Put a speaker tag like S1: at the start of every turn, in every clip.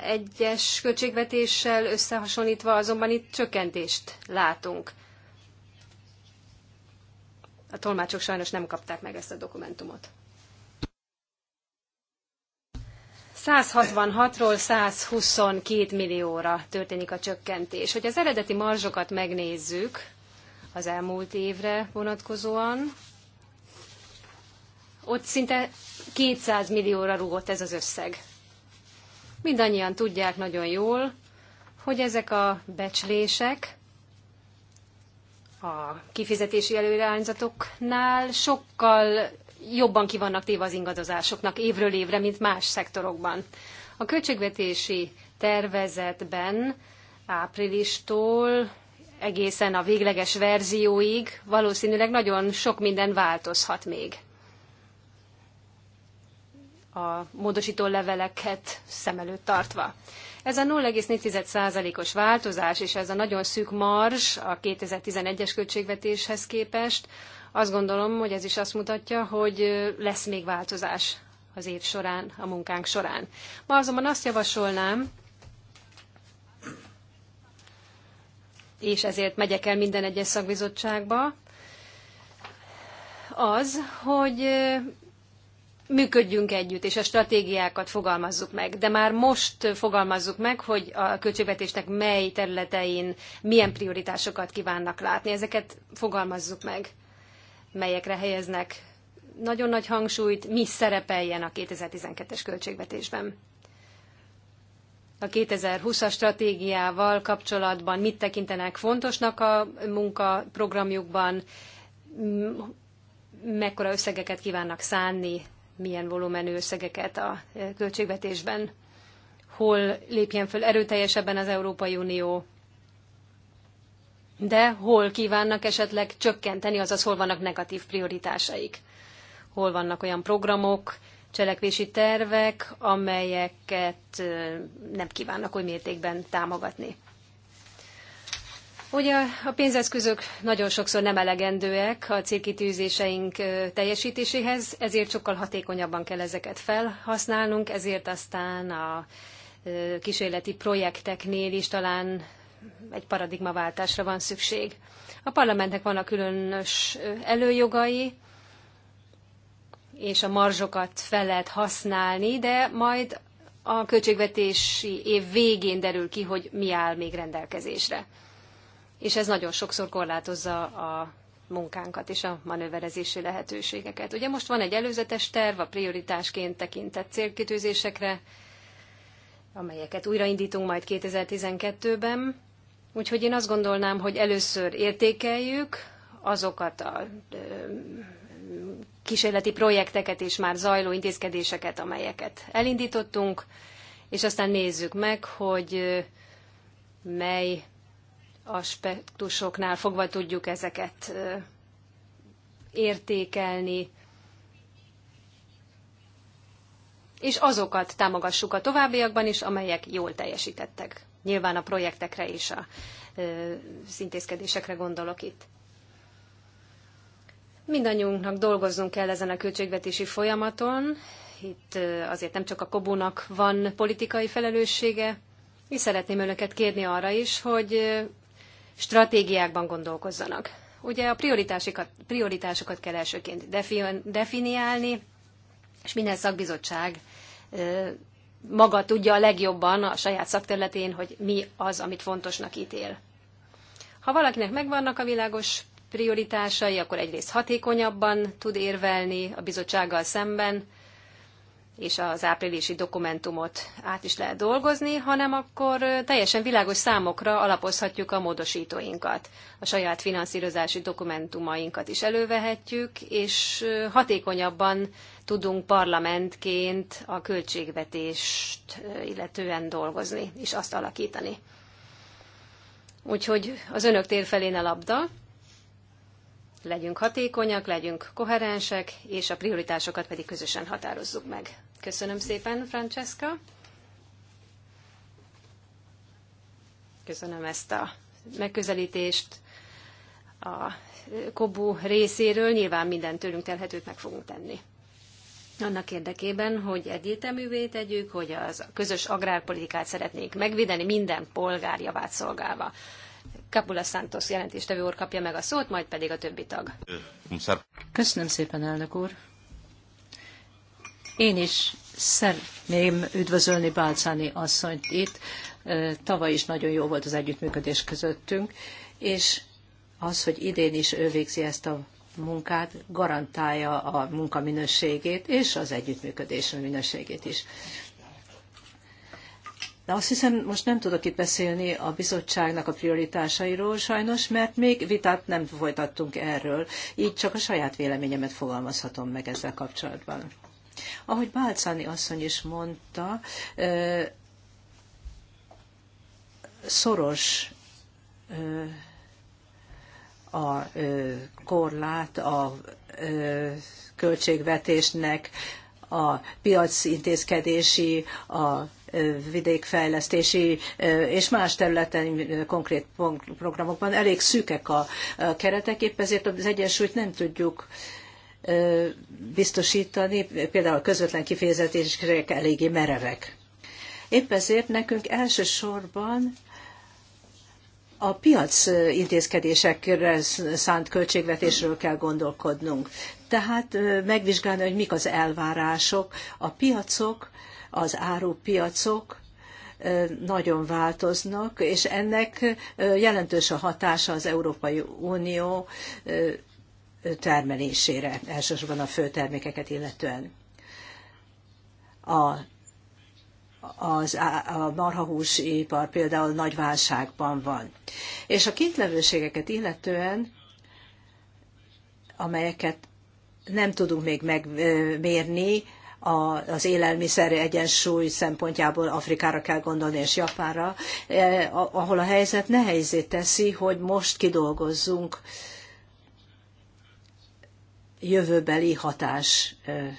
S1: egyes költségvetéssel összehasonlítva azonban itt csökkentést látunk. A tolmácsok sajnos nem kapták meg ezt a dokumentumot. 166-ról 122 millióra történik a csökkentés. Hogy az eredeti marzsokat megnézzük az elmúlt évre vonatkozóan, ott szinte 200 millióra rúgott ez az összeg. Mindannyian tudják nagyon jól, hogy ezek a becslések a kifizetési előirányzatoknál sokkal jobban kivannak téve az ingadozásoknak évről évre, mint más szektorokban. A költségvetési tervezetben áprilistól egészen a végleges verzióig valószínűleg nagyon sok minden változhat még a módosító leveleket szem előtt tartva. Ez a 0,4%-os változás, és ez a nagyon szűk marzs a 2011-es költségvetéshez képest, azt gondolom, hogy ez is azt mutatja, hogy lesz még változás az év során, a munkánk során. Ma azonban azt javasolnám, és ezért megyek el minden egyes szakbizottságba, az, hogy működjünk együtt, és a stratégiákat fogalmazzuk meg. De már most fogalmazzuk meg, hogy a költségvetésnek mely területein milyen prioritásokat kívánnak látni. Ezeket fogalmazzuk meg, melyekre helyeznek nagyon nagy hangsúlyt, mi szerepeljen a 2012-es költségvetésben. A 2020-as stratégiával kapcsolatban mit tekintenek fontosnak a munkaprogramjukban, mekkora összegeket kívánnak szánni milyen volumenű összegeket a e, költségvetésben, hol lépjen föl erőteljesebben az Európai Unió, de hol kívánnak esetleg csökkenteni, azaz hol vannak negatív prioritásaik, hol vannak olyan programok, cselekvési tervek, amelyeket e, nem kívánnak oly mértékben támogatni. Ugye a pénzeszközök nagyon sokszor nem elegendőek a célkitűzéseink teljesítéséhez, ezért sokkal hatékonyabban kell ezeket felhasználnunk, ezért aztán a kísérleti projekteknél is talán egy paradigmaváltásra van szükség. A parlamentnek vannak különös előjogai, és a marzsokat fel lehet használni, de majd a költségvetési év végén derül ki, hogy mi áll még rendelkezésre és ez nagyon sokszor korlátozza a munkánkat és a manőverezési lehetőségeket. Ugye most van egy előzetes terv a prioritásként tekintett célkitűzésekre, amelyeket újraindítunk majd 2012-ben. Úgyhogy én azt gondolnám, hogy először értékeljük azokat a kísérleti projekteket és már zajló intézkedéseket, amelyeket elindítottunk, és aztán nézzük meg, hogy mely aspektusoknál fogva tudjuk ezeket értékelni, és azokat támogassuk a továbbiakban is, amelyek jól teljesítettek. Nyilván a projektekre és a szintézkedésekre gondolok itt. Mindannyiunknak dolgoznunk kell ezen a költségvetési folyamaton. Itt azért nem csak a kobunak van politikai felelőssége, és szeretném önöket kérni arra is, hogy stratégiákban gondolkozzanak. Ugye a prioritásokat, prioritásokat kell elsőként definiálni, és minden szakbizottság maga tudja a legjobban a saját szakterületén, hogy mi az, amit fontosnak ítél. Ha valakinek megvannak a világos prioritásai, akkor egyrészt hatékonyabban tud érvelni a bizottsággal szemben, és az áprilisi dokumentumot át is lehet dolgozni, hanem akkor teljesen világos számokra alapozhatjuk a módosítóinkat. A saját finanszírozási dokumentumainkat is elővehetjük, és hatékonyabban tudunk parlamentként a költségvetést illetően dolgozni, és azt alakítani. Úgyhogy az önök tér felén a labda, legyünk hatékonyak, legyünk koherensek, és a prioritásokat pedig közösen határozzuk meg. Köszönöm szépen, Francesca. Köszönöm ezt a megközelítést a Kobu részéről. Nyilván minden tőlünk telhetőt meg fogunk tenni. Annak érdekében, hogy egyértelművé tegyük, hogy a közös agrárpolitikát szeretnénk megvédeni minden polgár javát szolgálva. Kapula Santos jelentéstevő úr kapja meg a szót, majd pedig a többi tag.
S2: Köszönöm szépen, elnök úr. Én is szeretném üdvözölni Bálcáni asszonyt itt. Tavaly is nagyon jó volt az együttműködés közöttünk, és az, hogy idén is ő végzi ezt a munkát, garantálja a munka minőségét és az együttműködés minőségét is. De azt hiszem, most nem tudok itt beszélni a bizottságnak a prioritásairól sajnos, mert még vitát nem folytattunk erről, így csak a saját véleményemet fogalmazhatom meg ezzel kapcsolatban. Ahogy Bálcáni asszony is mondta, szoros a korlát a költségvetésnek, a piacintézkedési, a vidékfejlesztési és más területen konkrét programokban elég szűkek a keretek, épp ezért az egyensúlyt nem tudjuk biztosítani, például a közvetlen kifejezetések eléggé merevek. Épp ezért nekünk elsősorban a piac intézkedésekre szánt költségvetésről kell gondolkodnunk. Tehát megvizsgálni, hogy mik az elvárások, a piacok az árupiacok nagyon változnak, és ennek jelentős a hatása az Európai Unió termelésére, elsősorban a főtermékeket illetően. A, az, a marhahúsipar például nagy válságban van. És a kintlevőségeket illetően, amelyeket nem tudunk még megmérni, az élelmiszer egyensúly szempontjából Afrikára kell gondolni, és Japánra, e, ahol a helyzet nehézé teszi, hogy most kidolgozzunk jövőbeli hatás e,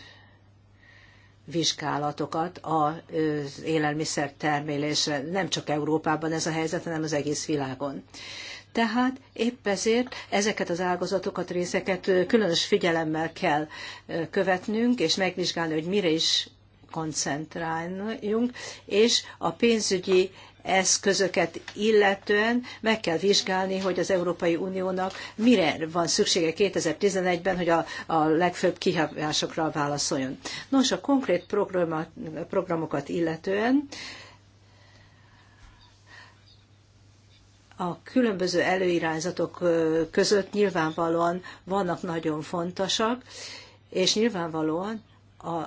S2: vizsgálatokat az élelmiszer termelésre. Nem csak Európában ez a helyzet, hanem az egész világon. Tehát épp ezért ezeket az ágazatokat, részeket különös figyelemmel kell követnünk, és megvizsgálni, hogy mire is koncentráljunk, és a pénzügyi eszközöket illetően meg kell vizsgálni, hogy az Európai Uniónak mire van szüksége 2011-ben, hogy a, a legfőbb kihívásokra válaszoljon. Nos, a konkrét programokat illetően A különböző előirányzatok között nyilvánvalóan vannak nagyon fontosak, és nyilvánvalóan a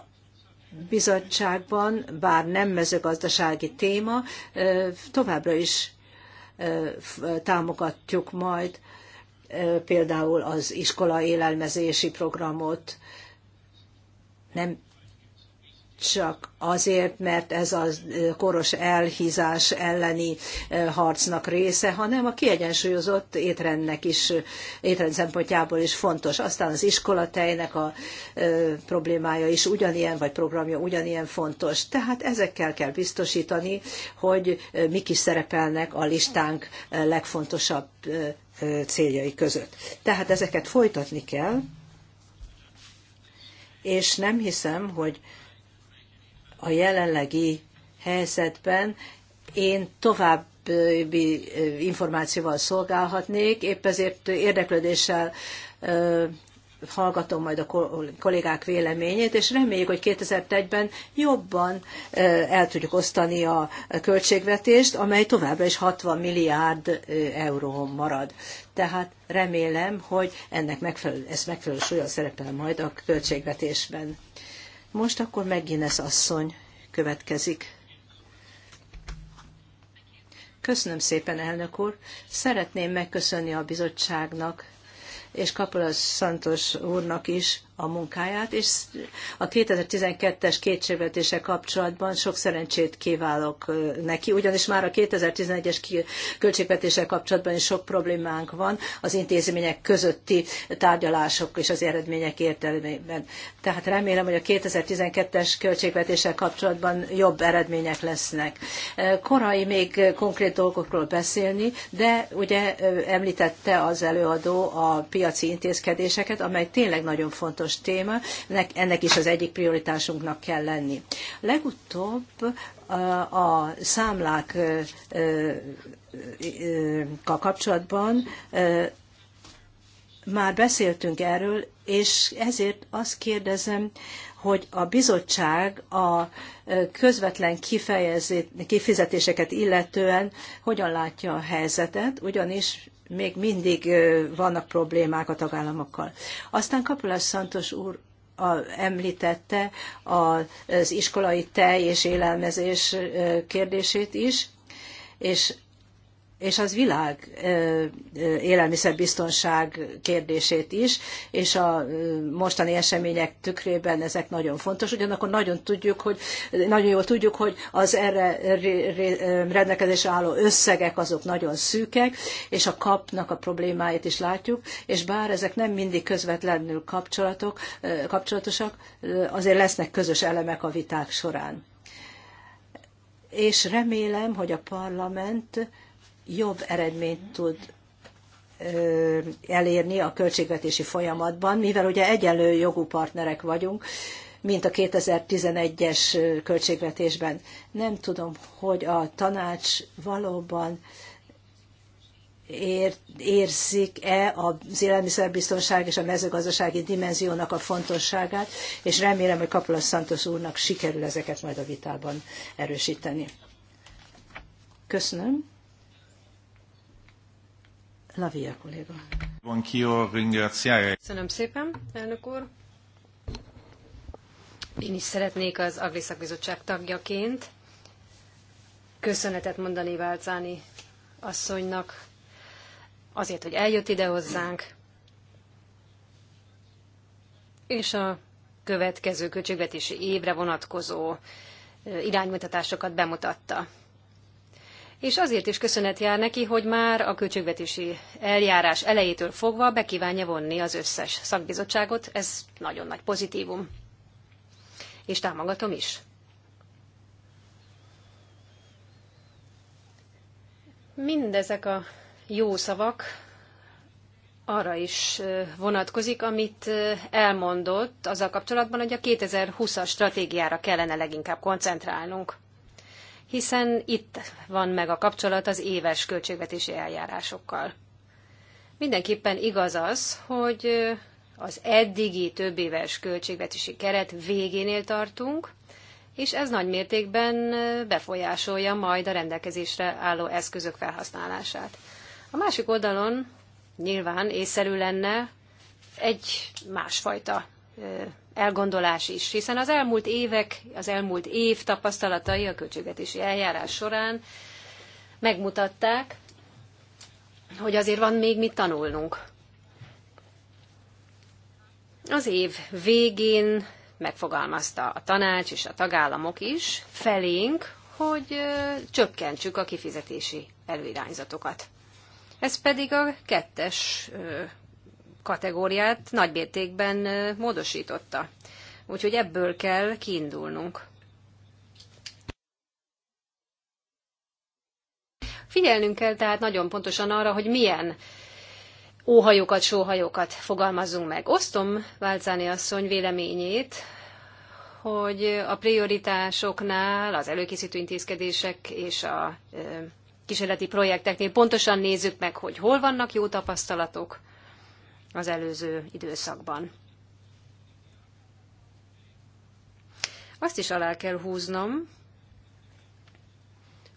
S2: bizottságban, bár nem mezőgazdasági téma, továbbra is támogatjuk majd például az iskola élelmezési programot, nem csak azért, mert ez a koros elhízás elleni harcnak része, hanem a kiegyensúlyozott étrendnek is, étrend szempontjából is fontos. Aztán az iskolatejnek a problémája is ugyanilyen, vagy programja ugyanilyen fontos. Tehát ezekkel kell biztosítani, hogy mik is szerepelnek a listánk legfontosabb céljai között. Tehát ezeket folytatni kell, és nem hiszem, hogy a jelenlegi helyzetben én tovább információval szolgálhatnék, épp ezért érdeklődéssel hallgatom majd a kollégák véleményét, és reméljük, hogy 2001-ben jobban el tudjuk osztani a költségvetést, amely továbbra is 60 milliárd euró marad. Tehát remélem, hogy ennek megfelelő, ez megfelelő súlya szerepel majd a költségvetésben. Most akkor megint ez asszony következik. Köszönöm szépen, elnök úr. Szeretném megköszönni a bizottságnak és Kapolas Szantos úrnak is a munkáját, és a 2012-es kétségvetése kapcsolatban sok szerencsét kívánok neki, ugyanis már a 2011-es költségvetése kapcsolatban is sok problémánk van az intézmények közötti tárgyalások és az eredmények értelmében. Tehát remélem, hogy a 2012-es költségvetése kapcsolatban jobb eredmények lesznek. Korai még konkrét dolgokról beszélni, de ugye említette az előadó a piaci intézkedéseket, amely tényleg nagyon fontos fontos téma, ennek is az egyik prioritásunknak kell lenni. Legutóbb a számlák kapcsolatban már beszéltünk erről, és ezért azt kérdezem, hogy a bizottság a közvetlen kifizetéseket illetően hogyan látja a helyzetet, ugyanis még mindig vannak problémák a tagállamokkal. Aztán Kapulás Szantos úr a, említette az iskolai tej és élelmezés kérdését is, és és az világ élelmiszerbiztonság kérdését is, és a mostani események tükrében ezek nagyon fontos, ugyanakkor nagyon tudjuk, hogy nagyon jól tudjuk, hogy az erre rendelkezésre álló összegek azok nagyon szűkek, és a kapnak a problémáit is látjuk, és bár ezek nem mindig közvetlenül kapcsolatok, kapcsolatosak, azért lesznek közös elemek a viták során. És remélem, hogy a parlament jobb eredményt tud elérni a költségvetési folyamatban, mivel ugye egyenlő jogú partnerek vagyunk, mint a 2011-es költségvetésben. Nem tudom, hogy a tanács valóban ér, érzik-e az élelmiszerbiztonság és a mezőgazdasági dimenziónak a fontosságát, és remélem, hogy Kapula Santos úrnak sikerül ezeket majd a vitában erősíteni. Köszönöm. Lavia kolléga.
S1: Köszönöm szépen, elnök úr. Én is szeretnék az Agri Szakbizottság tagjaként köszönetet mondani Válcáni asszonynak azért, hogy eljött ide hozzánk, és a következő költségvetési évre vonatkozó iránymutatásokat bemutatta és azért is köszönet jár neki, hogy már a költségvetési eljárás elejétől fogva bekívánja vonni az összes szakbizottságot, ez nagyon nagy pozitívum. És támogatom is. Mindezek a jó szavak arra is vonatkozik, amit elmondott azzal kapcsolatban, hogy a 2020-as stratégiára kellene leginkább koncentrálnunk hiszen itt van meg a kapcsolat az éves költségvetési eljárásokkal. Mindenképpen igaz az, hogy az eddigi több éves költségvetési keret végénél tartunk, és ez nagy mértékben befolyásolja majd a rendelkezésre álló eszközök felhasználását. A másik oldalon nyilván észszerű lenne egy másfajta elgondolás is, hiszen az elmúlt évek, az elmúlt év tapasztalatai a költségvetési eljárás során megmutatták, hogy azért van még mit tanulnunk. Az év végén megfogalmazta a tanács és a tagállamok is felénk, hogy csökkentsük a kifizetési előirányzatokat. Ez pedig a kettes kategóriát nagybértékben módosította. Úgyhogy ebből kell kiindulnunk. Figyelnünk kell tehát nagyon pontosan arra, hogy milyen óhajokat, sóhajokat fogalmazunk meg. Osztom Válcáni asszony véleményét, hogy a prioritásoknál, az előkészítő intézkedések és a kísérleti projekteknél pontosan nézzük meg, hogy hol vannak jó tapasztalatok, az előző időszakban. Azt is alá kell húznom,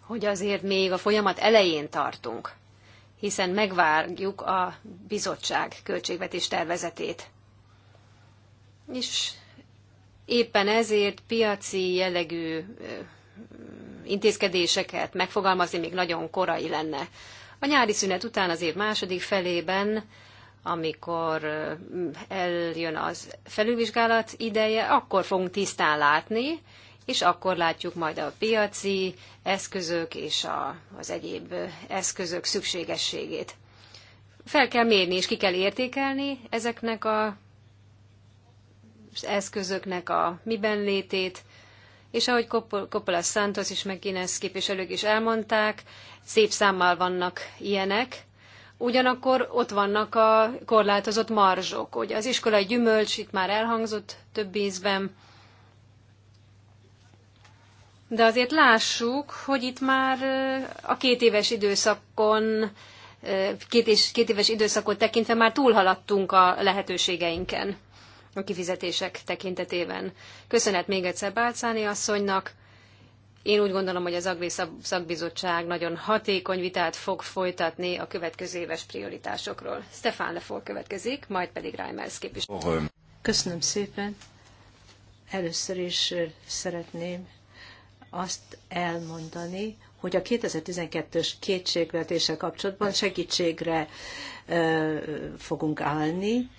S1: hogy azért még a folyamat elején tartunk, hiszen megvárjuk a bizottság költségvetés tervezetét. És éppen ezért piaci jellegű intézkedéseket megfogalmazni még nagyon korai lenne. A nyári szünet után az év második felében amikor eljön az felülvizsgálat ideje, akkor fogunk tisztán látni, és akkor látjuk majd a piaci eszközök és a, az egyéb eszközök szükségességét. Fel kell mérni és ki kell értékelni ezeknek a, az eszközöknek a miben létét, és ahogy Coppola Santos és McGuinness képviselők is elmondták, szép számmal vannak ilyenek, Ugyanakkor ott vannak a korlátozott marzsok, hogy az iskolai gyümölcs itt már elhangzott több ízben, de azért lássuk, hogy itt már a két éves időszakon, két, és, két éves időszakot tekintve már túlhaladtunk a lehetőségeinken a kifizetések tekintetében. Köszönet még egyszer Bálcáni asszonynak, én úgy gondolom, hogy az Agri Szakbizottság nagyon hatékony vitát fog folytatni a következő éves prioritásokról. Stefan Lefol következik, majd pedig Reimers képviselő.
S2: Köszönöm szépen. Először is szeretném azt elmondani, hogy a 2012-ös kétségvetéssel kapcsolatban segítségre fogunk állni,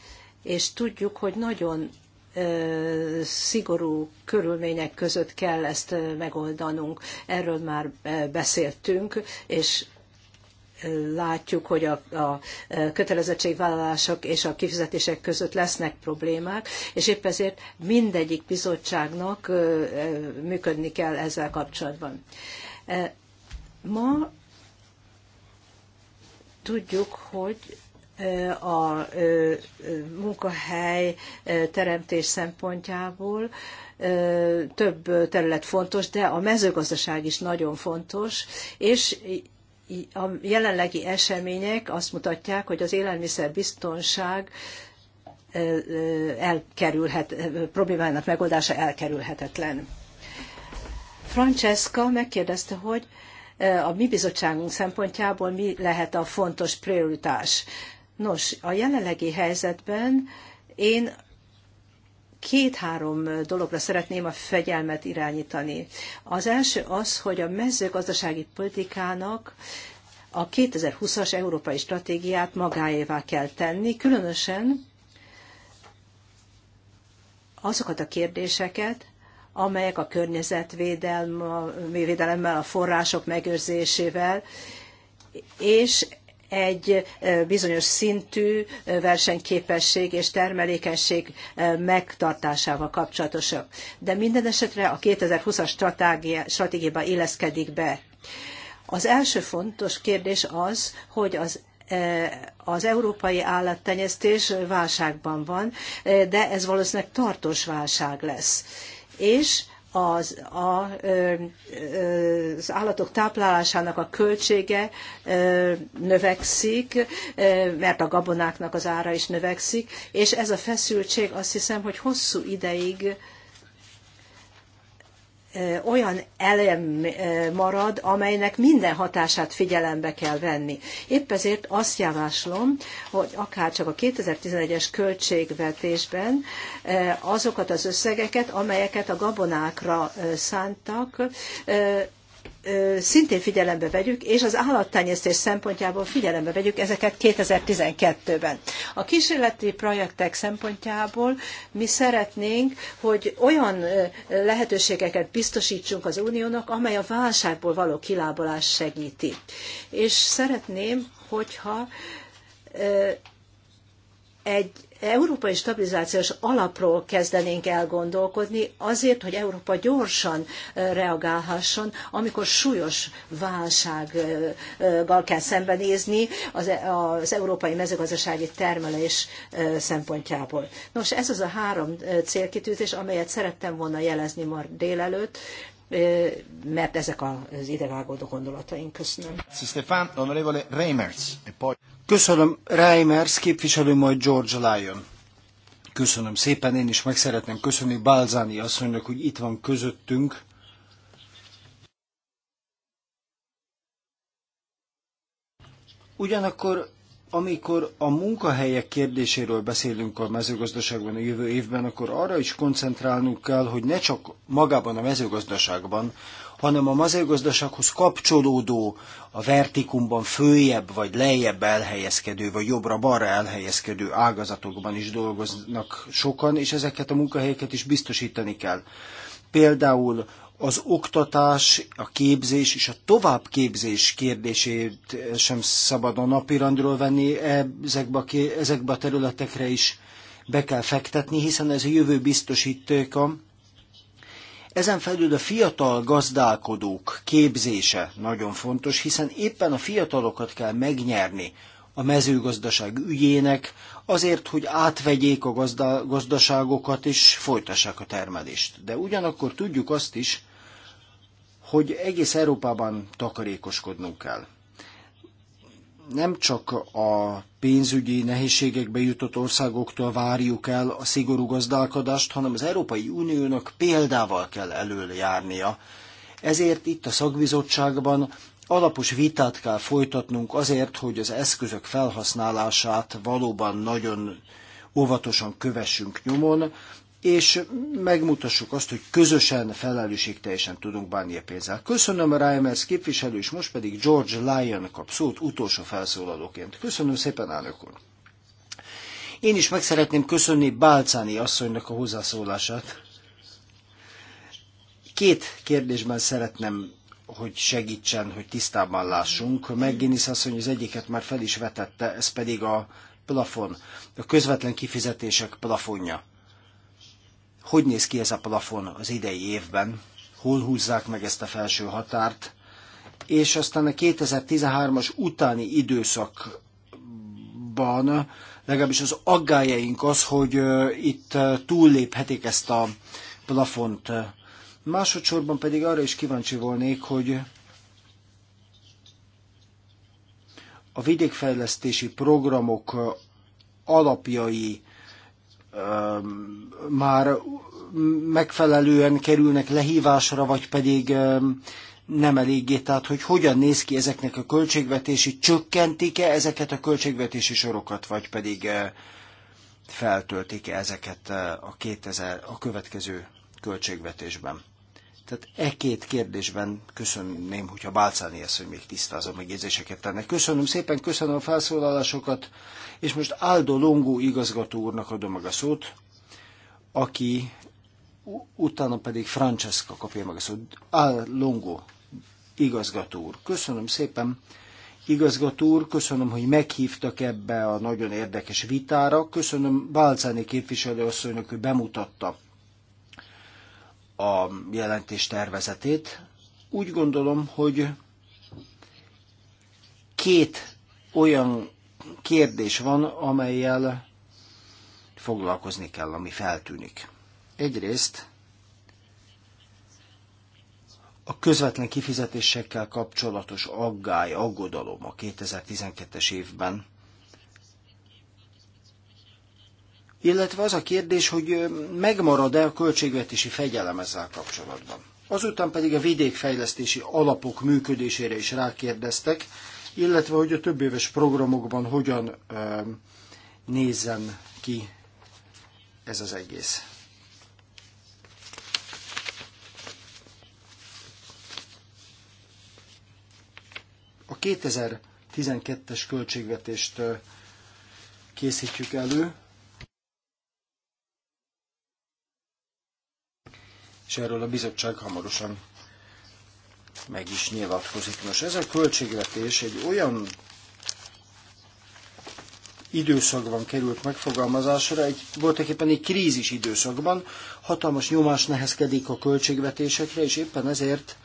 S2: és tudjuk, hogy nagyon szigorú körülmények között kell ezt megoldanunk. Erről már beszéltünk, és látjuk, hogy a, a kötelezettségvállalások és a kifizetések között lesznek problémák, és épp ezért mindegyik bizottságnak működni kell ezzel kapcsolatban. Ma tudjuk, hogy a munkahely teremtés szempontjából több terület fontos, de a mezőgazdaság is nagyon fontos, és a jelenlegi események azt mutatják, hogy az élelmiszerbiztonság elkerülhet, problémának megoldása elkerülhetetlen. Francesca megkérdezte, hogy a mi bizottságunk szempontjából mi lehet a fontos prioritás. Nos, a jelenlegi helyzetben én két-három dologra szeretném a fegyelmet irányítani. Az első az, hogy a mezőgazdasági politikának a 2020-as európai stratégiát magáévá kell tenni, különösen azokat a kérdéseket, amelyek a környezetvédelemmel, a források megőrzésével és egy bizonyos szintű versenyképesség és termelékenység megtartásával kapcsolatosak. De minden esetre a 2020-as stratégiába illeszkedik be. Az első fontos kérdés az, hogy az az európai állattenyésztés válságban van, de ez valószínűleg tartós válság lesz. És az, a, az állatok táplálásának a költsége növekszik, mert a gabonáknak az ára is növekszik, és ez a feszültség azt hiszem, hogy hosszú ideig olyan elem marad, amelynek minden hatását figyelembe kell venni. Épp ezért azt javaslom, hogy akár csak a 2011-es költségvetésben azokat az összegeket, amelyeket a gabonákra szántak, szintén figyelembe vegyük, és az állattenyésztés szempontjából figyelembe vegyük ezeket 2012-ben. A kísérleti projektek szempontjából mi szeretnénk, hogy olyan lehetőségeket biztosítsunk az uniónak, amely a válságból való kilábalást segíti. És szeretném, hogyha egy európai stabilizációs alapról kezdenénk elgondolkodni azért, hogy Európa gyorsan reagálhasson, amikor súlyos válsággal kell szembenézni az, e- az európai mezőgazdasági termelés szempontjából. Nos, ez az a három célkitűzés, amelyet szerettem volna jelezni ma délelőtt, mert ezek az idevágódó gondolataink. Köszönöm.
S3: Stefan, Reimers. E Köszönöm Reimers képviselő, majd George Lyon. Köszönöm szépen, én is meg szeretném köszönni Balzáni asszonynak, hogy itt van közöttünk. Ugyanakkor, amikor a munkahelyek kérdéséről beszélünk a mezőgazdaságban a jövő évben, akkor arra is koncentrálnunk kell, hogy ne csak magában a mezőgazdaságban, hanem a mazergazdasághoz kapcsolódó, a vertikumban följebb vagy lejjebb elhelyezkedő, vagy jobbra-balra elhelyezkedő ágazatokban is dolgoznak sokan, és ezeket a munkahelyeket is biztosítani kell. Például az oktatás, a képzés és a továbbképzés kérdését sem szabad a napirandról venni, e, ezekbe a, ezekbe a területekre is be kell fektetni, hiszen ez a jövő biztosítéka ezen felül a fiatal gazdálkodók képzése nagyon fontos, hiszen éppen a fiatalokat kell megnyerni a mezőgazdaság ügyének, azért, hogy átvegyék a gazda- gazdaságokat és folytassák a termelést. De ugyanakkor tudjuk azt is, hogy egész Európában takarékoskodnunk kell nem csak a pénzügyi nehézségekbe jutott országoktól várjuk el a szigorú gazdálkodást, hanem az Európai Uniónak példával kell előjárnia. Ezért itt a szakbizottságban alapos vitát kell folytatnunk azért, hogy az eszközök felhasználását valóban nagyon óvatosan kövessünk nyomon, és megmutassuk azt, hogy közösen, felelősségteljesen tudunk bánni a pénzzel. Köszönöm a Reimers képviselő, és most pedig George Lyon kap szót utolsó felszólalóként. Köszönöm szépen, elnök úr. Én is meg szeretném köszönni Bálcáni asszonynak a hozzászólását. Két kérdésben szeretném hogy segítsen, hogy tisztában lássunk. McGinnis asszony az egyiket már fel is vetette, ez pedig a plafon, a közvetlen kifizetések plafonja hogy néz ki ez a plafon az idei évben, hol húzzák meg ezt a felső határt, és aztán a 2013-as utáni időszakban legalábbis az aggájaink az, hogy itt túlléphetik ezt a plafont. Másodszorban pedig arra is kíváncsi volnék, hogy a vidékfejlesztési programok alapjai már megfelelően kerülnek lehívásra, vagy pedig nem eléggé. Tehát, hogy hogyan néz ki ezeknek a költségvetési, csökkentik-e ezeket a költségvetési sorokat, vagy pedig feltöltik-e ezeket a, 2000, a következő költségvetésben. Tehát e két kérdésben köszönném, hogyha Bálcáni ezt, hogy még meg érzéseket tenne. Köszönöm szépen, köszönöm a felszólalásokat, és most Aldo Longó igazgató úrnak adom meg a szót, aki utána pedig Francesca kapja meg a szót. Aldo Longó igazgató úr. Köszönöm szépen. Igazgató úr, köszönöm, hogy meghívtak ebbe a nagyon érdekes vitára. Köszönöm Bálcáni képviselőasszonynak, hogy bemutatta a jelentés tervezetét. Úgy gondolom, hogy két olyan kérdés van, amelyel foglalkozni kell, ami feltűnik. Egyrészt a közvetlen kifizetésekkel kapcsolatos aggály, aggodalom a 2012-es évben illetve az a kérdés, hogy megmarad-e a költségvetési fegyelem ezzel kapcsolatban. Azután pedig a vidékfejlesztési alapok működésére is rákérdeztek, illetve hogy a több éves programokban hogyan ö, nézzen ki ez az egész. A 2012-es költségvetést készítjük elő, és erről a bizottság hamarosan meg is nyilatkozik. Nos, ez a költségvetés egy olyan időszakban került megfogalmazásra, egy, voltak éppen egy krízis időszakban, hatalmas nyomás nehezkedik a költségvetésekre, és éppen ezért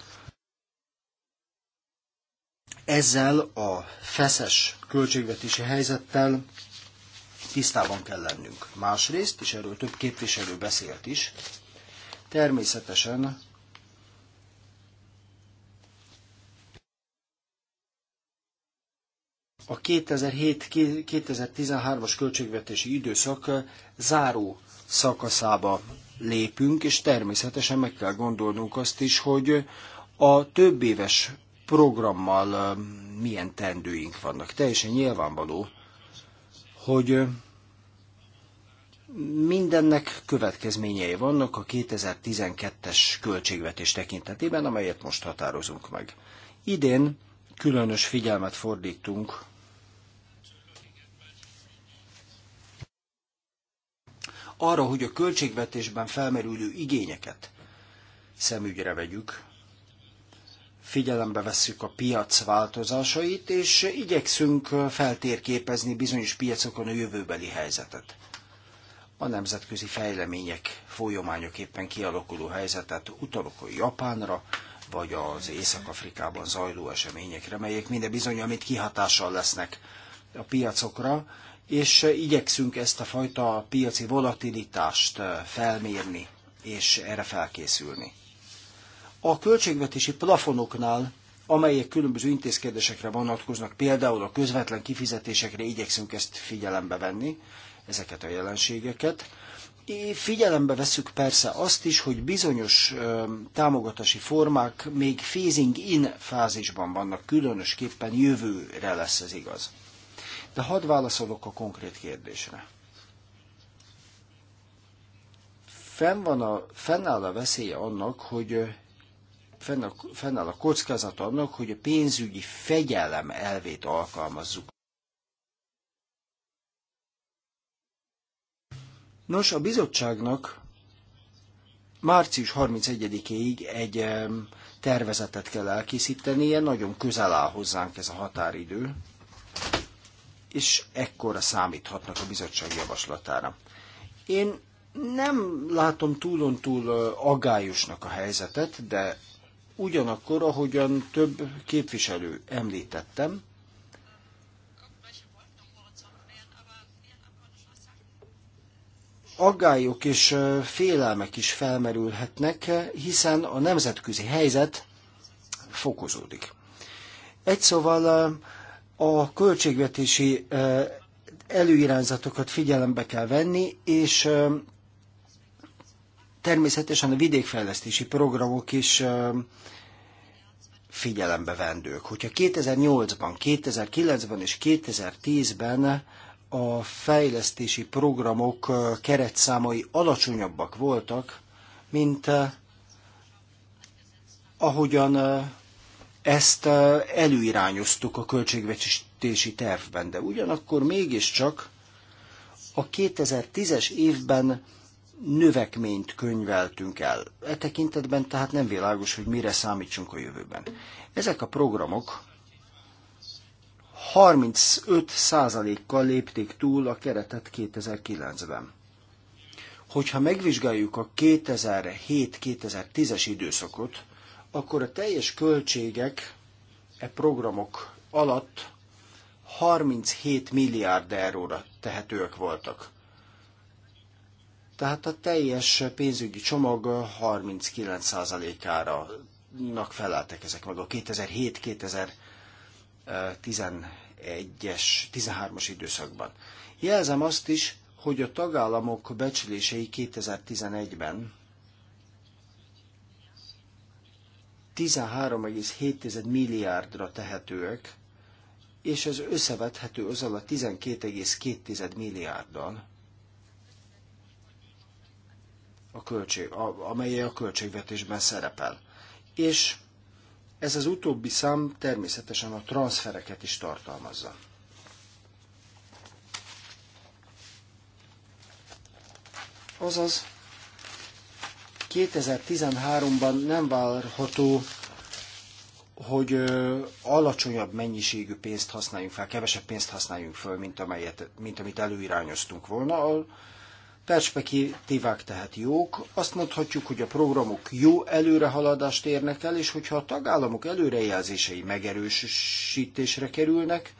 S3: ezzel a feszes költségvetési helyzettel tisztában kell lennünk. Másrészt, és erről több képviselő beszélt is, Természetesen a 2007-2013-as költségvetési időszak záró szakaszába lépünk, és természetesen meg kell gondolnunk azt is, hogy a több éves programmal milyen tendőink vannak. Teljesen nyilvánvaló, hogy Mindennek következményei vannak a 2012-es költségvetés tekintetében, amelyet most határozunk meg. Idén különös figyelmet fordítunk arra, hogy a költségvetésben felmerülő igényeket szemügyre vegyük, figyelembe vesszük a piac változásait, és igyekszünk feltérképezni bizonyos piacokon a jövőbeli helyzetet a nemzetközi fejlemények éppen kialakuló helyzetet, utalok a Japánra, vagy az Észak-Afrikában zajló eseményekre, melyek minden bizony, amit kihatással lesznek a piacokra, és igyekszünk ezt a fajta piaci volatilitást felmérni, és erre felkészülni. A költségvetési plafonoknál, amelyek különböző intézkedésekre vonatkoznak, például a közvetlen kifizetésekre igyekszünk ezt figyelembe venni, ezeket a jelenségeket. Figyelembe veszük persze azt is, hogy bizonyos támogatási formák még phasing in fázisban vannak, különösképpen jövőre lesz ez igaz. De hadd válaszolok a konkrét kérdésre. Fenn van a, fennáll a veszélye annak, hogy fennáll a kockázat annak, hogy a pénzügyi fegyelem elvét alkalmazzuk. Nos, a bizottságnak március 31-ig egy tervezetet kell elkészítenie, nagyon közel áll hozzánk ez a határidő, és ekkora számíthatnak a bizottság javaslatára. Én nem látom túlontúl agályosnak a helyzetet, de ugyanakkor, ahogyan több képviselő említettem, aggályok és félelmek is felmerülhetnek, hiszen a nemzetközi helyzet fokozódik. Egy szóval a költségvetési előirányzatokat figyelembe kell venni, és természetesen a vidékfejlesztési programok is figyelembe vendők. Hogyha 2008-ban, 2009-ben és 2010-ben a fejlesztési programok keretszámai alacsonyabbak voltak, mint ahogyan ezt előirányoztuk a költségvetési tervben, de ugyanakkor mégiscsak a 2010-es évben növekményt könyveltünk el. E tekintetben tehát nem világos, hogy mire számítsunk a jövőben. Ezek a programok 35%-kal lépték túl a keretet 2009-ben. Hogyha megvizsgáljuk a 2007-2010-es időszakot, akkor a teljes költségek e programok alatt 37 milliárd euróra tehetőek voltak. Tehát a teljes pénzügyi csomag 39%-ára feleltek ezek meg a 2007 2010 11-es, 13-as időszakban. Jelzem azt is, hogy a tagállamok becslései 2011-ben 13,7 milliárdra tehetőek, és ez összevethető azzal a 12,2 milliárddal, a költség, a, amely a költségvetésben szerepel. És ez az utóbbi szám természetesen a transfereket is tartalmazza. Azaz, 2013-ban nem várható, hogy alacsonyabb mennyiségű pénzt használjunk fel, kevesebb pénzt használjunk fel, mint, amelyet, mint amit előirányoztunk volna. A perspektívák tehát jók, azt mondhatjuk, hogy a programok jó előrehaladást érnek el, és hogyha a tagállamok előrejelzései megerősítésre kerülnek,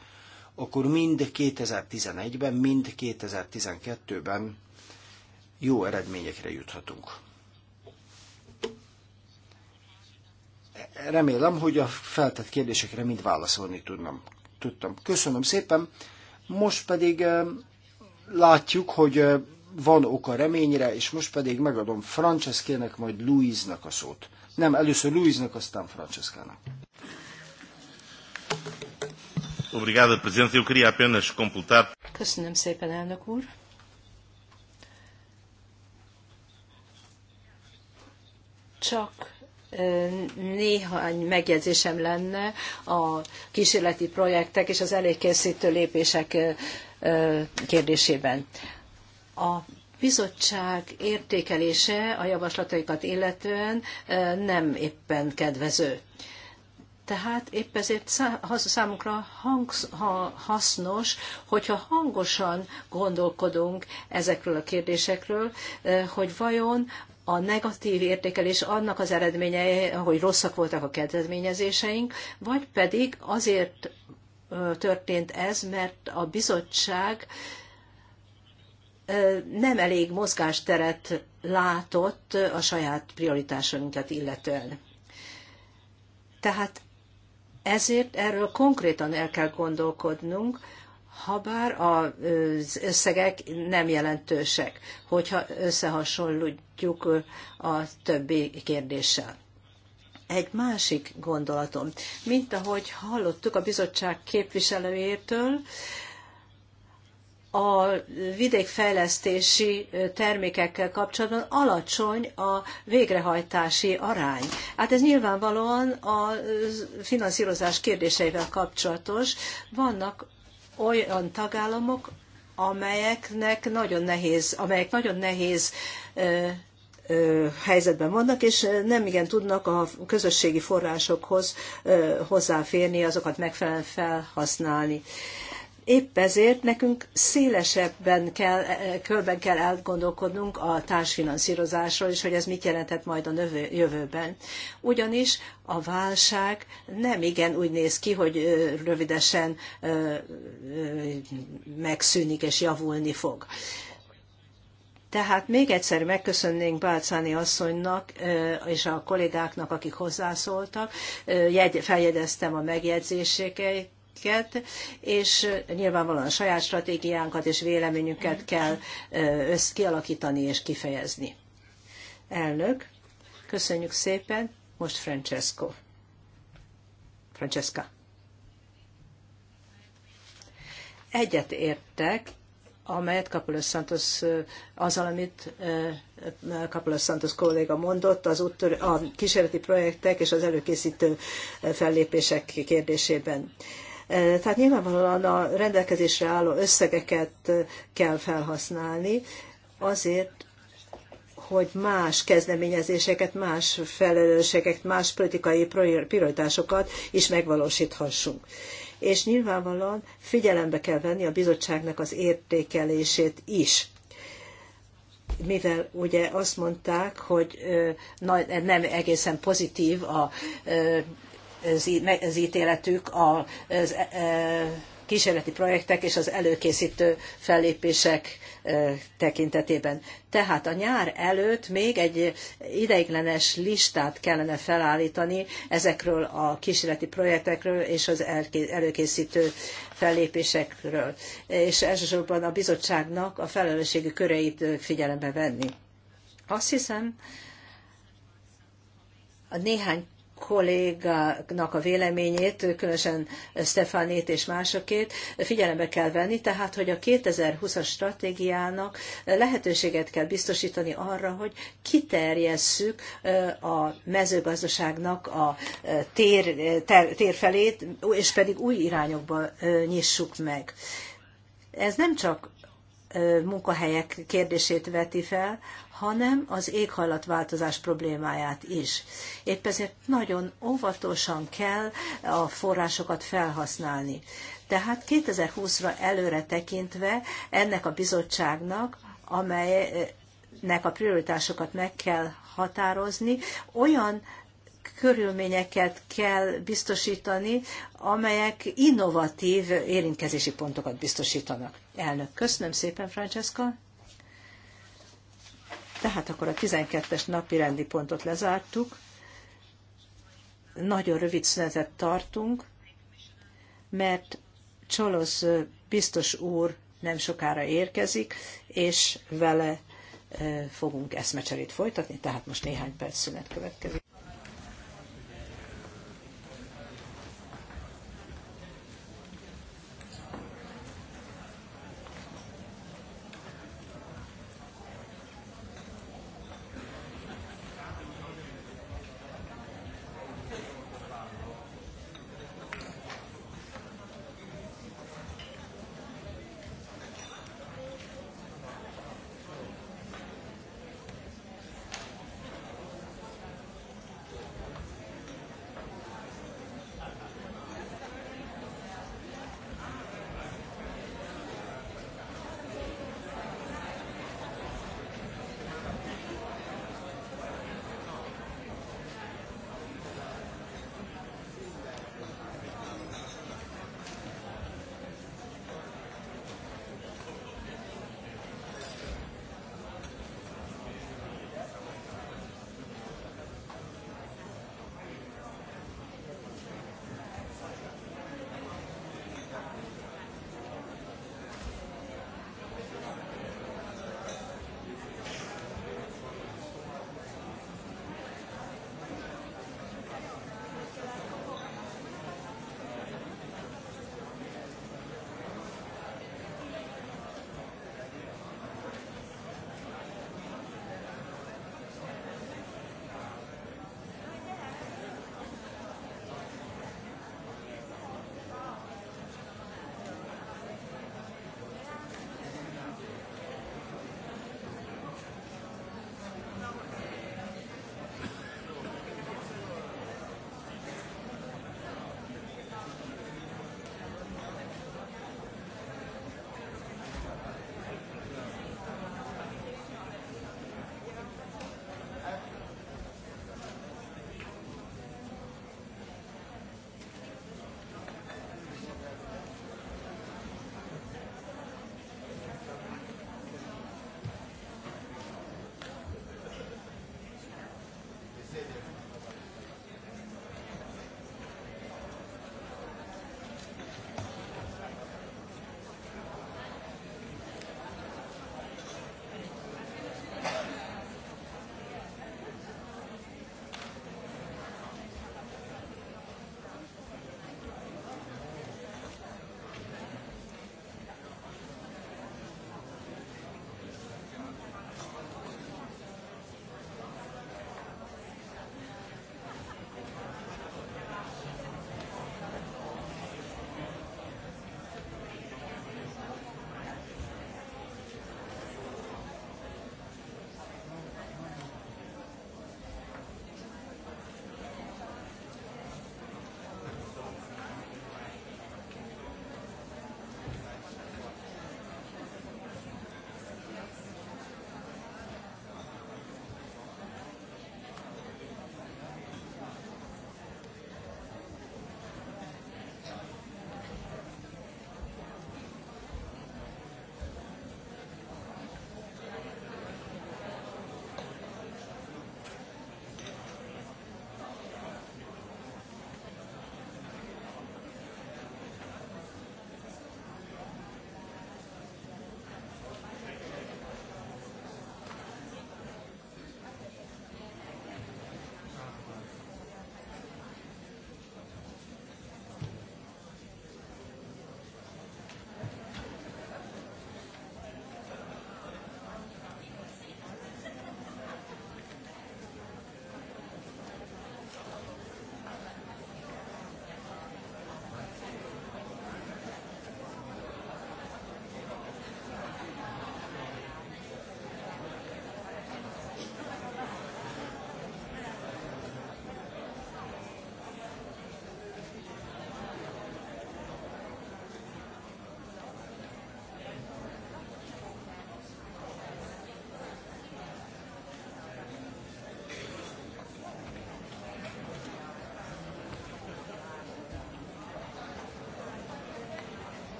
S3: akkor mind 2011-ben, mind 2012-ben jó eredményekre juthatunk. Remélem, hogy a feltett kérdésekre mind válaszolni tudnom. tudtam. Köszönöm szépen. Most pedig eh, látjuk, hogy eh, van oka reményre, és most pedig megadom Franceszkének, majd Louise-nak a szót. Nem, először Louise-nak, aztán Franceszkának.
S4: Obrigado, Presidente. Eu queria apenas completar.
S2: Köszönöm szépen, elnök úr. Csak néhány megjegyzésem lenne a kísérleti projektek és az elégkészítő lépések kérdésében. A bizottság értékelése a javaslataikat illetően nem éppen kedvező. Tehát épp ezért számunkra hasznos, hogyha hangosan gondolkodunk ezekről a kérdésekről, hogy vajon a negatív értékelés annak az eredménye, hogy rosszak voltak a kedvezményezéseink, vagy pedig azért történt ez, mert a bizottság nem elég mozgásteret látott a saját prioritásainkat illetően. Tehát ezért erről konkrétan el kell gondolkodnunk, bár az összegek nem jelentősek, hogyha összehasonlítjuk a többi kérdéssel. Egy másik gondolatom, mint ahogy hallottuk a bizottság képviselőjétől, a vidékfejlesztési termékekkel kapcsolatban alacsony a végrehajtási arány. Hát ez nyilvánvalóan a finanszírozás kérdéseivel kapcsolatos. Vannak olyan tagállamok, amelyeknek nagyon nehéz, amelyek nagyon nehéz ö, ö, helyzetben vannak, és nem igen tudnak a közösségi forrásokhoz ö, hozzáférni, azokat megfelelően felhasználni. Ö, Épp ezért nekünk szélesebben kell, e, e, körben kell elgondolkodnunk a társfinanszírozásról, és hogy ez mit jelentett majd a jövőben. Ugyanis a válság nem igen úgy néz ki, hogy rövidesen megszűnik és javulni fog. Tehát még egyszer megköszönnénk Bálcáni asszonynak és a kollégáknak, akik hozzászóltak. Feljegyeztem a megjegyzéseiket, minket, és nyilvánvalóan a saját stratégiánkat és véleményünket kell össz kialakítani és kifejezni. Elnök, köszönjük szépen, most Francesco. Francesca. Egyet értek, amelyet Kapolos Santos, azzal, amit Kapolos Santos kolléga mondott, az úttör, a kísérleti projektek és az előkészítő fellépések kérdésében. Tehát nyilvánvalóan a rendelkezésre álló összegeket kell felhasználni azért, hogy más kezdeményezéseket, más felelősségeket, más politikai prioritásokat is megvalósíthassunk. És nyilvánvalóan figyelembe kell venni a bizottságnak az értékelését is mivel ugye azt mondták, hogy nem egészen pozitív a az ítéletük az e, e, kísérleti projektek és az előkészítő fellépések e, tekintetében. Tehát a nyár előtt még egy ideiglenes listát kellene felállítani ezekről a kísérleti projektekről és az előkészítő fellépésekről, és elsősorban a bizottságnak a felelősségi köreit figyelembe venni. Azt hiszem, a néhány kollégáknak a véleményét, különösen Stefanét és másokét figyelembe kell venni, tehát hogy a 2020-as stratégiának lehetőséget kell biztosítani arra, hogy kiterjesszük a mezőgazdaságnak a tér, ter, térfelét, és pedig új irányokba nyissuk meg. Ez nem csak munkahelyek kérdését veti fel, hanem az éghajlatváltozás problémáját is. Épp ezért nagyon óvatosan kell a forrásokat felhasználni. Tehát 2020-ra előre tekintve ennek a bizottságnak, amelynek a prioritásokat meg kell határozni, olyan körülményeket kell biztosítani, amelyek innovatív érintkezési pontokat biztosítanak. Elnök, köszönöm szépen, Francesca. Tehát akkor a 12-es napi rendi pontot lezártuk. Nagyon rövid szünetet tartunk, mert Csolosz biztos úr nem sokára érkezik, és vele eh, fogunk eszmecserét folytatni, tehát most néhány perc szünet következik.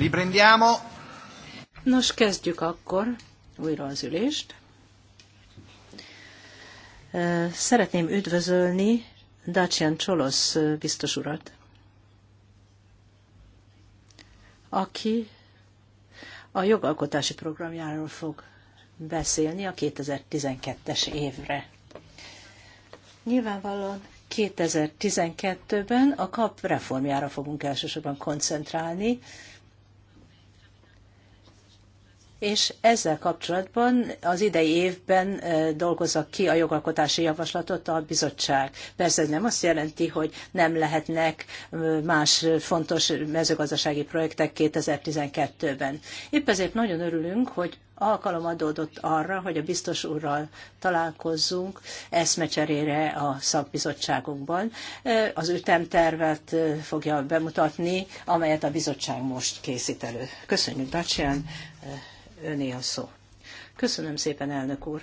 S3: Riprendiamo.
S2: Nos, kezdjük akkor újra az ülést. Szeretném üdvözölni Dacian Csolosz biztos urat, aki a jogalkotási programjáról fog beszélni a 2012-es évre. Nyilvánvalóan 2012-ben a KAP reformjára fogunk elsősorban koncentrálni, és ezzel kapcsolatban az idei évben dolgozza ki a jogalkotási javaslatot a bizottság. Persze ez nem azt jelenti, hogy nem lehetnek más fontos mezőgazdasági projektek 2012-ben. Épp ezért nagyon örülünk, hogy alkalom adódott arra, hogy a biztos úrral találkozzunk eszmecserére a szakbizottságunkban. Az ütemtervet fogja bemutatni, amelyet a bizottság most készít elő. Köszönjük, Dacian! öné a szó. Köszönöm szépen, elnök úr.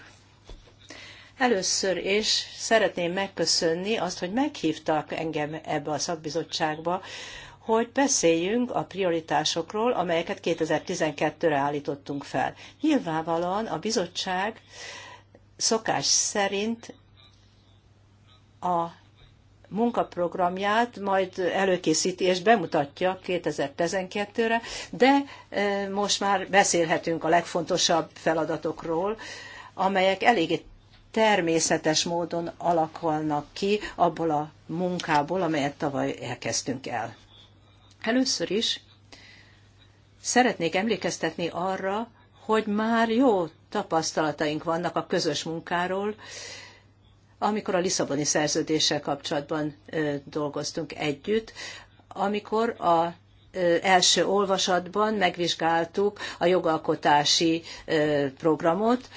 S2: Először is szeretném megköszönni azt, hogy meghívtak engem ebbe a szakbizottságba, hogy beszéljünk a prioritásokról, amelyeket 2012-re állítottunk fel. Nyilvánvalóan a bizottság szokás szerint a munkaprogramját majd előkészíti és bemutatja 2012-re, de e, most már beszélhetünk a legfontosabb feladatokról, amelyek eléggé természetes módon alakulnak ki abból a munkából, amelyet tavaly elkezdtünk el. Először is szeretnék emlékeztetni arra, hogy már jó tapasztalataink vannak a közös munkáról, amikor a Lisszaboni szerződéssel kapcsolatban dolgoztunk együtt, amikor a első olvasatban megvizsgáltuk a jogalkotási programot,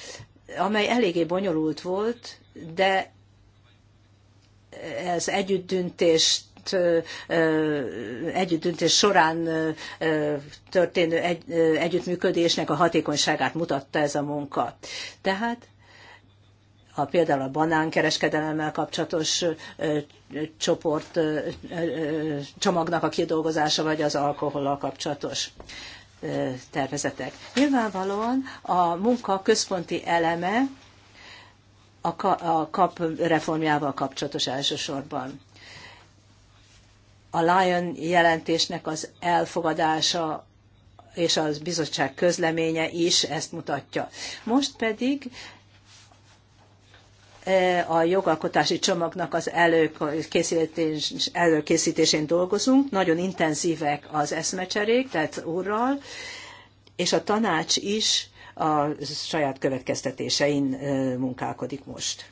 S2: amely eléggé bonyolult volt, de ez együttdöntést együttdöntés során történő együttműködésnek a hatékonyságát mutatta ez a munka. Tehát a, például a banánkereskedelemmel kapcsolatos csoport csomagnak a kidolgozása, vagy az alkohollal kapcsolatos tervezetek. Nyilvánvalóan a munka központi eleme a kap reformjával kapcsolatos elsősorban. A Lion jelentésnek az elfogadása és az bizottság közleménye is ezt mutatja. Most pedig E, a jogalkotási csomagnak az előkészítés, előkészítésén dolgozunk, nagyon intenzívek az eszmecserék, tehát úrral, és a tanács is a saját következtetésein e, munkálkodik most.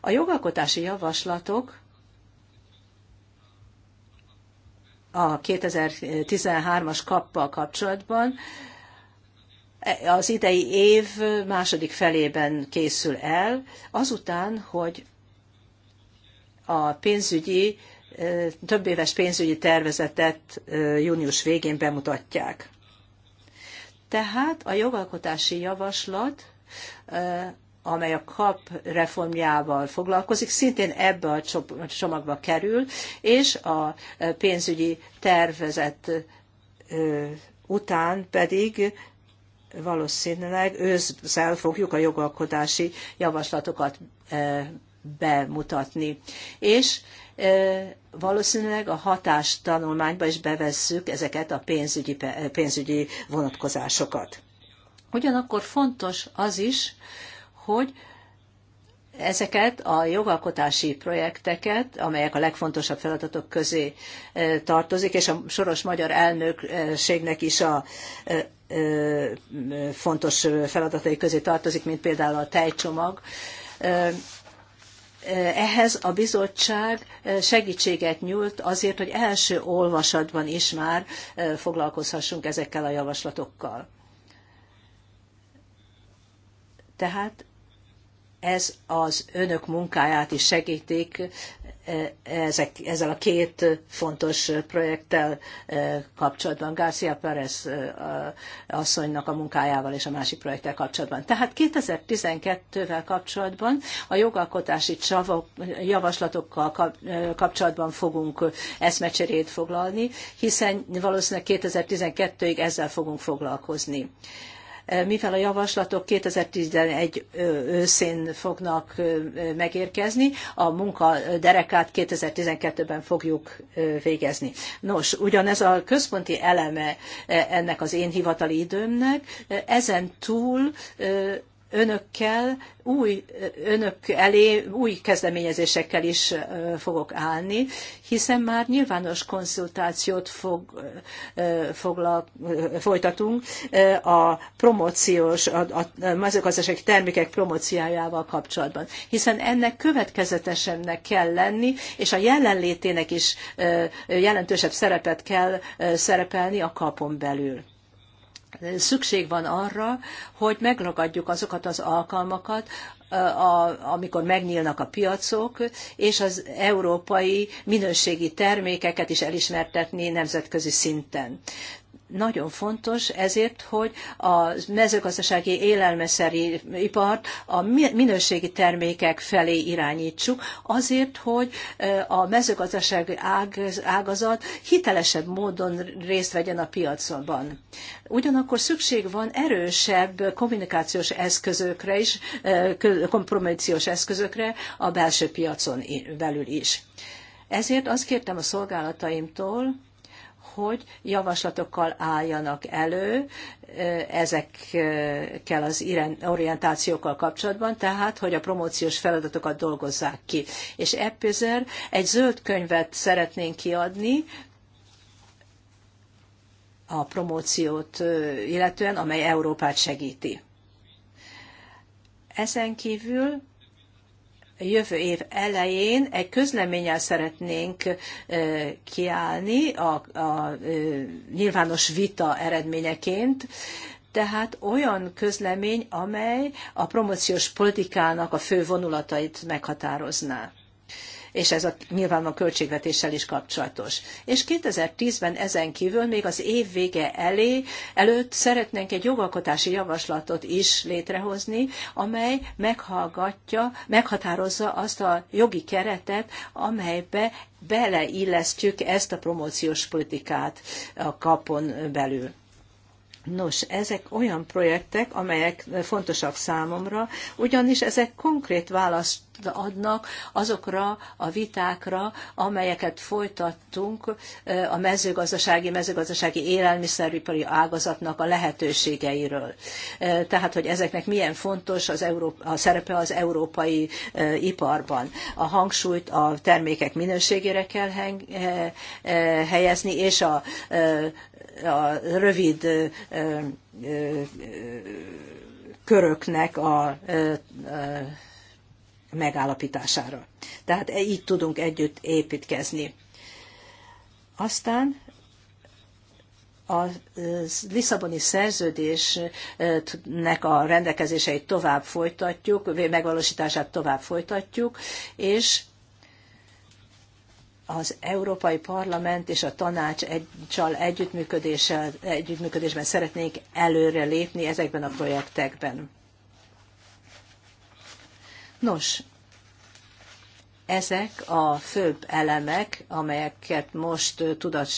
S2: A jogalkotási javaslatok a 2013-as kappal kapcsolatban az idei év második felében készül el, azután, hogy a pénzügyi, több éves pénzügyi tervezetet június végén bemutatják. Tehát a jogalkotási javaslat, amely a KAP reformjával foglalkozik, szintén ebbe a csomagba kerül, és a pénzügyi tervezet után pedig valószínűleg őszel fogjuk a jogalkotási javaslatokat e, bemutatni. És e, valószínűleg a hatástanulmányba is bevesszük ezeket a pénzügyi, e, pénzügyi vonatkozásokat. Ugyanakkor fontos az is, hogy ezeket a jogalkotási projekteket, amelyek a legfontosabb feladatok közé tartozik, és a soros magyar elnökségnek is a fontos feladatai közé tartozik, mint például a tejcsomag. Ehhez a bizottság segítséget nyújt azért, hogy első olvasatban is már foglalkozhassunk ezekkel a javaslatokkal. Tehát ez az önök munkáját is segítik, ezek, ezzel a két fontos projekttel kapcsolatban, Garcia Perez asszonynak a munkájával és a másik projekttel kapcsolatban. Tehát 2012-vel kapcsolatban a jogalkotási javaslatokkal kapcsolatban fogunk eszmecserét foglalni, hiszen valószínűleg 2012-ig ezzel fogunk foglalkozni mivel a javaslatok 2011 őszén fognak megérkezni, a munka derekát 2012-ben fogjuk végezni. Nos, ugyanez a központi eleme ennek az én hivatali időmnek, ezen túl önökkel új, önök elé új kezdeményezésekkel is fogok állni, hiszen már nyilvános konzultációt fog, foglal, folytatunk a promóciós, a, a mezőgazdasági termékek promóciájával kapcsolatban, hiszen ennek következetesebbnek kell lenni, és a jelenlétének is jelentősebb szerepet kell szerepelni a kapon belül szükség van arra, hogy megragadjuk azokat az alkalmakat, amikor megnyílnak a piacok, és az európai minőségi termékeket is elismertetni nemzetközi szinten nagyon fontos ezért, hogy a mezőgazdasági élelmeszeri ipart a minőségi termékek felé irányítsuk, azért, hogy a mezőgazdasági ágazat hitelesebb módon részt vegyen a piacban. Ugyanakkor szükség van erősebb kommunikációs eszközökre is, kompromíciós eszközökre a belső piacon belül is. Ezért azt kértem a szolgálataimtól, hogy javaslatokkal álljanak elő ezekkel az orientációkkal kapcsolatban, tehát hogy a promóciós feladatokat dolgozzák ki. És Eppizer egy zöld könyvet szeretnénk kiadni, a promóciót illetően, amely Európát segíti. Ezen kívül jövő év elején egy közleménnyel szeretnénk kiállni a, a nyilvános vita eredményeként, tehát olyan közlemény, amely a promóciós politikának a fő vonulatait meghatározná és ez a, nyilván a költségvetéssel is kapcsolatos. És 2010-ben ezen kívül még az év vége elé, előtt szeretnénk egy jogalkotási javaslatot is létrehozni, amely meghallgatja, meghatározza azt a jogi keretet, amelybe beleillesztjük ezt a promóciós politikát a kapon belül. Nos, ezek olyan projektek, amelyek fontosak számomra, ugyanis ezek konkrét választ adnak azokra a vitákra, amelyeket folytattunk a mezőgazdasági, mezőgazdasági élelmiszeripari ágazatnak a lehetőségeiről. Tehát, hogy ezeknek milyen fontos az Európa, a szerepe az európai iparban. A hangsúlyt a termékek minőségére kell helyezni, és a a rövid köröknek a megállapítására. Tehát e- így tudunk együtt építkezni. Aztán a Lisszaboni szerződésnek a rendelkezéseit tovább folytatjuk, megvalósítását tovább folytatjuk, és az Európai Parlament és a tanács egycsal együttműködésben szeretnék előre lépni ezekben a projektekben. Nos, ezek a főbb elemek, amelyeket most tudat,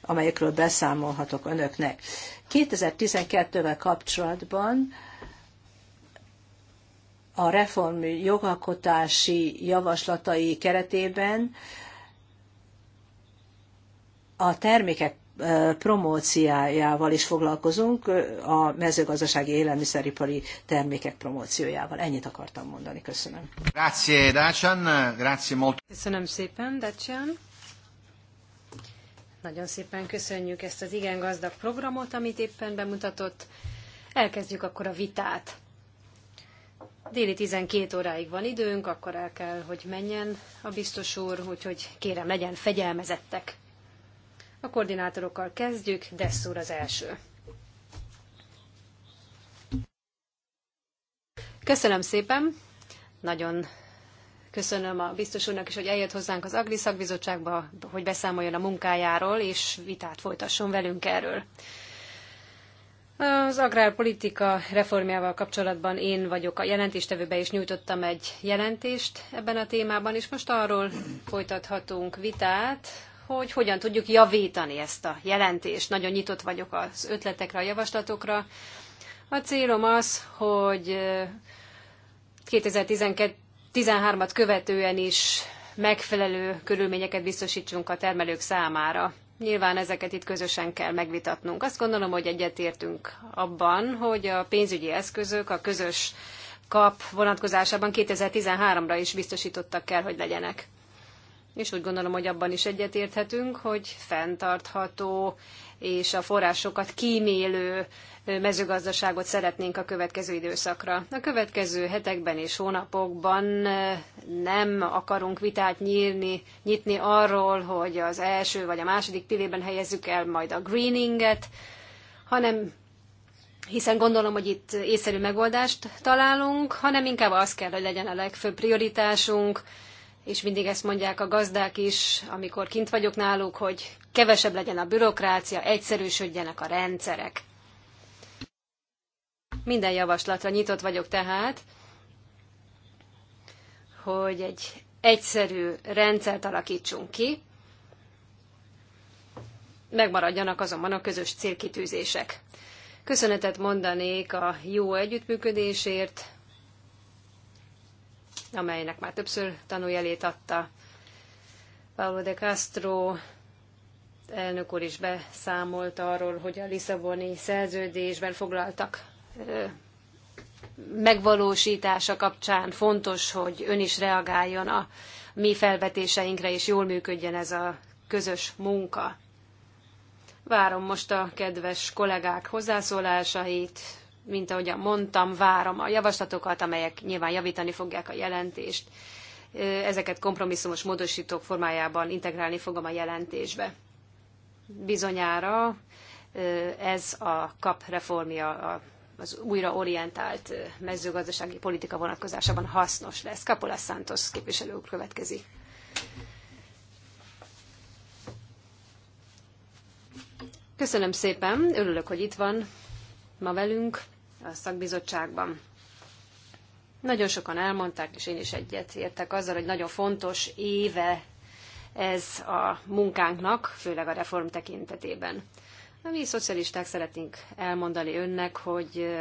S2: amelyekről beszámolhatok önöknek. 2012-vel kapcsolatban a reform jogalkotási javaslatai keretében a termékek promóciájával is foglalkozunk, a mezőgazdasági élelmiszeripari termékek promóciójával. Ennyit akartam mondani. Köszönöm.
S3: Grazie, Dacian. Grazie molto. Köszönöm
S1: szépen, Dacian. Nagyon szépen köszönjük ezt az igen gazdag programot, amit éppen bemutatott. Elkezdjük akkor a vitát. Déli 12 óráig van időnk, akkor el kell, hogy menjen a biztos úr, úgyhogy kérem, legyen fegyelmezettek. A koordinátorokkal kezdjük, Desszúr az első. Köszönöm szépen, nagyon köszönöm a biztos úrnak is, hogy eljött hozzánk az Agri szakbizottságba, hogy beszámoljon a munkájáról, és vitát folytasson velünk erről. Az agrárpolitika reformjával kapcsolatban én vagyok a jelentéstevőbe, és nyújtottam egy jelentést ebben a témában, és most arról folytathatunk vitát, hogy hogyan tudjuk javítani ezt a jelentést. Nagyon nyitott vagyok az ötletekre, a javaslatokra. A célom az, hogy 2013-at követően is megfelelő körülményeket biztosítsunk a termelők számára. Nyilván ezeket itt közösen kell megvitatnunk. Azt gondolom, hogy egyetértünk abban, hogy a pénzügyi eszközök a közös kap vonatkozásában 2013-ra is biztosítottak kell, hogy legyenek. És úgy gondolom, hogy abban is egyetérthetünk, hogy fenntartható és a forrásokat kímélő mezőgazdaságot szeretnénk a következő időszakra. A következő hetekben és hónapokban eh, nem akarunk vitát nyírni, nyitni arról, hogy az első vagy a második pillében helyezzük el majd a greeninget, hanem hiszen gondolom, hogy itt észszerű megoldást találunk, hanem inkább az kell, hogy legyen a legfőbb prioritásunk, és mindig ezt mondják a gazdák is, amikor kint vagyok náluk, hogy kevesebb legyen a bürokrácia, egyszerűsödjenek a rendszerek. Minden javaslatra nyitott vagyok tehát, hogy egy egyszerű rendszert alakítsunk ki, megmaradjanak azonban a közös célkitűzések. Köszönetet mondanék a jó együttműködésért, amelynek már többször tanújelét adta Paulo de Castro, elnök úr is beszámolt arról, hogy a Lisszaboni szerződésben foglaltak megvalósítása kapcsán fontos, hogy ön is reagáljon a mi felvetéseinkre, és jól működjen ez a közös munka. Várom most a kedves kollégák hozzászólásait, mint ahogy mondtam, várom a javaslatokat, amelyek nyilván javítani fogják a jelentést. Ezeket kompromisszumos módosítók formájában integrálni fogom a jelentésbe. Bizonyára ez a kap reformja az újraorientált mezőgazdasági politika vonatkozásában hasznos lesz. Kapola Santos képviselő következik. Köszönöm szépen, örülök, hogy itt van ma velünk a szakbizottságban. Nagyon sokan elmondták, és én is egyet értek azzal, hogy nagyon fontos éve ez a munkánknak, főleg a reform tekintetében. Na, mi szocialisták szeretnénk elmondani önnek, hogy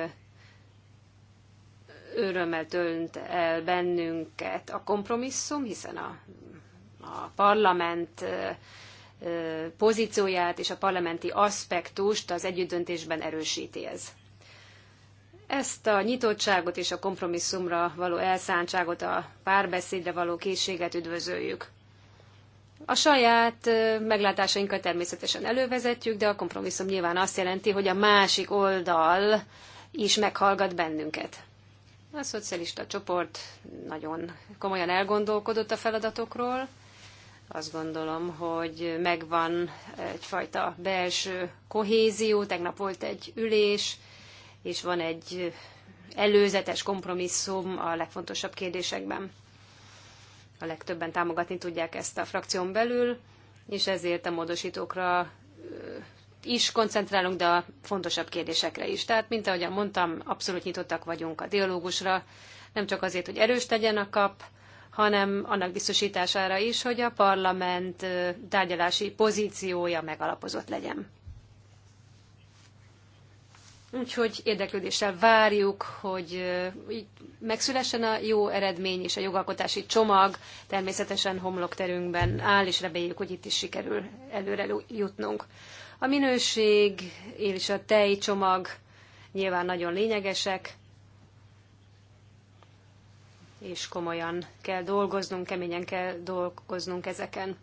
S1: örömmel tölt el bennünket a kompromisszum, hiszen a, a parlament pozícióját és a parlamenti aspektust az együttdöntésben erősíti ez. Ezt a nyitottságot és a kompromisszumra való elszántságot, a párbeszédre való készséget üdvözöljük. A saját meglátásainkat természetesen elővezetjük, de a kompromisszum nyilván azt jelenti, hogy a másik oldal is meghallgat bennünket. A szocialista csoport nagyon komolyan elgondolkodott a feladatokról. Azt gondolom, hogy megvan egyfajta belső kohézió. Tegnap volt egy ülés, és van egy előzetes kompromisszum a legfontosabb kérdésekben. A legtöbben támogatni tudják ezt a frakción belül, és ezért a módosítókra is koncentrálunk, de a fontosabb kérdésekre is. Tehát, mint ahogy mondtam, abszolút nyitottak vagyunk a dialógusra, nem csak azért, hogy erős legyen a kap, hanem annak biztosítására is, hogy a parlament tárgyalási pozíciója megalapozott legyen. Úgyhogy érdeklődéssel várjuk, hogy megszülessen a jó eredmény és a jogalkotási csomag természetesen homlokterünkben áll, és reméljük, hogy itt is sikerül előre jutnunk. A minőség és a tejcsomag nyilván nagyon lényegesek, és komolyan kell dolgoznunk, keményen kell dolgoznunk ezeken.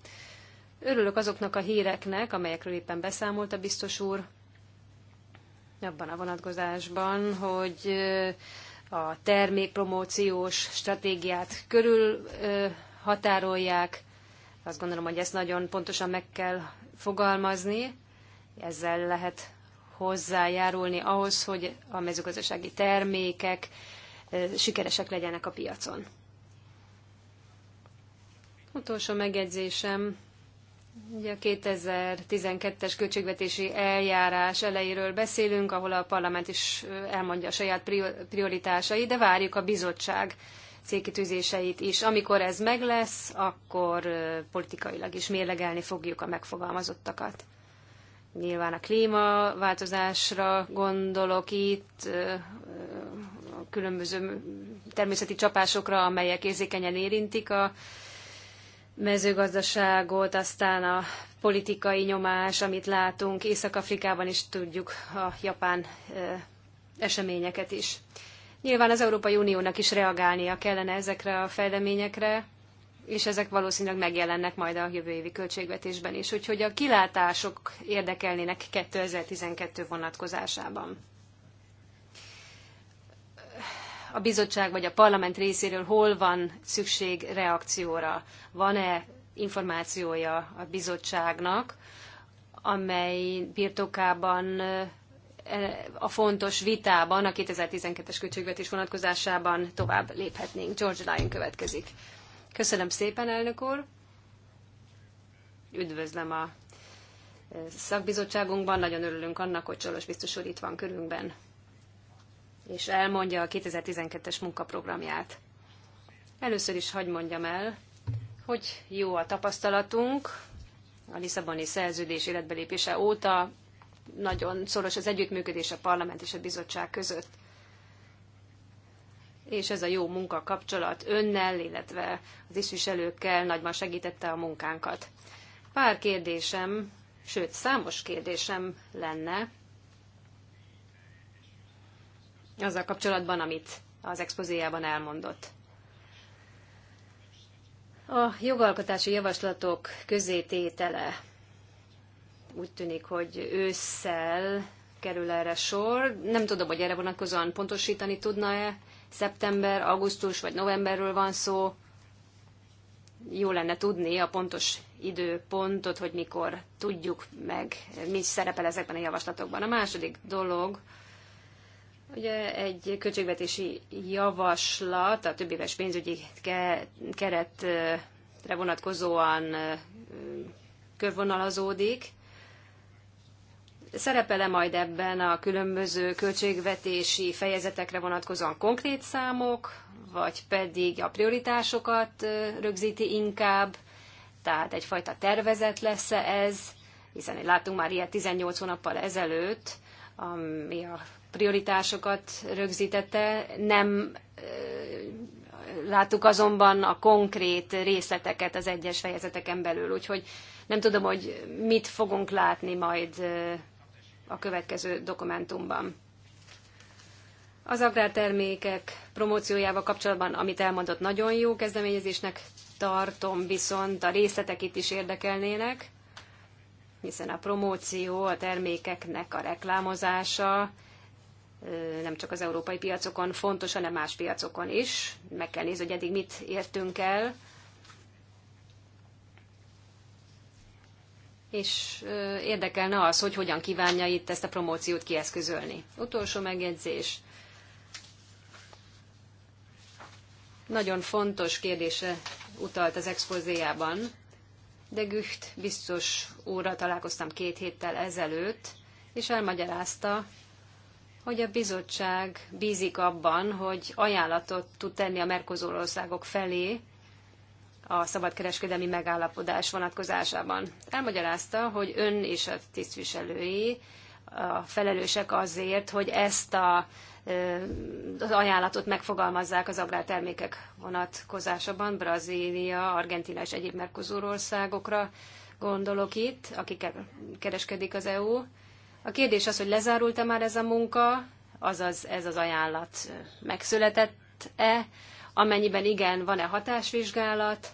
S1: Örülök azoknak a híreknek, amelyekről éppen beszámolt a biztos úr, abban a vonatkozásban, hogy a termékpromóciós stratégiát körül határolják. Azt gondolom, hogy ezt nagyon pontosan meg kell fogalmazni. Ezzel lehet hozzájárulni ahhoz, hogy a mezőgazdasági termékek sikeresek legyenek a piacon. Utolsó megjegyzésem Ugye a 2012-es költségvetési eljárás elejéről beszélünk, ahol a parlament is elmondja a saját prioritásait, de várjuk a bizottság célkitűzéseit is. Amikor ez meg lesz, akkor politikailag is mérlegelni fogjuk a megfogalmazottakat. Nyilván a klímaváltozásra gondolok itt, a különböző természeti csapásokra, amelyek érzékenyen érintik a mezőgazdaságot, aztán a politikai nyomás, amit látunk Észak-Afrikában is tudjuk a japán eseményeket is. Nyilván az Európai Uniónak is reagálnia kellene ezekre a fejleményekre, és ezek valószínűleg megjelennek majd a jövő évi költségvetésben is. Úgyhogy a kilátások érdekelnének 2012 vonatkozásában a bizottság vagy a parlament részéről hol van szükség reakcióra? Van-e információja a bizottságnak, amely birtokában e, a fontos vitában, a 2012-es költségvetés vonatkozásában tovább léphetnénk. George Lyon következik. Köszönöm szépen, elnök úr! Üdvözlöm a szakbizottságunkban, nagyon örülünk annak, hogy Csolos biztos úr itt van körünkben és elmondja a 2012-es munkaprogramját. Először is hagy mondjam el, hogy jó a tapasztalatunk, a Lisszaboni szerződés életbelépése óta nagyon szoros az együttműködés a parlament és a bizottság között. És ez a jó munka kapcsolat önnel, illetve az isviselőkkel nagyban segítette a munkánkat. Pár kérdésem, sőt számos kérdésem lenne azzal kapcsolatban, amit az expozéjában elmondott. A jogalkotási javaslatok közététele úgy tűnik, hogy ősszel kerül erre sor. Nem tudom, hogy erre vonatkozóan pontosítani tudna-e. Szeptember, augusztus vagy novemberről van szó. Jó lenne tudni a pontos időpontot, hogy mikor tudjuk meg, mi szerepel ezekben a javaslatokban. A második dolog, Ugye egy költségvetési javaslat a több éves pénzügyi keretre vonatkozóan körvonalazódik. Szerepele majd ebben a különböző költségvetési fejezetekre vonatkozóan konkrét számok, vagy pedig a prioritásokat rögzíti inkább, tehát egyfajta tervezet lesz -e ez, hiszen láttunk már ilyet 18 hónappal ezelőtt, ami a prioritásokat rögzítette, nem láttuk azonban a konkrét részleteket az egyes fejezeteken belül, úgyhogy nem tudom, hogy mit fogunk látni majd a következő dokumentumban. Az agrártermékek promóciójával kapcsolatban, amit elmondott, nagyon jó kezdeményezésnek tartom, viszont a részletek itt is érdekelnének, hiszen a promóció, a termékeknek a reklámozása, nem csak az európai piacokon fontos, hanem más piacokon is. Meg kell nézni, hogy eddig mit értünk el. És érdekelne az, hogy hogyan kívánja itt ezt a promóciót kieszközölni. Utolsó megjegyzés. Nagyon fontos kérdése utalt az expozéjában, de Gücht biztos úrral találkoztam két héttel ezelőtt, és elmagyarázta, hogy a bizottság bízik abban, hogy ajánlatot tud tenni a Merkozor országok felé a szabadkereskedelmi megállapodás vonatkozásában. Elmagyarázta, hogy ön és a tisztviselői a felelősek azért, hogy ezt a, az ajánlatot megfogalmazzák az agrártermékek vonatkozásában, Brazília, Argentina és egyéb Mercosur országokra gondolok itt, akikkel kereskedik az EU a kérdés az, hogy lezárult-e már ez a munka, azaz ez az ajánlat megszületett-e, amennyiben igen, van-e hatásvizsgálat,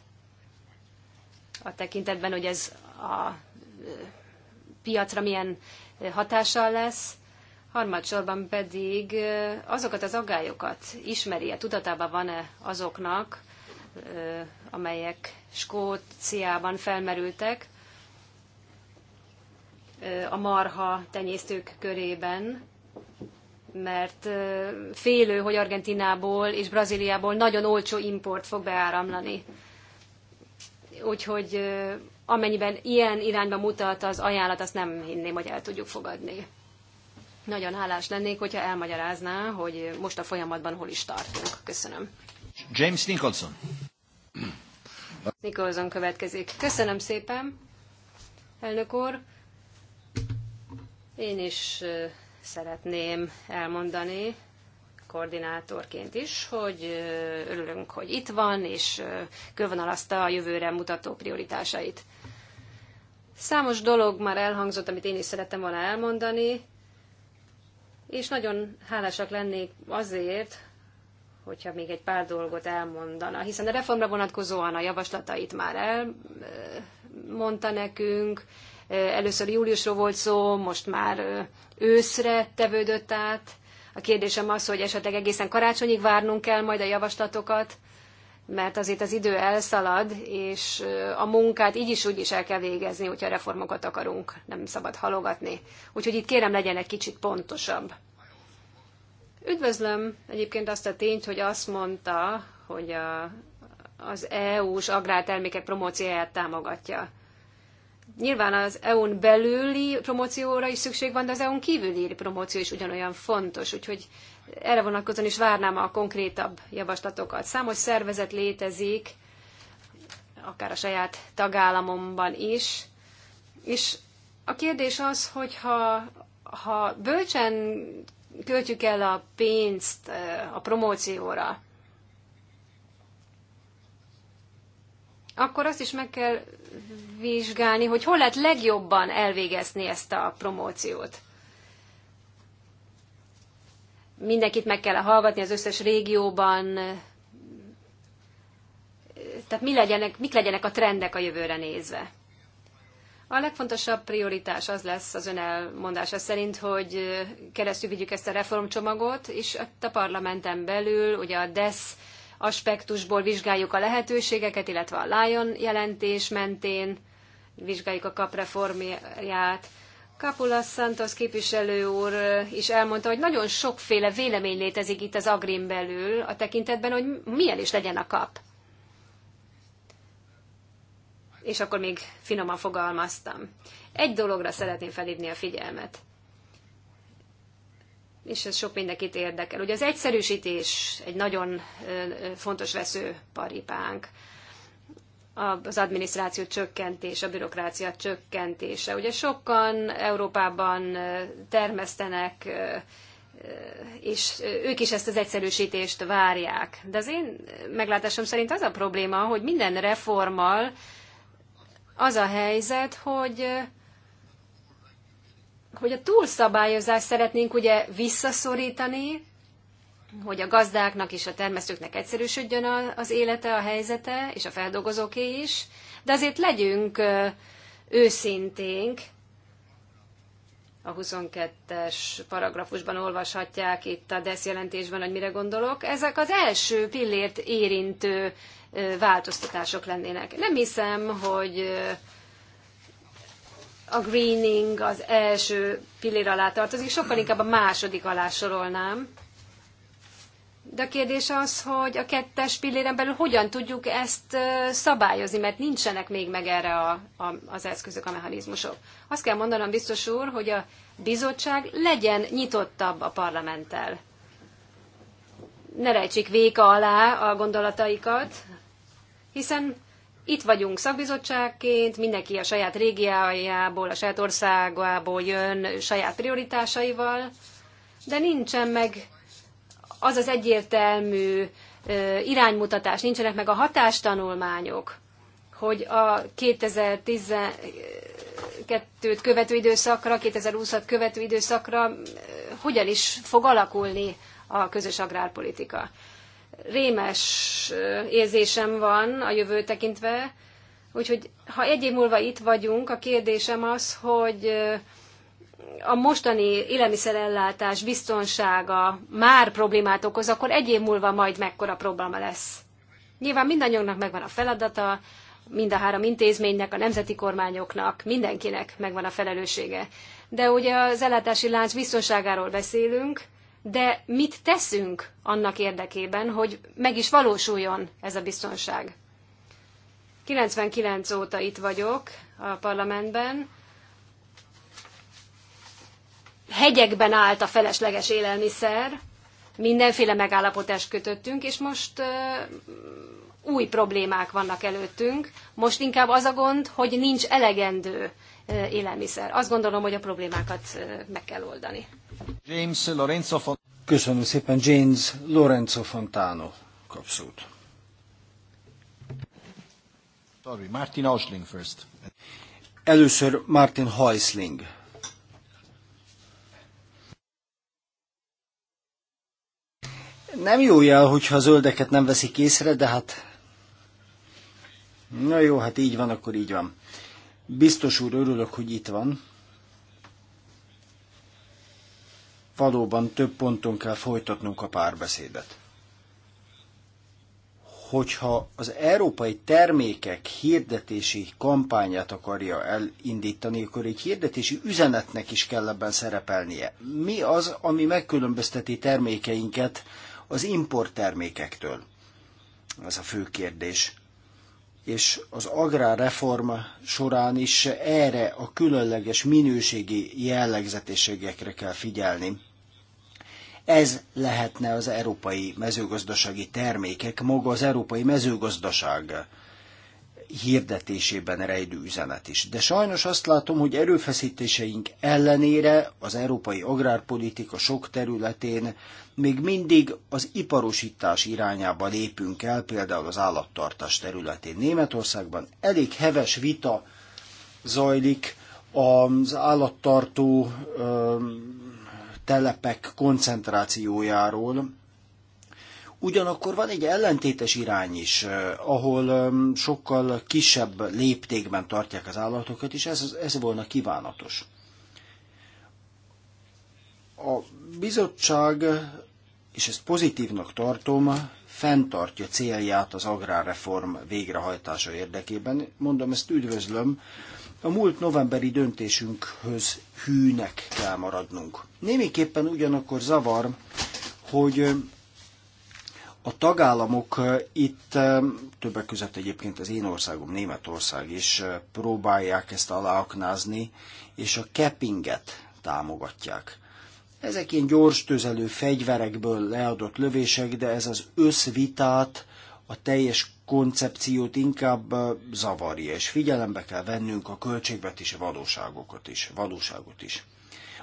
S1: a tekintetben, hogy ez a piacra milyen hatással lesz, harmadsorban pedig azokat az aggályokat ismeri-e, tudatában van-e azoknak, amelyek Skóciában felmerültek, a marha tenyésztők körében, mert félő, hogy Argentinából és Brazíliából nagyon olcsó import fog beáramlani. Úgyhogy amennyiben ilyen irányba mutat az ajánlat, azt nem hinném, hogy el tudjuk fogadni. Nagyon hálás lennék, hogyha elmagyarázná, hogy most a folyamatban hol is tartunk. Köszönöm.
S3: James Nicholson.
S1: Nicholson következik. Köszönöm szépen, elnök úr. Én is szeretném elmondani, koordinátorként is, hogy örülünk, hogy itt van, és körvonalazta a jövőre mutató prioritásait. Számos dolog már elhangzott, amit én is szerettem volna elmondani, és nagyon hálásak lennék azért, hogyha még egy pár dolgot elmondana, hiszen a reformra vonatkozóan a javaslatait már elmondta nekünk. Először júliusról volt szó, most már őszre tevődött át. A kérdésem az, hogy esetleg egészen karácsonyig várnunk kell majd a javaslatokat, mert azért az idő elszalad, és a munkát így is úgy is el kell végezni, hogyha reformokat akarunk, nem szabad halogatni. Úgyhogy itt kérem legyen egy kicsit pontosabb. Üdvözlöm egyébként azt a tényt, hogy azt mondta, hogy a, az EU-s agrártermékek promócióját támogatja. Nyilván az EU-n belüli promócióra is szükség van, de az EU-n kívüli promóció is ugyanolyan fontos, úgyhogy erre vonatkozóan is várnám a konkrétabb javaslatokat. Számos szervezet létezik, akár a saját tagállamomban is, és a kérdés az, hogy ha, ha bölcsen költjük el a pénzt a promócióra, akkor azt is meg kell vizsgálni, hogy hol lehet legjobban elvégezni ezt a promóciót. Mindenkit meg kell hallgatni az összes régióban, tehát mi legyenek, mik legyenek a trendek a jövőre nézve. A legfontosabb prioritás az lesz az ön elmondása szerint, hogy keresztül vigyük ezt a reformcsomagot, és a parlamenten belül ugye a DESZ aspektusból vizsgáljuk a lehetőségeket, illetve a Lion jelentés mentén vizsgáljuk a kap reformját. Kapula Santos képviselő úr is elmondta, hogy nagyon sokféle vélemény létezik itt az Agrin belül, a tekintetben, hogy milyen is legyen a kap és akkor még finoman fogalmaztam. Egy dologra szeretném felhívni a figyelmet, és ez sok mindenkit érdekel. Ugye az egyszerűsítés egy nagyon fontos vesző paripánk az adminisztráció csökkentése, a bürokrácia csökkentése. Ugye sokan Európában termesztenek, és ők is ezt az egyszerűsítést várják. De az én meglátásom szerint az a probléma, hogy minden reformmal az a helyzet, hogy hogy a túlszabályozást szeretnénk ugye visszaszorítani, hogy a gazdáknak és a termesztőknek egyszerűsödjön az élete, a helyzete, és a feldolgozóké is, de azért legyünk őszinténk, a 22-es paragrafusban olvashatják itt a DESZ jelentésben, hogy mire gondolok. Ezek az első pillért érintő változtatások lennének. Nem hiszem, hogy a greening az első pillér alá tartozik, sokkal inkább a második alá sorolnám. De a kérdés az, hogy a kettes pilléren belül hogyan tudjuk ezt szabályozni, mert nincsenek még meg erre a, a, az eszközök, a mechanizmusok. Azt kell mondanom, biztos úr, hogy a bizottság legyen nyitottabb a parlamenttel. Ne rejtsék véka alá a gondolataikat, hiszen itt vagyunk szakbizottságként, mindenki a saját régiájából, a saját országából jön saját prioritásaival, de nincsen meg az az egyértelmű iránymutatás, nincsenek meg a hatástanulmányok, hogy a 2012-t követő időszakra, 2020-at követő időszakra hogyan is fog alakulni a közös agrárpolitika. Rémes érzésem van a jövő tekintve, úgyhogy ha egy év múlva itt vagyunk, a kérdésem az, hogy a mostani élelmiszerellátás biztonsága már problémát okoz, akkor egy év múlva majd mekkora probléma lesz. Nyilván mindannyiunknak megvan a feladata, mind a három intézménynek, a nemzeti kormányoknak, mindenkinek megvan a felelőssége. De ugye az ellátási lánc biztonságáról beszélünk, de mit teszünk annak érdekében, hogy meg is valósuljon ez a biztonság? 99 óta itt vagyok a parlamentben, hegyekben állt a felesleges élelmiszer, mindenféle megállapotást kötöttünk, és most új problémák vannak előttünk. Most inkább az a gond, hogy nincs elegendő élelmiszer. Azt gondolom, hogy a problémákat meg kell oldani.
S3: James Lorenzo Font- Köszönöm szépen, James Lorenzo Fontano kapszót. Sorry, Martin Osling first. Először Martin Heusling. Nem jó jel, hogyha a zöldeket nem veszik észre, de hát... Na jó, hát így van, akkor így van. Biztos úr, örülök, hogy itt van. Valóban több ponton kell folytatnunk a párbeszédet. Hogyha az európai termékek hirdetési kampányát akarja elindítani, akkor egy hirdetési üzenetnek is kell ebben szerepelnie. Mi az, ami megkülönbözteti termékeinket az importtermékektől. Ez a fő kérdés. És az agrárreform során is erre a különleges minőségi jellegzetességekre kell figyelni. Ez lehetne az európai mezőgazdasági termékek, maga az európai mezőgazdaság hirdetésében rejlő üzenet is. De sajnos azt látom, hogy erőfeszítéseink ellenére az európai agrárpolitika sok területén még mindig az iparosítás irányába lépünk el, például az állattartás területén. Németországban elég heves vita zajlik az állattartó telepek koncentrációjáról. Ugyanakkor van egy ellentétes irány is, ahol sokkal kisebb léptékben tartják az állatokat, és ez, ez volna kívánatos. A bizottság és ezt pozitívnak tartom, fenntartja célját az agrárreform végrehajtása érdekében. Mondom, ezt üdvözlöm. A múlt novemberi döntésünkhöz hűnek kell maradnunk. Némiképpen ugyanakkor zavar, hogy a tagállamok itt, többek között egyébként az én országom, Németország is próbálják ezt aláaknázni, és a keppinget támogatják. Ezek ilyen gyors tüzelő fegyverekből leadott lövések, de ez az összvitát, a teljes koncepciót inkább zavarja, és figyelembe kell vennünk a költségvetési valóságokat is, valóságot is.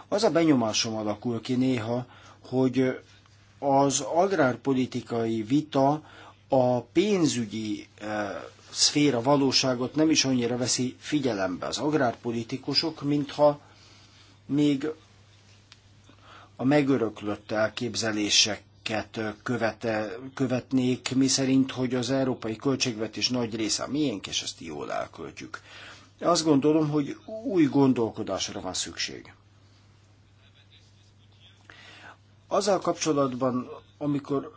S3: Az a benyomásom alakul ki néha, hogy az agrárpolitikai vita a pénzügyi szféra valóságot nem is annyira veszi figyelembe az agrárpolitikusok, mintha még a megöröklött elképzeléseket követe, követnék, mi szerint, hogy az európai költségvetés nagy része a miénk, és ezt jól elköltjük. Azt gondolom, hogy új gondolkodásra van szükség. Azzal kapcsolatban, amikor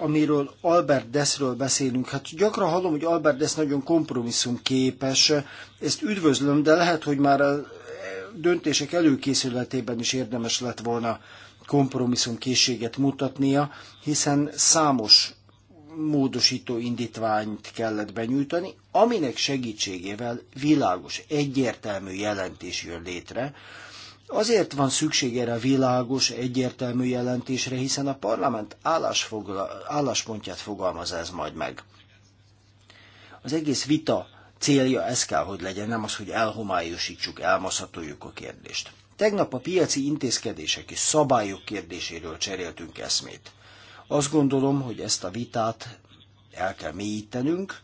S3: amiről Albert Deszről beszélünk. Hát gyakran hallom, hogy Albert Desz nagyon kompromisszum képes, ezt üdvözlöm, de lehet, hogy már döntések előkészületében is érdemes lett volna kompromisszumkészséget mutatnia, hiszen számos módosító indítványt kellett benyújtani, aminek segítségével világos, egyértelmű jelentés jön létre. Azért van szükség erre a világos, egyértelmű jelentésre, hiszen a parlament állásfogla, álláspontját fogalmazza ez majd meg. Az egész vita célja ez kell, hogy legyen, nem az, hogy elhomályosítsuk, elmaszatoljuk a kérdést. Tegnap a piaci intézkedések és szabályok kérdéséről cseréltünk eszmét. Azt gondolom, hogy ezt a vitát el kell mélyítenünk,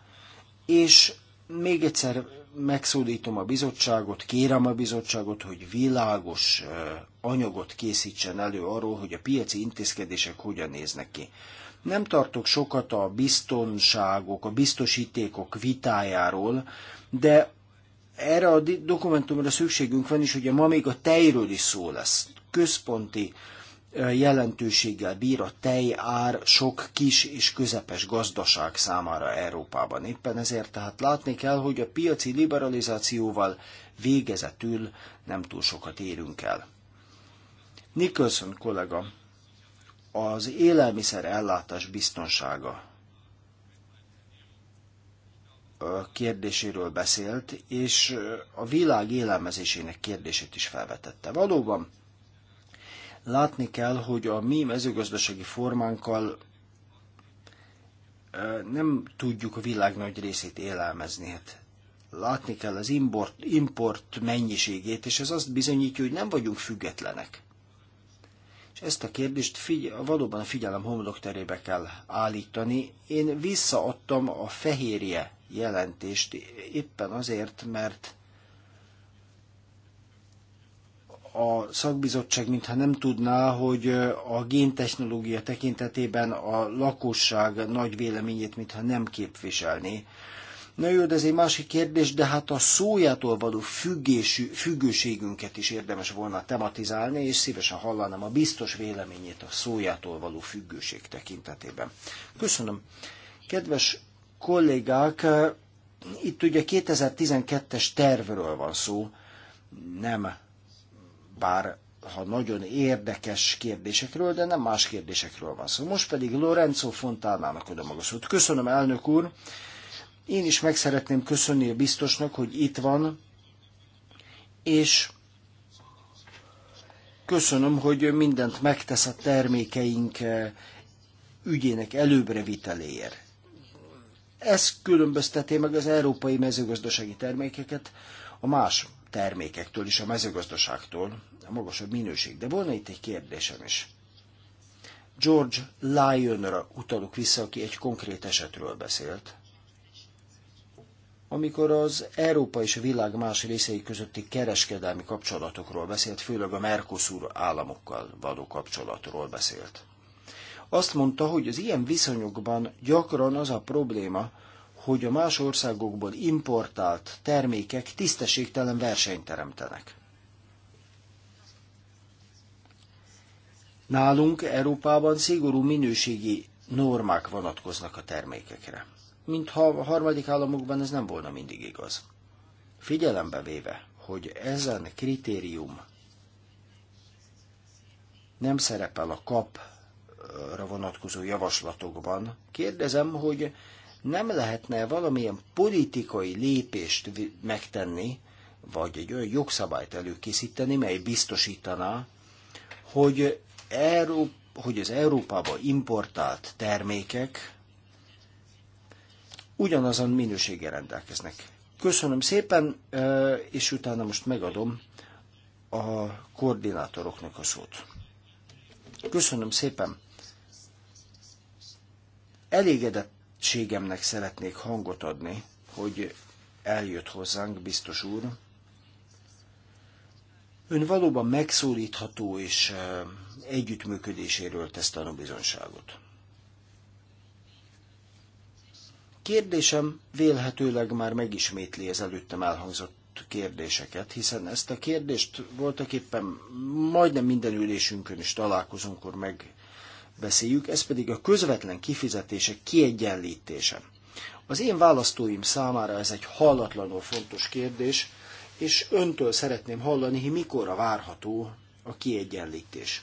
S3: és még egyszer megszólítom a bizottságot, kérem a bizottságot, hogy világos anyagot készítsen elő arról, hogy a piaci intézkedések hogyan néznek ki. Nem tartok sokat a biztonságok, a biztosítékok vitájáról, de erre a dokumentumra szükségünk van, is hogy ma még a tejről is szó lesz. Központi jelentőséggel bír a tej ár sok kis és közepes gazdaság számára Európában. Éppen ezért tehát látni kell, hogy a piaci liberalizációval végezetül nem túl sokat érünk el. Nicholson kollega az élelmiszer ellátás biztonsága kérdéséről beszélt, és a világ élelmezésének kérdését is felvetette. Valóban látni kell, hogy a mi mezőgazdasági formánkkal nem tudjuk a világ nagy részét élelmezni. Hát látni kell az import, import mennyiségét, és ez azt bizonyítja, hogy nem vagyunk függetlenek és ezt a kérdést figy- valóban a figyelem homlokterébe kell állítani. Én visszaadtam a fehérje jelentést éppen azért, mert a szakbizottság mintha nem tudná, hogy a géntechnológia tekintetében a lakosság nagy véleményét mintha nem képviselni. Na jó, de ez egy másik kérdés, de hát a szójától való függésű, függőségünket is érdemes volna tematizálni, és szívesen hallanám a biztos véleményét a szójától való függőség tekintetében. Köszönöm. Kedves kollégák, itt ugye 2012-es tervről van szó, nem bár ha nagyon érdekes kérdésekről, de nem más kérdésekről van szó. Most pedig Lorenzo Fontánának oda a szót. Köszönöm, elnök úr! Én is meg szeretném köszönni a biztosnak, hogy itt van, és köszönöm, hogy mindent megtesz a termékeink eh, ügyének előbbre viteléért. Ez különbözteti meg az európai mezőgazdasági termékeket a más termékektől is, a mezőgazdaságtól, a magasabb minőség. De volna itt egy kérdésem is. George Lyonra utalok vissza, aki egy konkrét esetről beszélt amikor az Európa és a világ más részei közötti kereskedelmi kapcsolatokról beszélt, főleg a Mercosur államokkal való kapcsolatról beszélt. Azt mondta, hogy az ilyen viszonyokban gyakran az a probléma, hogy a más országokból importált termékek tisztességtelen versenyt teremtenek. Nálunk Európában szigorú minőségi normák vonatkoznak a termékekre mintha a harmadik államokban ez nem volna mindig igaz. Figyelembe véve, hogy ezen kritérium nem szerepel a kapra vonatkozó javaslatokban, kérdezem, hogy nem lehetne valamilyen politikai lépést megtenni, vagy egy olyan jogszabályt előkészíteni, mely biztosítaná, hogy, Európa, hogy az Európába importált termékek ugyanazon minőséggel rendelkeznek. Köszönöm szépen, és utána most megadom a koordinátoroknak a szót. Köszönöm szépen. Elégedettségemnek szeretnék hangot adni, hogy eljött hozzánk, biztos úr. Ön valóban megszólítható és együttműködéséről tesz tanúbizonyságot. Kérdésem vélhetőleg már megismétli az előttem elhangzott kérdéseket, hiszen ezt a kérdést voltak éppen majdnem minden ülésünkön is találkozónkor megbeszéljük, ez pedig a közvetlen kifizetések kiegyenlítése. Az én választóim számára ez egy hallatlanul fontos kérdés, és öntől szeretném hallani, hogy mikorra várható a kiegyenlítés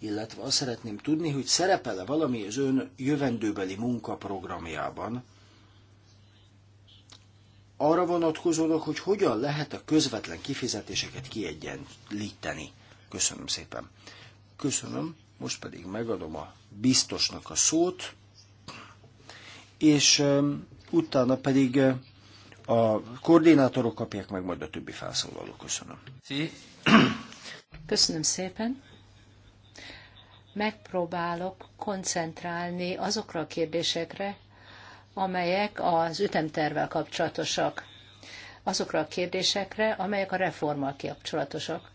S3: illetve azt szeretném tudni, hogy szerepele valami az ön jövendőbeli munkaprogramjában, arra vonatkozólag, hogy hogyan lehet a közvetlen kifizetéseket kiegyenlíteni. Köszönöm szépen. Köszönöm, most pedig megadom a biztosnak a szót, és utána pedig a koordinátorok kapják meg majd a többi felszólaló. Köszönöm.
S2: Köszönöm szépen megpróbálok koncentrálni azokra a kérdésekre, amelyek az ütemtervel kapcsolatosak. Azokra a kérdésekre, amelyek a reformmal kapcsolatosak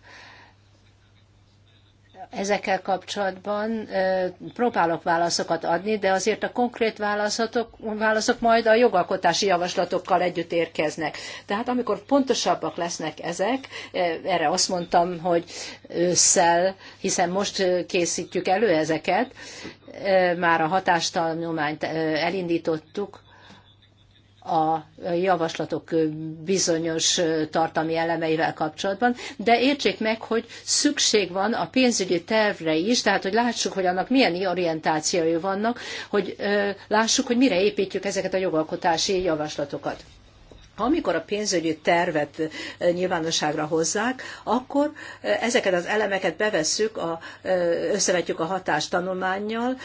S2: ezekkel kapcsolatban próbálok válaszokat adni, de azért a konkrét válaszok, válaszok majd a jogalkotási javaslatokkal együtt érkeznek. Tehát amikor pontosabbak lesznek ezek, erre azt mondtam, hogy ősszel, hiszen most készítjük elő ezeket, már a hatástanulmányt elindítottuk, a javaslatok bizonyos tartalmi elemeivel kapcsolatban, de értsék meg, hogy szükség van a pénzügyi tervre is, tehát hogy lássuk, hogy annak milyen orientációi vannak, hogy lássuk, hogy mire építjük ezeket a jogalkotási javaslatokat. Amikor a pénzügyi tervet nyilvánosságra hozzák, akkor ezeket az elemeket bevesszük, a, összevetjük a hatástanulmányjal,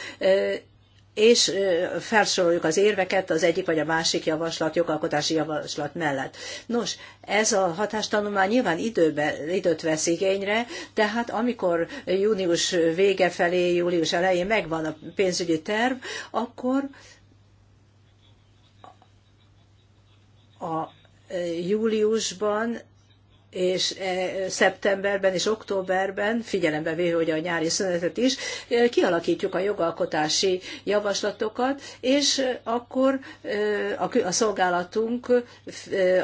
S2: és felsoroljuk az érveket az egyik vagy a másik javaslat, jogalkotási javaslat mellett. Nos, ez a hatástanulmány nyilván időbe, időt vesz igényre, tehát amikor június vége felé, július elején megvan a pénzügyi terv, akkor a júliusban és e, szeptemberben és októberben, figyelembe véve, hogy a nyári szünetet is, e, kialakítjuk a jogalkotási javaslatokat, és akkor e, a szolgálatunk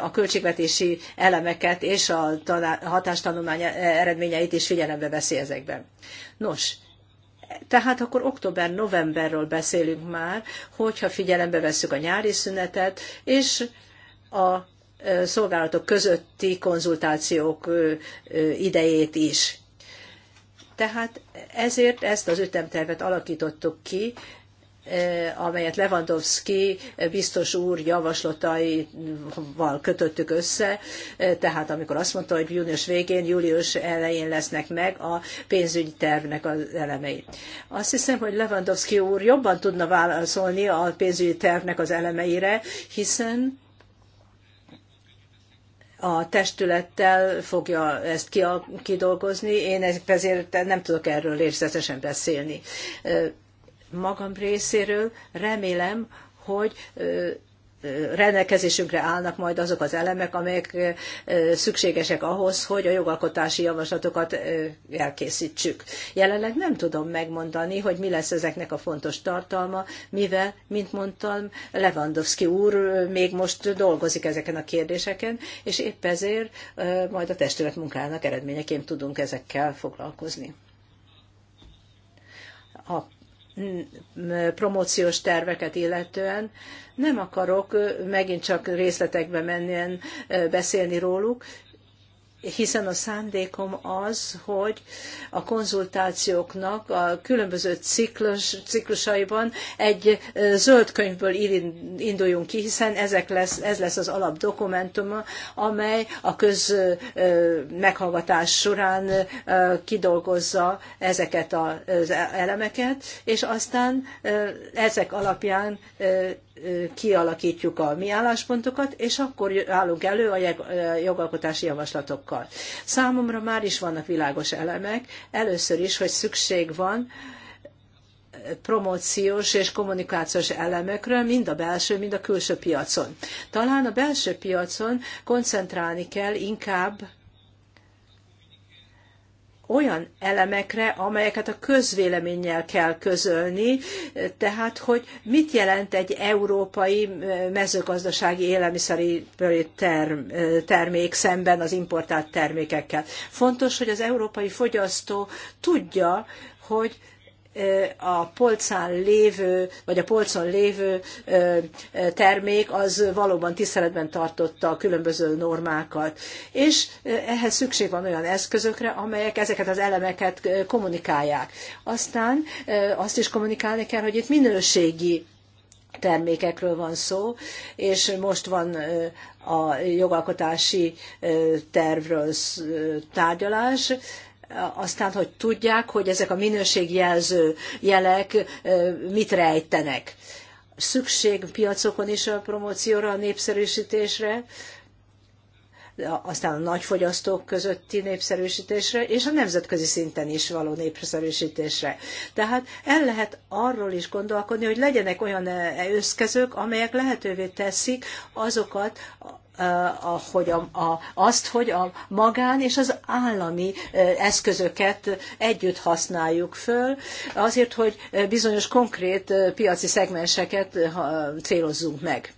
S2: a költségvetési elemeket és a hatástanulmány eredményeit is figyelembe veszi ezekben. Nos, tehát akkor október-novemberről beszélünk már, hogyha figyelembe vesszük a nyári szünetet, és a szolgálatok közötti konzultációk idejét is. Tehát ezért ezt az ütemtervet alakítottuk ki, amelyet Lewandowski biztos úr javaslataival kötöttük össze, tehát amikor azt mondta, hogy június végén, július elején lesznek meg a pénzügyi tervnek az elemei. Azt hiszem, hogy Lewandowski úr jobban tudna válaszolni a pénzügyi tervnek az elemeire, hiszen a testülettel fogja ezt ki, kidolgozni, én ezért nem tudok erről részletesen beszélni. Magam részéről remélem, hogy rendelkezésünkre állnak majd azok az elemek, amelyek szükségesek ahhoz, hogy a jogalkotási javaslatokat elkészítsük. Jelenleg nem tudom megmondani, hogy mi lesz ezeknek a fontos tartalma, mivel, mint mondtam, Lewandowski úr még most dolgozik ezeken a kérdéseken, és épp ezért majd a testület munkájának eredményeként tudunk ezekkel foglalkozni promóciós terveket illetően. Nem akarok megint csak részletekbe menni beszélni róluk, hiszen a szándékom az, hogy a konzultációknak a különböző ciklus, ciklusaiban egy zöld könyvből induljunk ki, hiszen ezek lesz, ez lesz az alapdokumentum, amely a köz meghallgatás során kidolgozza ezeket az e-, elemeket, és aztán ezek alapján kialakítjuk a mi álláspontokat, és akkor állunk elő a jogalkotási javaslatokkal. Számomra már is vannak világos elemek. Először is, hogy szükség van promóciós és kommunikációs elemekről, mind a belső, mind a külső piacon. Talán a belső piacon koncentrálni kell inkább olyan elemekre, amelyeket a közvéleménnyel kell közölni, tehát hogy mit jelent egy európai eh, mezőgazdasági élelmiszeri term, eh, termék szemben az importált termékekkel. Fontos, hogy az európai fogyasztó tudja, hogy a polcán lévő, vagy a polcon lévő termék az valóban tiszteletben tartotta a különböző normákat. És ehhez szükség van olyan eszközökre, amelyek ezeket az elemeket kommunikálják. Aztán azt is kommunikálni kell, hogy itt minőségi termékekről van szó, és most van a jogalkotási tervről tárgyalás, aztán, hogy tudják, hogy ezek a minőségjelző jelek mit rejtenek. Szükség piacokon is a promócióra, a népszerűsítésre, aztán a nagyfogyasztók közötti népszerűsítésre, és a nemzetközi szinten is való népszerűsítésre. Tehát el lehet arról is gondolkodni, hogy legyenek olyan összkezők, amelyek lehetővé teszik azokat Eh, hogy a, a, azt, hogy a magán és az állami eh, eszközöket együtt használjuk föl, azért, hogy eh, bizonyos konkrét piaci szegmenseket célozzunk meg.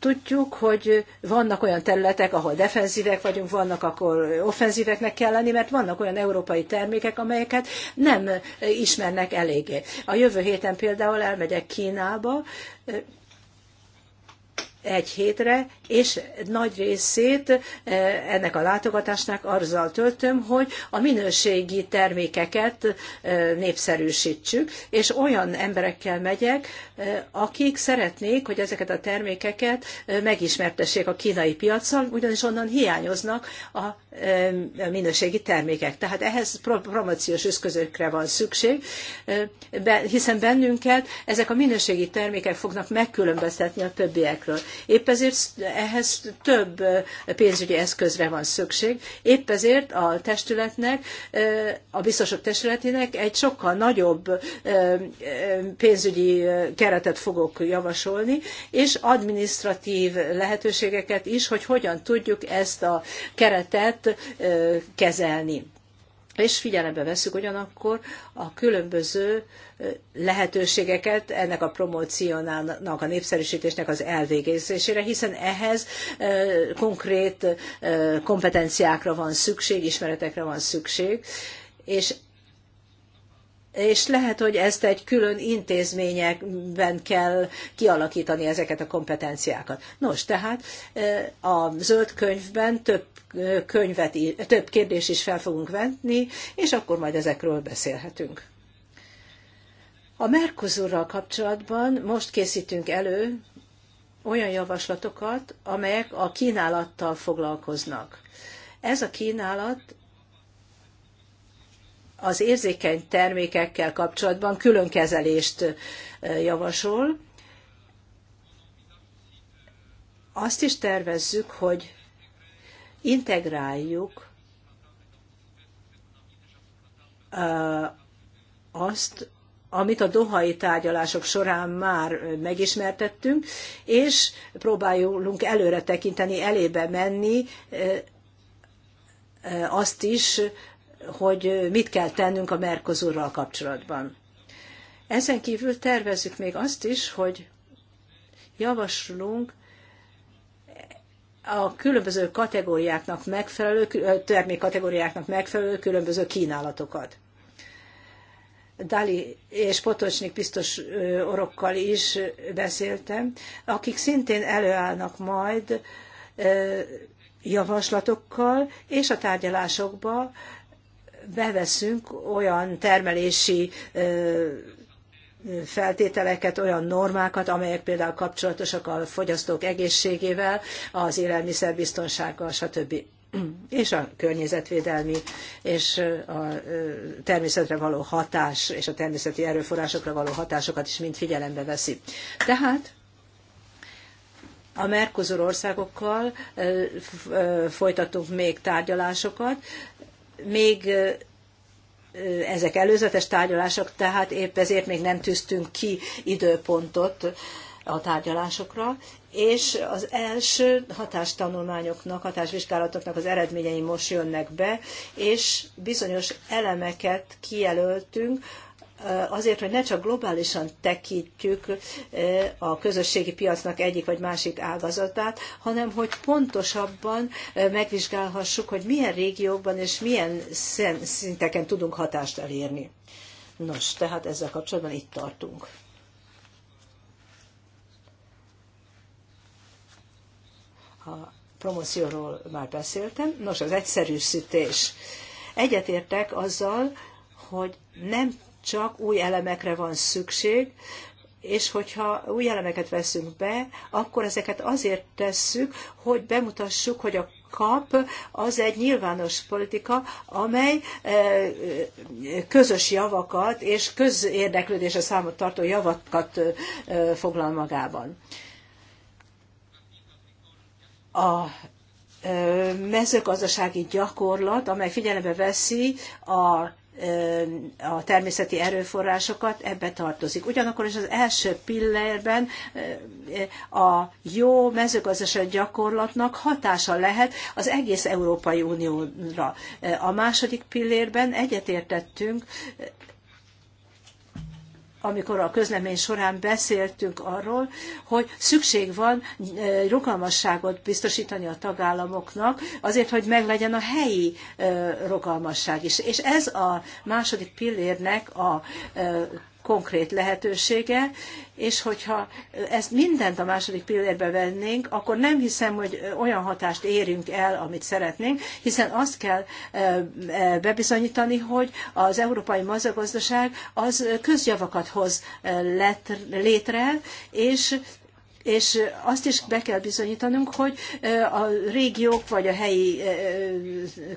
S2: Tudjuk, hogy vannak olyan területek, ahol defenzívek vagyunk, vannak, akkor offenzíveknek kell lenni, mert vannak olyan európai termékek, amelyeket nem ismernek eléggé. A jövő héten például elmegyek Kínába, egy hétre, és nagy részét eh, ennek a látogatásnak azzal töltöm, hogy a minőségi termékeket eh, népszerűsítsük, és olyan emberekkel megyek, eh, akik szeretnék, hogy ezeket a termékeket megismertessék a kínai piacon, ugyanis onnan hiányoznak a minőségi termékek. Tehát ehhez promóciós eszközökre van szükség, hiszen bennünket ezek a minőségi termékek fognak megkülönböztetni a többiekről. Épp ezért ehhez több pénzügyi eszközre van szükség. Épp ezért a testületnek, a biztosok testületének egy sokkal nagyobb pénzügyi keretet fogok javasolni, és adminisztratív lehetőségeket is, hogy hogyan tudjuk ezt a keretet kezelni és figyelembe veszük ugyanakkor a különböző lehetőségeket ennek a promóciónának, a népszerűsítésnek az elvégzésére, hiszen ehhez konkrét kompetenciákra van szükség, ismeretekre van szükség, és és lehet, hogy ezt egy külön intézményekben kell kialakítani ezeket a kompetenciákat. Nos, tehát a zöld könyvben több könyvet, több kérdés is fel fogunk venni, és akkor majd ezekről beszélhetünk. A Merkuzurral kapcsolatban most készítünk elő olyan javaslatokat, amelyek a kínálattal foglalkoznak. Ez a kínálat az érzékeny termékekkel kapcsolatban külön kezelést javasol. Azt is tervezzük, hogy integráljuk azt, amit a dohai tárgyalások során már megismertettünk, és próbáljunk előre tekinteni, elébe menni azt is, hogy mit kell tennünk a Merkozurral kapcsolatban. Ezen kívül tervezzük még azt is, hogy javaslunk a különböző kategóriáknak megfelelő, termékkategóriáknak megfelelő különböző kínálatokat. Dali és Potocsnik biztos orokkal is beszéltem, akik szintén előállnak majd javaslatokkal, és a tárgyalásokba beveszünk olyan termelési feltételeket, olyan normákat, amelyek például kapcsolatosak a fogyasztók egészségével, az élelmiszerbiztonsággal, stb. És a környezetvédelmi és a természetre való hatás és a természeti erőforrásokra való hatásokat is mind figyelembe veszi. Tehát a Mercosur országokkal folytatunk még tárgyalásokat, még ezek előzetes tárgyalások, tehát épp ezért még nem tűztünk ki időpontot a tárgyalásokra, és az első hatástanulmányoknak, hatásvizsgálatoknak az eredményei most jönnek be, és bizonyos elemeket kijelöltünk, azért, hogy ne csak globálisan tekintjük a közösségi piacnak egyik vagy másik ágazatát, hanem hogy pontosabban megvizsgálhassuk, hogy milyen régiókban és milyen szinteken tudunk hatást elérni. Nos, tehát ezzel kapcsolatban itt tartunk. A promócióról már beszéltem. Nos, az egyszerűsítés. Egyetértek azzal, hogy nem csak új elemekre van szükség, és hogyha új elemeket veszünk be, akkor ezeket azért tesszük, hogy bemutassuk, hogy a kap az egy nyilvános politika, amely e, közös javakat és közérdeklődésre számot tartó javakat e, foglal magában. A e, mezőgazdasági gyakorlat, amely figyelembe veszi a a természeti erőforrásokat, ebbe tartozik. Ugyanakkor is az első pillérben a jó mezőgazdaság gyakorlatnak hatása lehet az egész Európai Unióra. A második pillérben egyetértettünk amikor a közlemény során beszéltünk arról, hogy szükség van eh, rugalmasságot biztosítani a tagállamoknak, azért, hogy meglegyen a helyi eh, rugalmasság is. És ez a második pillérnek a eh, konkrét lehetősége, és hogyha ezt mindent a második pillérbe vennénk, akkor nem hiszem, hogy olyan hatást érünk el, amit szeretnénk, hiszen azt kell bebizonyítani, hogy az európai mazagazdaság az közjavakat hoz létre, és és azt is be kell bizonyítanunk, hogy a régiók vagy a helyi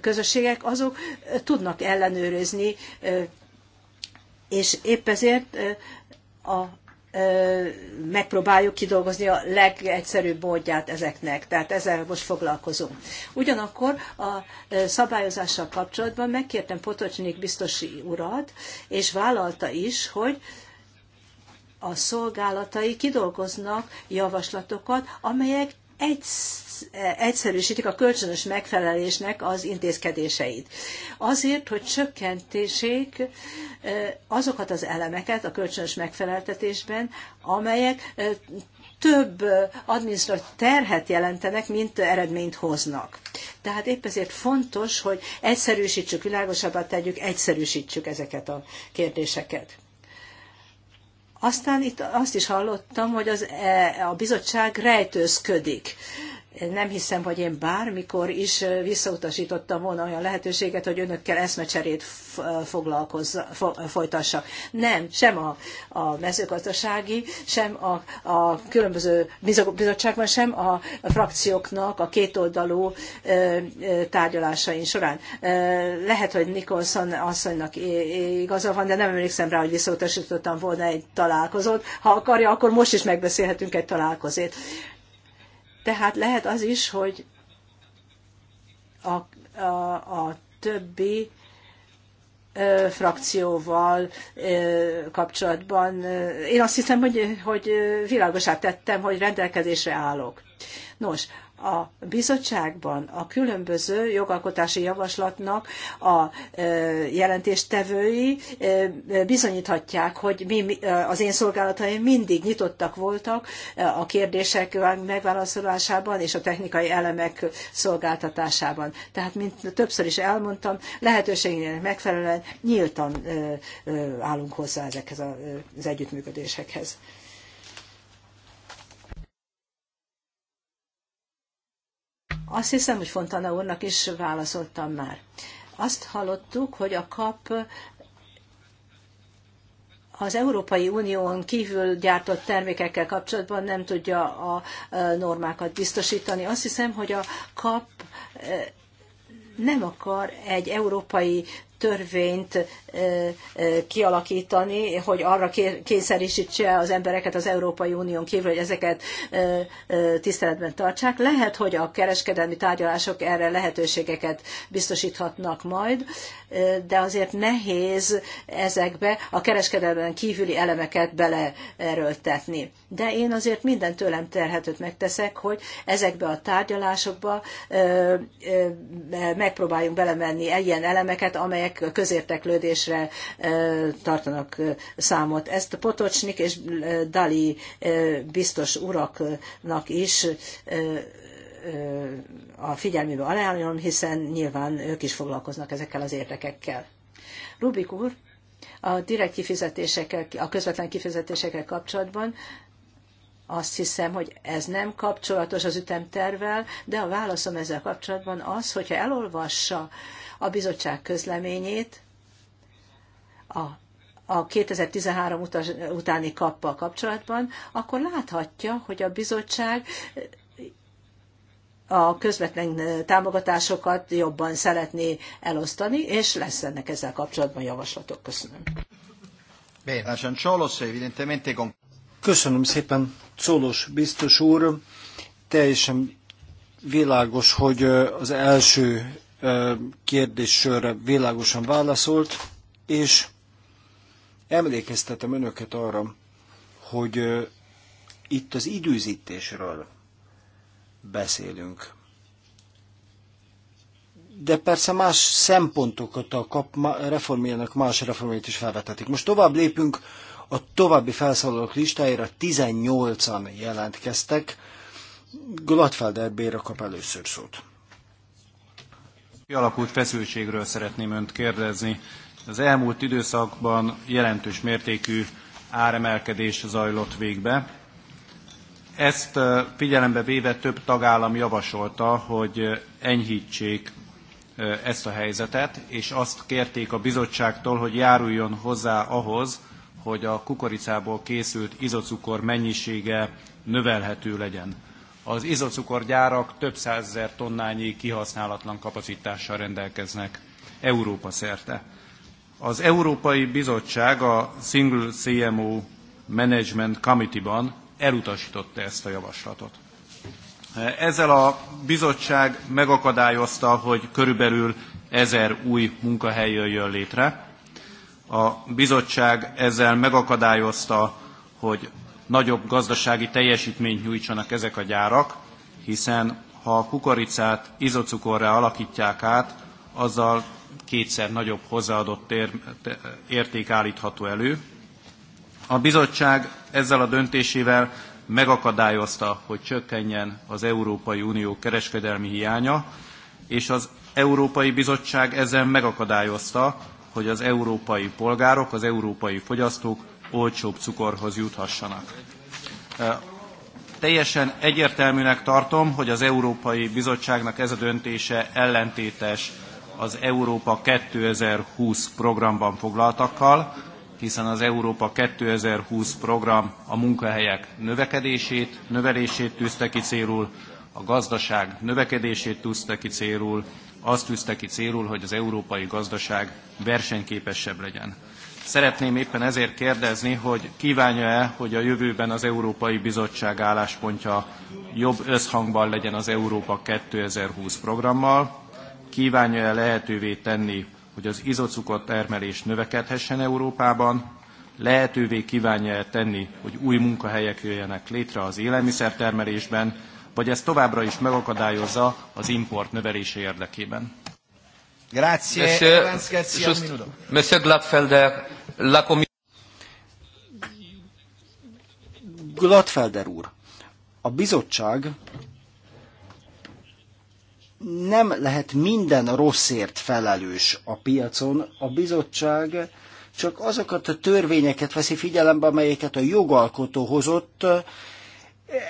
S2: közösségek azok tudnak ellenőrizni és épp ezért a megpróbáljuk kidolgozni a legegyszerűbb módját ezeknek. Tehát ezzel most foglalkozunk. Ugyanakkor a szabályozással kapcsolatban megkértem Potocsnik biztosi urat, és vállalta is, hogy a szolgálatai kidolgoznak javaslatokat, amelyek egy egyszerűsítik a kölcsönös megfelelésnek az intézkedéseit. Azért, hogy csökkentsék azokat az elemeket a kölcsönös megfeleltetésben, amelyek több adminisztratív terhet jelentenek, mint eredményt hoznak. Tehát épp ezért fontos, hogy egyszerűsítsük, világosabbá tegyük, egyszerűsítsük ezeket a kérdéseket. Aztán itt azt is hallottam, hogy az, e, a bizottság rejtőzködik nem hiszem, hogy én bármikor is visszautasítottam volna olyan lehetőséget, hogy önökkel eszmecserét folytassak. Nem, sem a, a mezőgazdasági, sem a, a különböző bizottságban, sem a, a frakcióknak a kétoldalú tárgyalásain során. Lehet, hogy Nicholson asszonynak igaza van, de nem emlékszem rá, hogy visszautasítottam volna egy találkozót. Ha akarja, akkor most is megbeszélhetünk egy találkozót. Tehát lehet az is, hogy a, a, a többi ö, frakcióval ö, kapcsolatban. Én azt hiszem, hogy, hogy világosát tettem, hogy rendelkezésre állok. Nos, a bizottságban a különböző jogalkotási javaslatnak a e, jelentéstevői e, bizonyíthatják, hogy mi, e, az én szolgálataim mindig nyitottak voltak a kérdések megválaszolásában és a technikai elemek szolgáltatásában. Tehát, mint többször is elmondtam, lehetőségének megfelelően nyíltan állunk hozzá ezekhez az együttműködésekhez. Azt hiszem, hogy Fontana úrnak is válaszoltam már. Azt hallottuk, hogy a kap az Európai Unión kívül gyártott termékekkel kapcsolatban nem tudja a normákat biztosítani. Azt hiszem, hogy a kap eh, nem akar egy európai törvényt kialakítani, hogy arra kényszerítse az embereket az Európai Unión kívül, hogy ezeket tiszteletben tartsák. Lehet, hogy a kereskedelmi tárgyalások erre lehetőségeket biztosíthatnak majd, de azért nehéz ezekbe a kereskedelmen kívüli elemeket beleerőltetni. De én azért minden tőlem terhetőt megteszek, hogy ezekbe a tárgyalásokba megpróbáljunk belemenni ilyen elemeket, amelyek amelyek közérteklődésre tartanak számot. Ezt Potocsnik és Dali biztos uraknak is a figyelmébe ajánlom, hiszen nyilván ők is foglalkoznak ezekkel az érdekekkel. Rubik úr, a direkt kifizetésekkel, a közvetlen kifizetésekkel kapcsolatban azt hiszem, hogy ez nem kapcsolatos az ütemtervel, de a válaszom ezzel kapcsolatban az, hogyha elolvassa a bizottság közleményét, a a 2013 utas, utáni kappal kapcsolatban, akkor láthatja, hogy a bizottság a közvetlen támogatásokat jobban szeretné elosztani, és lesz ennek ezzel kapcsolatban javaslatok. Köszönöm.
S3: Bene, Köszönöm szépen, Szolos biztos úr. Teljesen világos, hogy az első kérdéssörre világosan válaszolt, és emlékeztetem önöket arra, hogy itt az időzítésről beszélünk. De persze más szempontokat a kap, reformjának más reformjait is felvetetik. Most tovább lépünk a további felszólalók listájára 18-an jelentkeztek. Gladfelder Béra kap először szót.
S4: Kialakult feszültségről szeretném önt kérdezni. Az elmúlt időszakban jelentős mértékű áremelkedés zajlott végbe. Ezt figyelembe véve több tagállam javasolta, hogy enyhítsék ezt a helyzetet, és azt kérték a bizottságtól, hogy járuljon hozzá ahhoz, hogy a kukoricából készült izocukor mennyisége növelhető legyen. Az izocukorgyárak több százezer tonnányi kihasználatlan kapacitással rendelkeznek Európa szerte. Az Európai Bizottság a Single CMO Management Committee-ban elutasította ezt a javaslatot. Ezzel a bizottság megakadályozta, hogy körülbelül ezer új munkahely jöjjön létre, a bizottság ezzel megakadályozta, hogy nagyobb gazdasági teljesítményt nyújtsanak ezek a gyárak, hiszen ha a kukoricát izocukorra alakítják át, azzal kétszer nagyobb hozzáadott ér, érték állítható elő. A bizottság ezzel a döntésével megakadályozta, hogy csökkenjen az Európai Unió kereskedelmi hiánya, és az Európai Bizottság ezzel megakadályozta, hogy az európai polgárok, az európai fogyasztók olcsóbb cukorhoz juthassanak. Teljesen egyértelműnek tartom, hogy az Európai Bizottságnak ez a döntése ellentétes az Európa 2020 programban foglaltakkal, hiszen az Európa 2020 program a munkahelyek növekedését, növelését tűzte ki célul, a gazdaság növekedését tűzte ki célul, azt tűzte ki célul, hogy az európai gazdaság versenyképesebb legyen. Szeretném éppen ezért kérdezni, hogy kívánja-e, hogy a jövőben az Európai Bizottság álláspontja jobb összhangban legyen az Európa 2020 programmal, kívánja-e lehetővé tenni, hogy az izocukor termelés növekedhessen Európában, lehetővé kívánja-e tenni, hogy új munkahelyek jöjjenek létre az élelmiszertermelésben, vagy ez továbbra is megakadályozza az import növelése érdekében?
S3: Grazie. Monsieur,
S4: just, la
S3: Gladfelder úr, a bizottság nem lehet minden rosszért felelős a piacon. A bizottság csak azokat a törvényeket veszi figyelembe, amelyeket a jogalkotó hozott,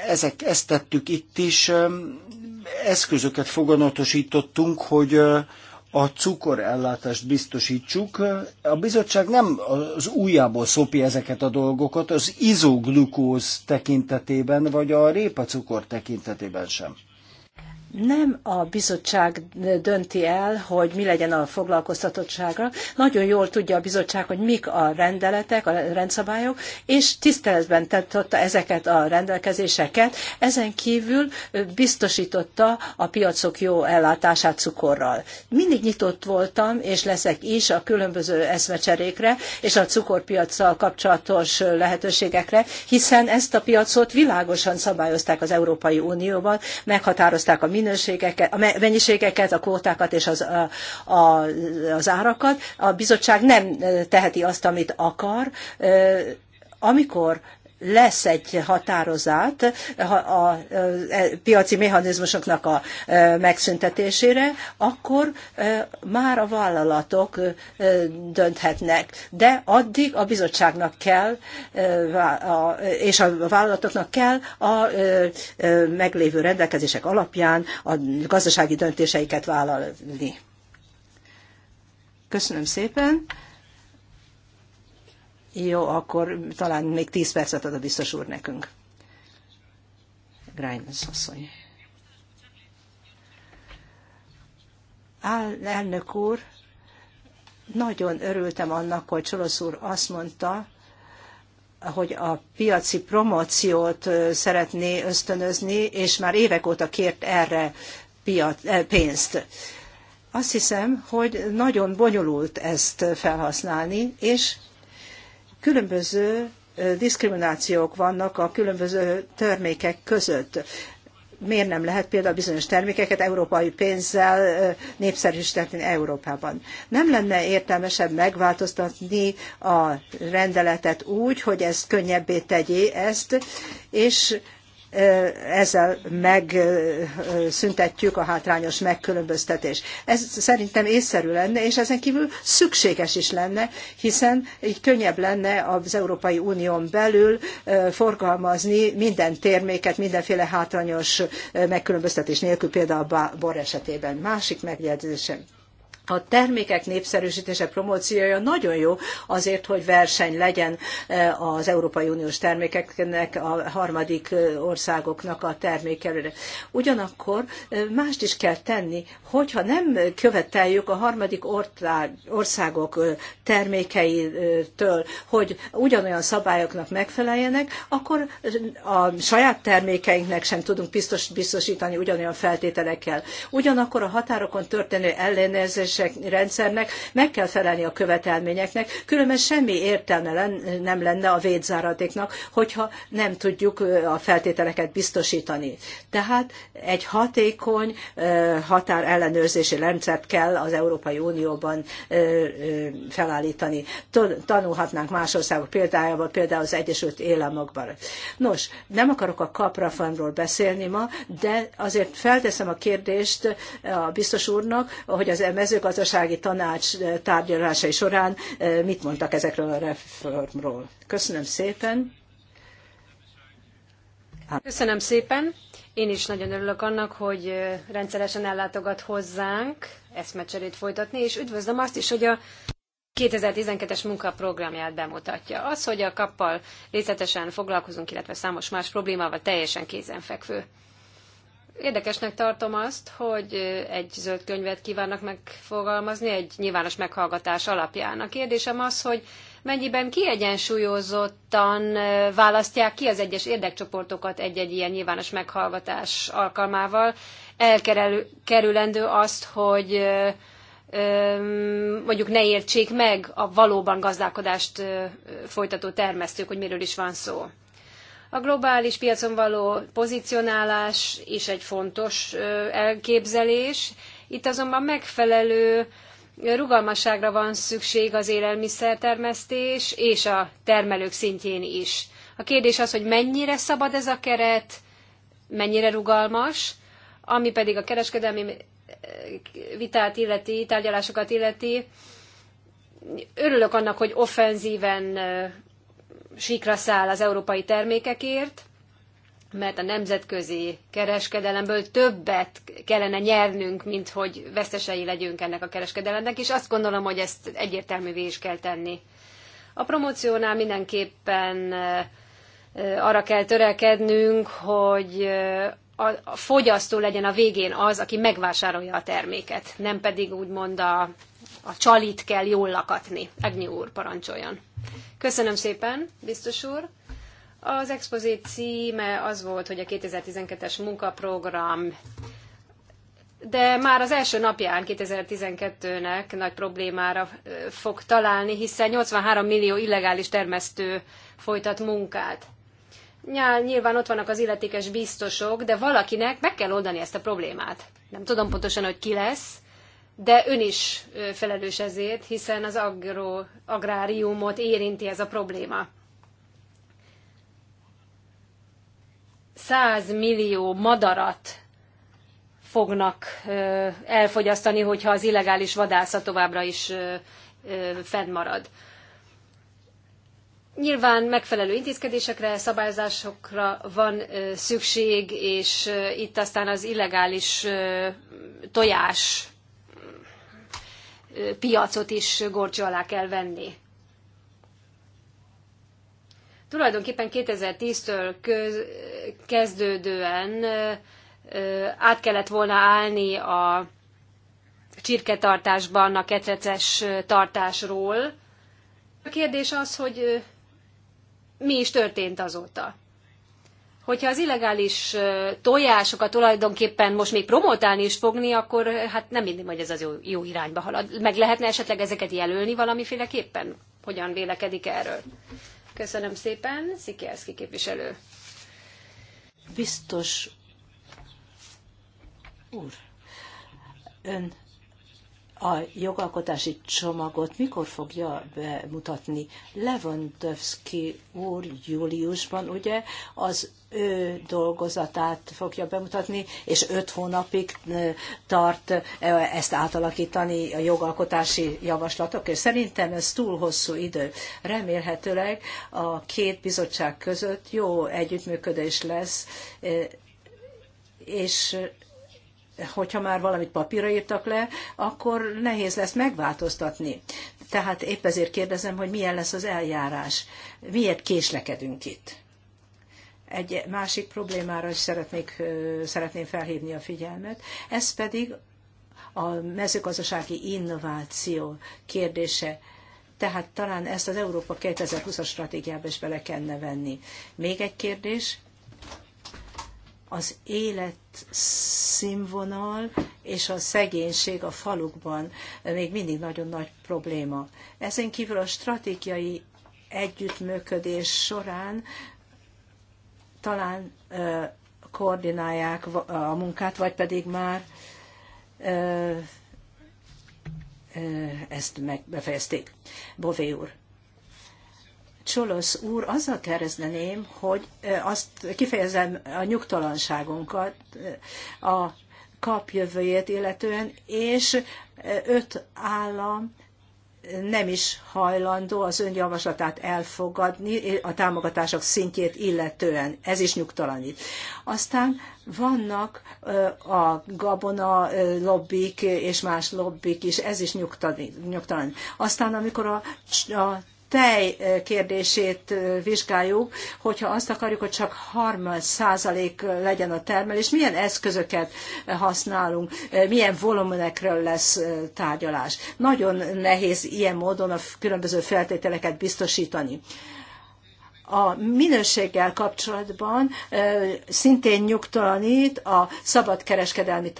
S3: ezek, ezt tettük itt is, eszközöket foganatosítottunk, hogy a cukorellátást biztosítsuk. A bizottság nem az újjából szopi ezeket a dolgokat, az izoglukóz tekintetében, vagy a répacukor tekintetében sem
S2: nem a bizottság dönti el, hogy mi legyen a foglalkoztatottságra. Nagyon jól tudja a bizottság, hogy mik a rendeletek, a rendszabályok, és tiszteletben tartotta ezeket a rendelkezéseket. Ezen kívül biztosította a piacok jó ellátását cukorral. Mindig nyitott voltam, és leszek is a különböző eszmecserékre és a cukorpiacsal kapcsolatos lehetőségekre, hiszen ezt a piacot világosan szabályozták az Európai Unióban, meghatározták a minőségeket, a mennyiségeket, a kvótákat és az, a, a, az árakat. A bizottság nem teheti azt, amit akar. Amikor lesz egy határozat a e, piaci mechanizmusoknak a e, megszüntetésére, akkor e, már a vállalatok dönthetnek. De addig a bizottságnak kell, és a vállalatoknak kell a meglévő rendelkezések alapján a gazdasági döntéseiket vállalni. Köszönöm szépen. Jó, akkor talán még 10 percet ad a biztos úr nekünk. Grinders asszony. Áll, elnök úr, nagyon örültem annak, hogy Csolosz úr azt mondta, hogy a piaci promóciót szeretné ösztönözni, és már évek óta kért erre eh, pénzt. Azt hiszem, hogy nagyon bonyolult ezt felhasználni, és Különböző diszkriminációk vannak a különböző termékek között. Miért nem lehet például bizonyos termékeket európai pénzzel népszerűsíteni Európában? Nem lenne értelmesebb megváltoztatni a rendeletet úgy, hogy ez könnyebbé tegyé ezt, és ezzel megszüntetjük a hátrányos megkülönböztetést. Ez szerintem észszerű lenne, és ezen kívül szükséges is lenne, hiszen így könnyebb lenne az Európai Unión belül forgalmazni minden terméket, mindenféle hátrányos megkülönböztetés nélkül, például a bor esetében. Másik megjegyzésem a termékek népszerűsítése, promóciója nagyon jó azért, hogy verseny legyen e, az Európai Uniós termékeknek, a harmadik e, országoknak a termékelőre. Ugyanakkor e, mást is kell tenni, hogyha nem követeljük a harmadik országok termékeitől, hogy ugyanolyan szabályoknak megfeleljenek, akkor a saját termékeinknek sem tudunk biztos, biztosítani ugyanolyan feltételekkel. Ugyanakkor a határokon történő ellenőrzés rendszernek meg kell felelni a követelményeknek, különben semmi értelme nem lenne a védzáradéknak, hogyha nem tudjuk a feltételeket biztosítani. Tehát egy hatékony határellenőrzési rendszert kell az Európai Unióban felállítani. Tanulhatnánk más országok példájával, például az Egyesült Államokban. Nos, nem akarok a kaprafamról beszélni ma, de azért felteszem a kérdést a biztos úrnak, hogy az e mező gazdasági tanács eh, tárgyalásai során eh, mit mondtak ezekről a reformról. Köszönöm szépen.
S1: Köszönöm szépen. Én is nagyon örülök annak, hogy eh, rendszeresen ellátogat hozzánk eszmecserét folytatni, és üdvözlöm azt is, hogy a 2012-es munkaprogramját bemutatja. Az, hogy a kappal részletesen foglalkozunk, illetve számos más problémával teljesen kézenfekvő. Érdekesnek tartom azt, hogy egy zöld könyvet kívánnak megfogalmazni egy nyilvános meghallgatás alapján. A kérdésem az, hogy mennyiben kiegyensúlyozottan választják ki az egyes érdekcsoportokat egy-egy ilyen nyilvános meghallgatás alkalmával. Elkerülendő azt, hogy mondjuk ne értsék meg a valóban gazdálkodást folytató termesztők, hogy miről is van szó. A globális piacon való pozicionálás is egy fontos elképzelés. Itt azonban megfelelő rugalmasságra van szükség az élelmiszertermesztés és a termelők szintjén is. A kérdés az, hogy mennyire szabad ez a keret, mennyire rugalmas, ami pedig a kereskedelmi vitát illeti, tárgyalásokat illeti. Örülök annak, hogy offenzíven síkra száll az európai termékekért, mert a nemzetközi kereskedelemből többet kellene nyernünk, mint hogy vesztesei legyünk ennek a kereskedelemnek, és azt gondolom, hogy ezt egyértelművé is kell tenni. A promóciónál mindenképpen eh, arra kell törekednünk, hogy eh, a fogyasztó legyen a végén az, aki megvásárolja a terméket, nem pedig úgymond a a csalit kell jól lakatni. Egnyi úr, parancsoljon. Köszönöm szépen, biztos úr. Az expozíció címe az volt, hogy a 2012-es munkaprogram de már az első napján 2012-nek nagy problémára fog találni, hiszen 83 millió illegális termesztő folytat munkát. Nyilván ott vannak az illetékes biztosok, de valakinek meg kell oldani ezt a problémát. Nem tudom pontosan, hogy ki lesz, de ön is felelős ezért, hiszen az agro, agráriumot érinti ez a probléma. 100 millió madarat fognak elfogyasztani, hogyha az illegális vadászat továbbra is fennmarad. Nyilván megfelelő intézkedésekre, szabályzásokra van szükség, és itt aztán az illegális tojás piacot is gorcsó alá kell venni. Tulajdonképpen 2010-től kezdődően át kellett volna állni a csirketartásban a ketreces tartásról. A kérdés az, hogy mi is történt azóta hogyha az illegális tojásokat tulajdonképpen most még promotálni is fogni, akkor hát nem mindig, hogy ez az jó, jó irányba halad. Meg lehetne esetleg ezeket jelölni valamiféleképpen? Hogyan vélekedik erről? Köszönöm szépen, Szikerszki képviselő.
S2: Biztos úr, ön a jogalkotási csomagot mikor fogja bemutatni? Lewandowski úr júliusban ugye az ő dolgozatát fogja bemutatni, és öt hónapig tart ezt átalakítani a jogalkotási javaslatok. És szerintem ez túl hosszú idő. Remélhetőleg a két bizottság között jó együttműködés lesz, és hogyha már valamit papírra írtak le, akkor nehéz lesz megváltoztatni. Tehát épp ezért kérdezem, hogy milyen lesz az eljárás. Miért késlekedünk itt? Egy másik problémára is szeretnék, szeretném felhívni a figyelmet. Ez pedig a mezőgazdasági innováció kérdése. Tehát talán ezt az Európa 2020-as stratégiába is bele kellene venni. Még egy kérdés, az életszínvonal és a szegénység a falukban még mindig nagyon nagy probléma. Ezen kívül a stratégiai együttműködés során talán koordinálják a munkát, vagy pedig már ezt megbefejezték. Bové úr. Csolos úr, azzal kezdeném, hogy azt kifejezem a nyugtalanságunkat a kap jövőjét illetően, és öt állam nem is hajlandó az ön javaslatát elfogadni a támogatások szintjét illetően. Ez is nyugtalanít. Aztán vannak a gabona lobbik és más lobbik is, ez is nyugtalanít. Aztán amikor a, a tej eh, kérdését eh, vizsgáljuk, hogyha azt akarjuk, hogy csak 30 százalék eh, legyen a termelés, milyen eszközöket használunk, milyen volumenekről lesz tárgyalás. Nagyon nehéz ilyen módon a különböző feltételeket biztosítani a minőséggel kapcsolatban szintén nyugtalanít a szabad kereskedelmi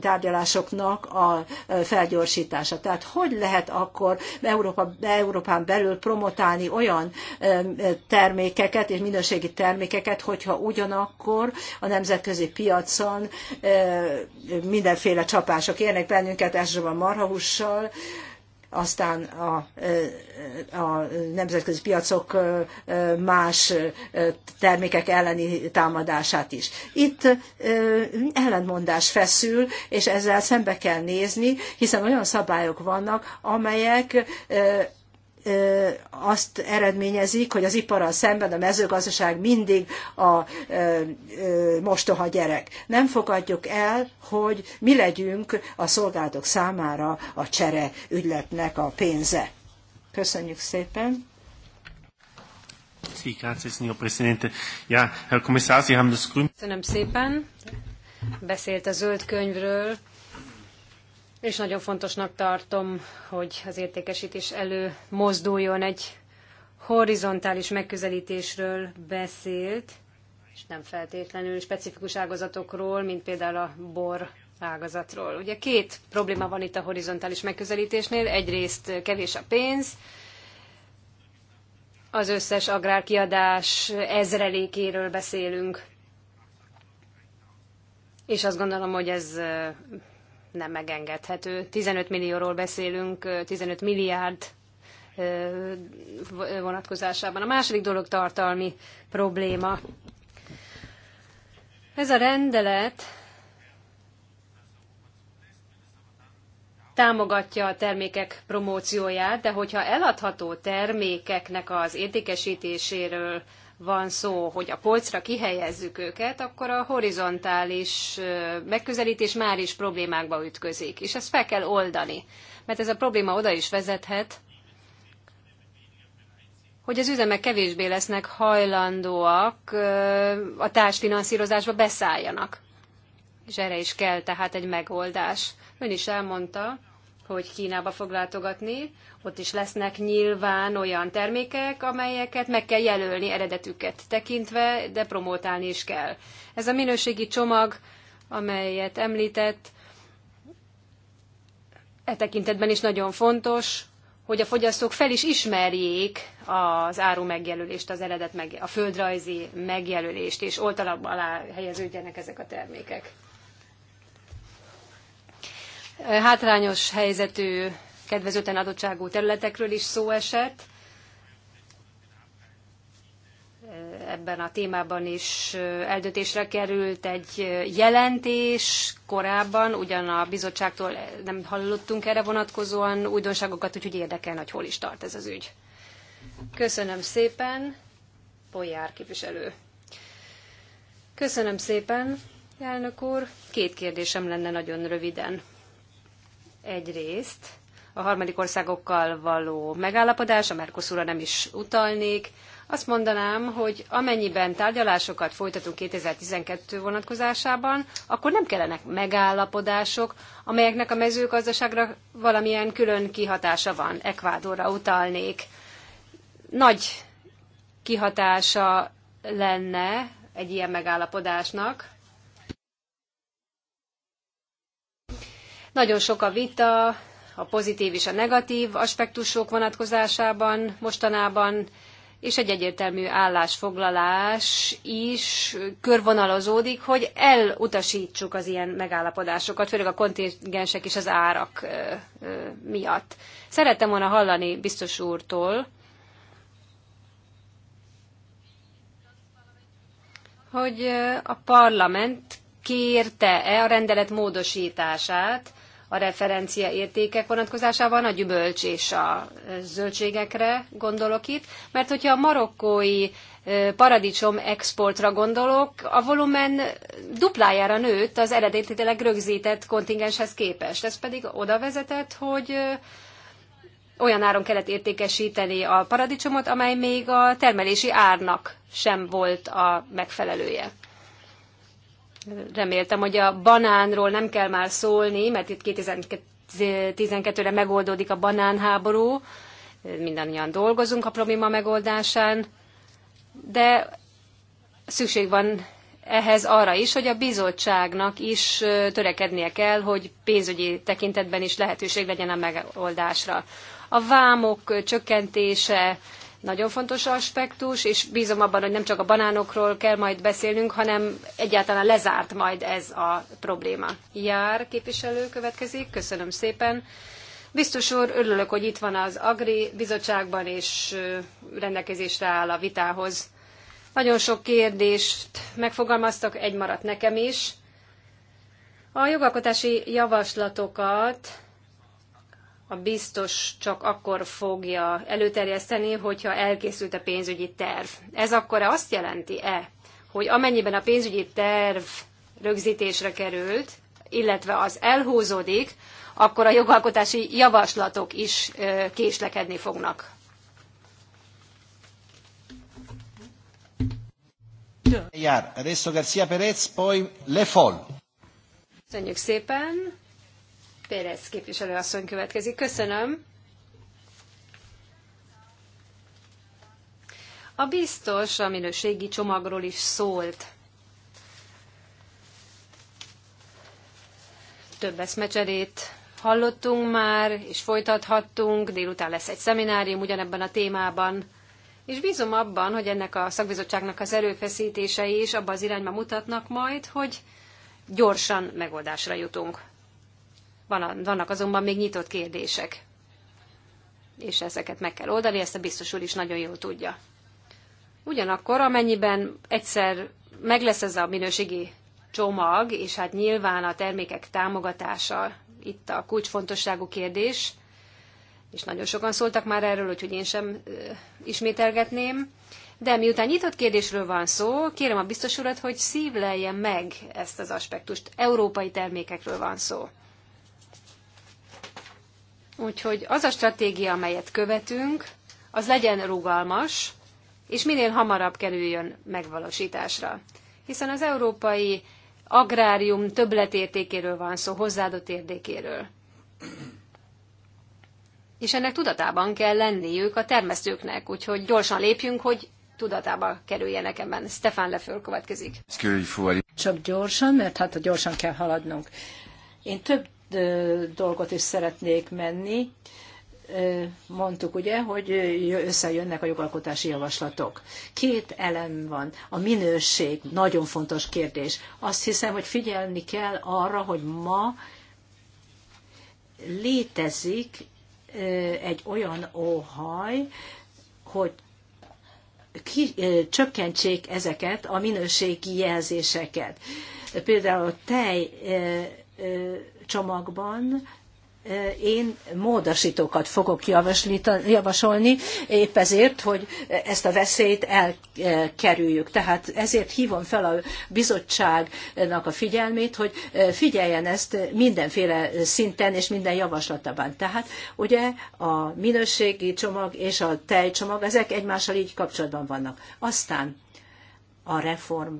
S2: tárgyalásoknak a felgyorsítása. Tehát hogy lehet akkor Európa, Európán belül promotálni olyan termékeket és minőségi termékeket, hogyha ugyanakkor a nemzetközi piacon mindenféle csapások érnek bennünket, elsősorban marhahussal, aztán a, a nemzetközi piacok más termékek elleni támadását is. Itt ellentmondás feszül, és ezzel szembe kell nézni, hiszen olyan szabályok vannak, amelyek azt eredményezik, hogy az iparral szemben a mezőgazdaság mindig a mostoha gyerek. Nem fogadjuk el, hogy mi legyünk a szolgálatok számára a csere ügyletnek a pénze. Köszönjük szépen! Köszönöm szépen!
S1: Beszélt a zöld könyvről, és nagyon fontosnak tartom, hogy az értékesítés elő mozduljon egy horizontális megközelítésről beszélt, és nem feltétlenül specifikus ágazatokról, mint például a bor ágazatról. Ugye két probléma van itt a horizontális megközelítésnél. Egyrészt kevés a pénz, az összes agrárkiadás ezrelékéről beszélünk. És azt gondolom, hogy ez nem megengedhető. 15 millióról beszélünk, 15 milliárd vonatkozásában. A második dolog tartalmi probléma. Ez a rendelet támogatja a termékek promócióját, de hogyha eladható termékeknek az értékesítéséről van szó, hogy a polcra kihelyezzük őket, akkor a horizontális megközelítés már is problémákba ütközik, és ezt fel kell oldani, mert ez a probléma oda is vezethet, hogy az üzemek kevésbé lesznek hajlandóak a társfinanszírozásba beszálljanak. És erre is kell tehát egy megoldás. Ön is elmondta, hogy Kínába fog látogatni. Ott is lesznek nyilván olyan termékek, amelyeket meg kell jelölni eredetüket tekintve, de promotálni is kell. Ez a minőségi csomag, amelyet említett, e tekintetben is nagyon fontos, hogy a fogyasztók fel is ismerjék az áru megjelölést, az eredet meg, a földrajzi megjelölést, és oltalabb alá helyeződjenek ezek a termékek. Hátrányos helyzetű, kedvezőtlen adottságú területekről is szó esett. Ebben a témában is eldöntésre került egy jelentés korábban, ugyan a bizottságtól nem hallottunk erre vonatkozóan újdonságokat, úgyhogy érdekelne, hogy hol is tart ez az ügy. Köszönöm szépen, Polyár képviselő. Köszönöm szépen, elnök úr. Két kérdésem lenne nagyon röviden egyrészt a harmadik országokkal való megállapodás, a Mercosurra nem is utalnék. Azt mondanám, hogy amennyiben tárgyalásokat folytatunk 2012 vonatkozásában, akkor nem kellenek megállapodások, amelyeknek a mezőgazdaságra valamilyen külön kihatása van. Ekvádorra utalnék. Nagy kihatása lenne egy ilyen megállapodásnak, Nagyon sok a vita, a pozitív és a negatív aspektusok vonatkozásában mostanában, és egy egyértelmű állásfoglalás is körvonalazódik, hogy elutasítsuk az ilyen megállapodásokat, főleg a kontingensek és az árak miatt. Szerettem volna hallani biztos úrtól, hogy a parlament kérte-e a rendelet módosítását, a referencia értékek vonatkozásában a gyümölcs és a zöldségekre gondolok itt, mert hogyha a marokkói paradicsom exportra gondolok, a volumen duplájára nőtt az eredetileg rögzített kontingenshez képest. Ez pedig oda vezetett, hogy olyan áron kellett értékesíteni a paradicsomot, amely még a termelési árnak sem volt a megfelelője. Reméltem, hogy a banánról nem kell már szólni, mert itt 2012-re megoldódik a banánháború, mindannyian dolgozunk a probléma megoldásán, de szükség van ehhez arra is, hogy a bizottságnak is törekednie kell, hogy pénzügyi tekintetben is lehetőség legyen a megoldásra. A vámok csökkentése, nagyon fontos aspektus, és bízom abban, hogy nem csak a banánokról kell majd beszélnünk, hanem egyáltalán lezárt majd ez a probléma. Jár képviselő következik, köszönöm szépen. Biztos úr, örülök, hogy itt van az Agri bizottságban, és rendelkezésre áll a vitához. Nagyon sok kérdést megfogalmaztak, egy maradt nekem is. A jogalkotási javaslatokat a biztos csak akkor fogja előterjeszteni, hogyha elkészült a pénzügyi terv. Ez akkor azt jelenti-e, hogy amennyiben a pénzügyi terv rögzítésre került, illetve az elhúzódik, akkor a jogalkotási javaslatok is késlekedni fognak.
S3: Garcia Perez, poi Le
S1: Köszönjük szépen. Pérez képviselő asszony következik. Köszönöm. A biztos a minőségi csomagról is szólt. Több eszmecserét hallottunk már, és folytathattunk. Délután lesz egy szeminárium ugyanebben a témában. És bízom abban, hogy ennek a szakbizottságnak az erőfeszítései is abban az irányba mutatnak majd, hogy gyorsan megoldásra jutunk. Van, vannak azonban még nyitott kérdések, és ezeket meg kell oldani, ezt a biztos úr is nagyon jól tudja. Ugyanakkor, amennyiben egyszer meg lesz ez a minőségi csomag, és hát nyilván a termékek támogatása itt a kulcsfontosságú kérdés, és nagyon sokan szóltak már erről, úgyhogy én sem ö, ismételgetném. De miután nyitott kérdésről van szó, kérem a biztos urat, hogy szívlelje meg ezt az aspektust. Európai termékekről van szó. Úgyhogy az a stratégia, amelyet követünk, az legyen rugalmas, és minél hamarabb kerüljön megvalósításra. Hiszen az európai agrárium többletértékéről van szó, hozzáadott értékéről. És ennek tudatában kell lenniük a termesztőknek, úgyhogy gyorsan lépjünk, hogy tudatába
S2: kerüljenek ebben. Stefan Leföl következik. Csak gyorsan, mert hát a gyorsan kell haladnunk. Én több dolgot is szeretnék menni. Mondtuk ugye, hogy összejönnek a jogalkotási javaslatok. Két elem van. A minőség nagyon fontos kérdés. Azt hiszem, hogy figyelni kell arra, hogy ma létezik egy olyan óhaj, hogy ki, csökkentsék ezeket a minőségi jelzéseket. Például a tej csomagban én módosítókat fogok javasolni, épp ezért, hogy ezt a veszélyt elkerüljük. Tehát ezért hívom fel a bizottságnak a figyelmét, hogy figyeljen ezt mindenféle szinten és minden javaslatában. Tehát ugye a minőségi csomag és a tejcsomag, ezek egymással így kapcsolatban vannak. Aztán a reform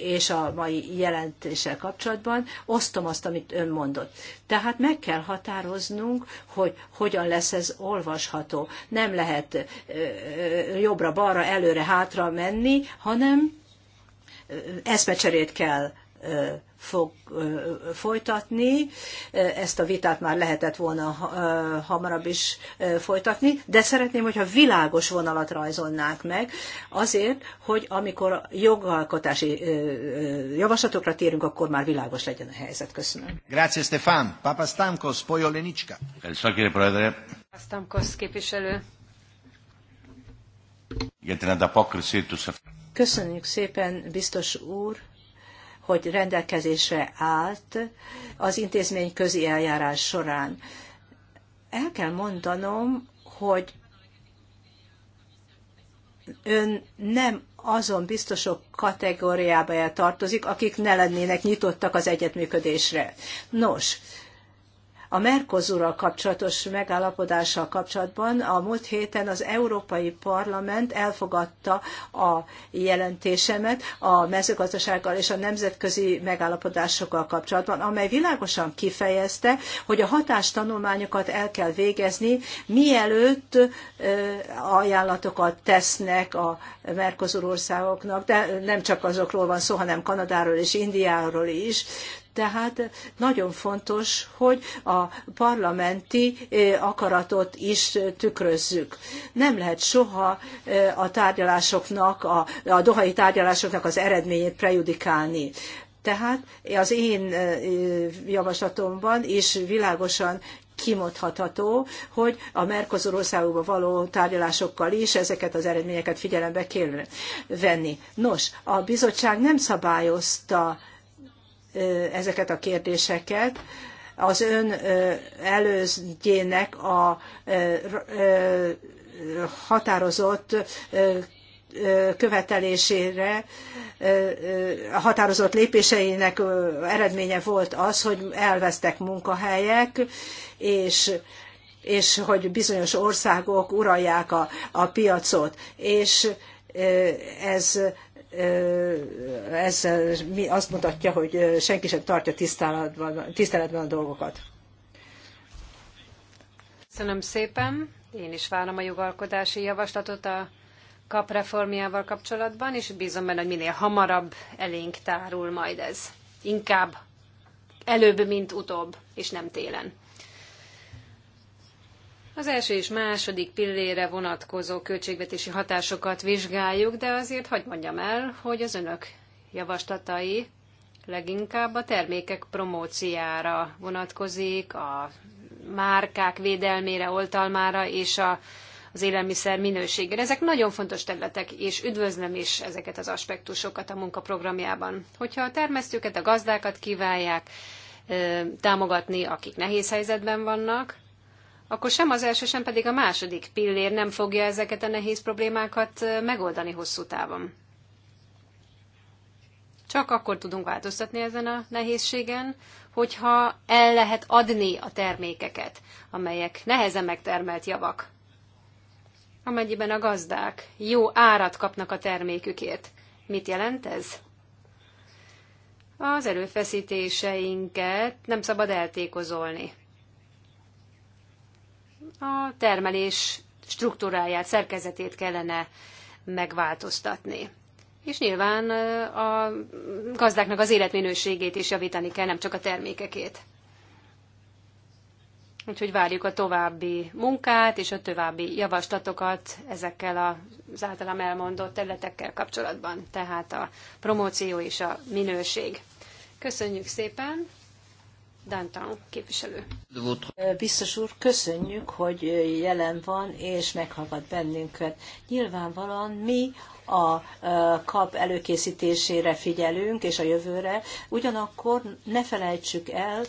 S2: és a mai jelentéssel kapcsolatban, osztom azt, amit ön mondott. Tehát meg kell határoznunk, hogy hogyan lesz ez olvasható. Nem lehet jobbra-balra, előre-hátra menni, hanem eszmecserét kell fog folytatni. Ezt a vitát már lehetett volna hamarabb is folytatni, de szeretném, hogyha világos vonalat rajzolnák meg, azért, hogy amikor jogalkotási javaslatokra térünk, akkor már világos legyen a helyzet. Köszönöm.
S3: Grazie Stefan. Papa Stamkos, Pojo Lenicska.
S2: Stamkos képviselő. Köszönjük szépen, biztos úr, hogy rendelkezésre állt az intézmény közi eljárás során. El kell mondanom, hogy ön nem azon biztosok kategóriába tartozik, akik ne lennének nyitottak az egyetműködésre. Nos, a Mercosurral kapcsolatos megállapodással kapcsolatban a múlt héten az Európai Parlament elfogadta a jelentésemet a mezőgazdasággal és a nemzetközi megállapodásokkal kapcsolatban, amely világosan kifejezte, hogy a hatástanulmányokat el kell végezni, mielőtt ajánlatokat tesznek a Mercosur országoknak, de nem csak azokról van szó, hanem Kanadáról és Indiáról is. Tehát nagyon fontos, hogy a parlamenti eh, akaratot is tükrözzük. Nem lehet soha eh, a tárgyalásoknak, a, a dohai tárgyalásoknak az eredményét prejudikálni. Tehát az én eh, javaslatomban is világosan kimondhatható, hogy a Mercosur országokban való tárgyalásokkal is ezeket az eredményeket figyelembe kell venni. Nos, a bizottság nem szabályozta ezeket a kérdéseket. Az ön elődjének a határozott követelésére határozott lépéseinek eredménye volt az, hogy elvesztek munkahelyek, és és hogy bizonyos országok uralják a, a piacot, és ez ez mi azt mutatja, hogy senki sem tartja tiszteletben, tiszteletben a dolgokat.
S1: Köszönöm szépen. Én is várom a jogalkotási javaslatot a kap reformjával kapcsolatban, és bízom benne, hogy minél hamarabb elénk tárul majd ez. Inkább előbb, mint utóbb, és nem télen. Az első és második pillére vonatkozó költségvetési hatásokat vizsgáljuk, de azért hagyd mondjam el, hogy az önök javaslatai leginkább a termékek promóciára vonatkozik, a márkák védelmére, oltalmára és a, az élelmiszer minőségére. Ezek nagyon fontos területek, és üdvözlöm is ezeket az aspektusokat a munkaprogramjában. Hogyha a termesztőket, a gazdákat kívánják támogatni, akik nehéz helyzetben vannak, akkor sem az első, sem pedig a második pillér nem fogja ezeket a nehéz problémákat megoldani hosszú távon. Csak akkor tudunk változtatni ezen a nehézségen, hogyha el lehet adni a termékeket, amelyek nehezen megtermelt javak. Amennyiben a gazdák jó árat kapnak a termékükért. Mit jelent ez? Az erőfeszítéseinket nem szabad eltékozolni a termelés struktúráját, szerkezetét kellene megváltoztatni. És nyilván a gazdáknak az életminőségét is javítani kell, nem csak a termékekét. Úgyhogy várjuk a további munkát és a további javaslatokat ezekkel az általam elmondott területekkel kapcsolatban, tehát a promóció és a minőség.
S2: Köszönjük szépen! Dantan képviselő. Biztos úr, köszönjük, hogy jelen van és meghallgat bennünket. Nyilvánvalóan mi a kap előkészítésére figyelünk, és a jövőre. Ugyanakkor ne felejtsük el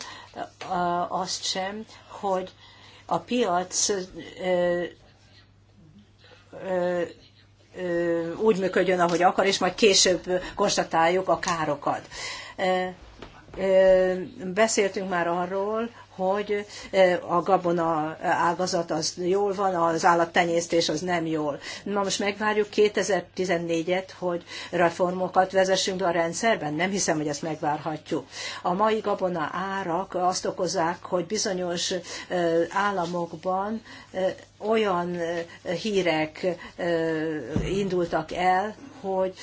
S2: azt sem, hogy a piac úgy működjön, ahogy akar, és majd később konstatáljuk a károkat. Beszéltünk már arról, hogy a gabona ágazat az jól van, az állattenyésztés az nem jól. Na most megvárjuk 2014-et, hogy reformokat vezessünk be a rendszerben? Nem hiszem, hogy ezt megvárhatjuk. A mai gabona árak azt okozzák, hogy bizonyos államokban olyan hírek indultak el, hogy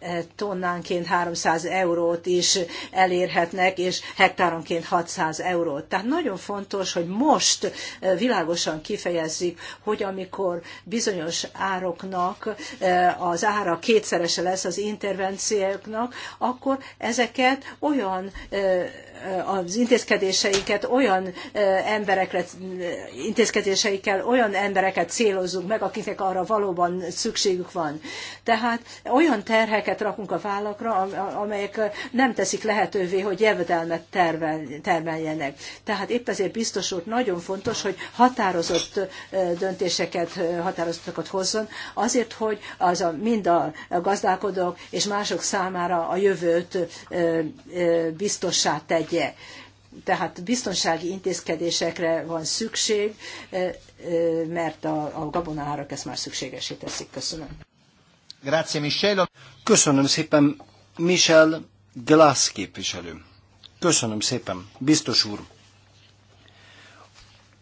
S2: E, tonnánként 300 eurót is elérhetnek, és hektáronként 600 eurót. Tehát nagyon fontos, hogy most e, világosan kifejezzük, hogy amikor bizonyos ároknak e, az ára kétszerese lesz az intervencióknak, akkor ezeket olyan az intézkedéseiket olyan emberekre, intézkedéseikkel olyan embereket célozzunk meg, akiknek arra valóban szükségük van. Tehát olyan terheket rakunk a vállakra, amelyek nem teszik lehetővé, hogy jövedelmet termeljenek. Tehát épp ezért biztos úr nagyon fontos, hogy határozott döntéseket, határozottakat hozzon, azért, hogy az a, mind a gazdálkodók és mások számára a jövőt biztossá tegye megye. Tehát biztonsági intézkedésekre van szükség, eh, eh, mert a, a gabonárak ezt már szükségesé teszik. Köszönöm.
S3: Grazie, Michel. Köszönöm szépen, Michel Glass képviselő. Köszönöm szépen, biztos úr.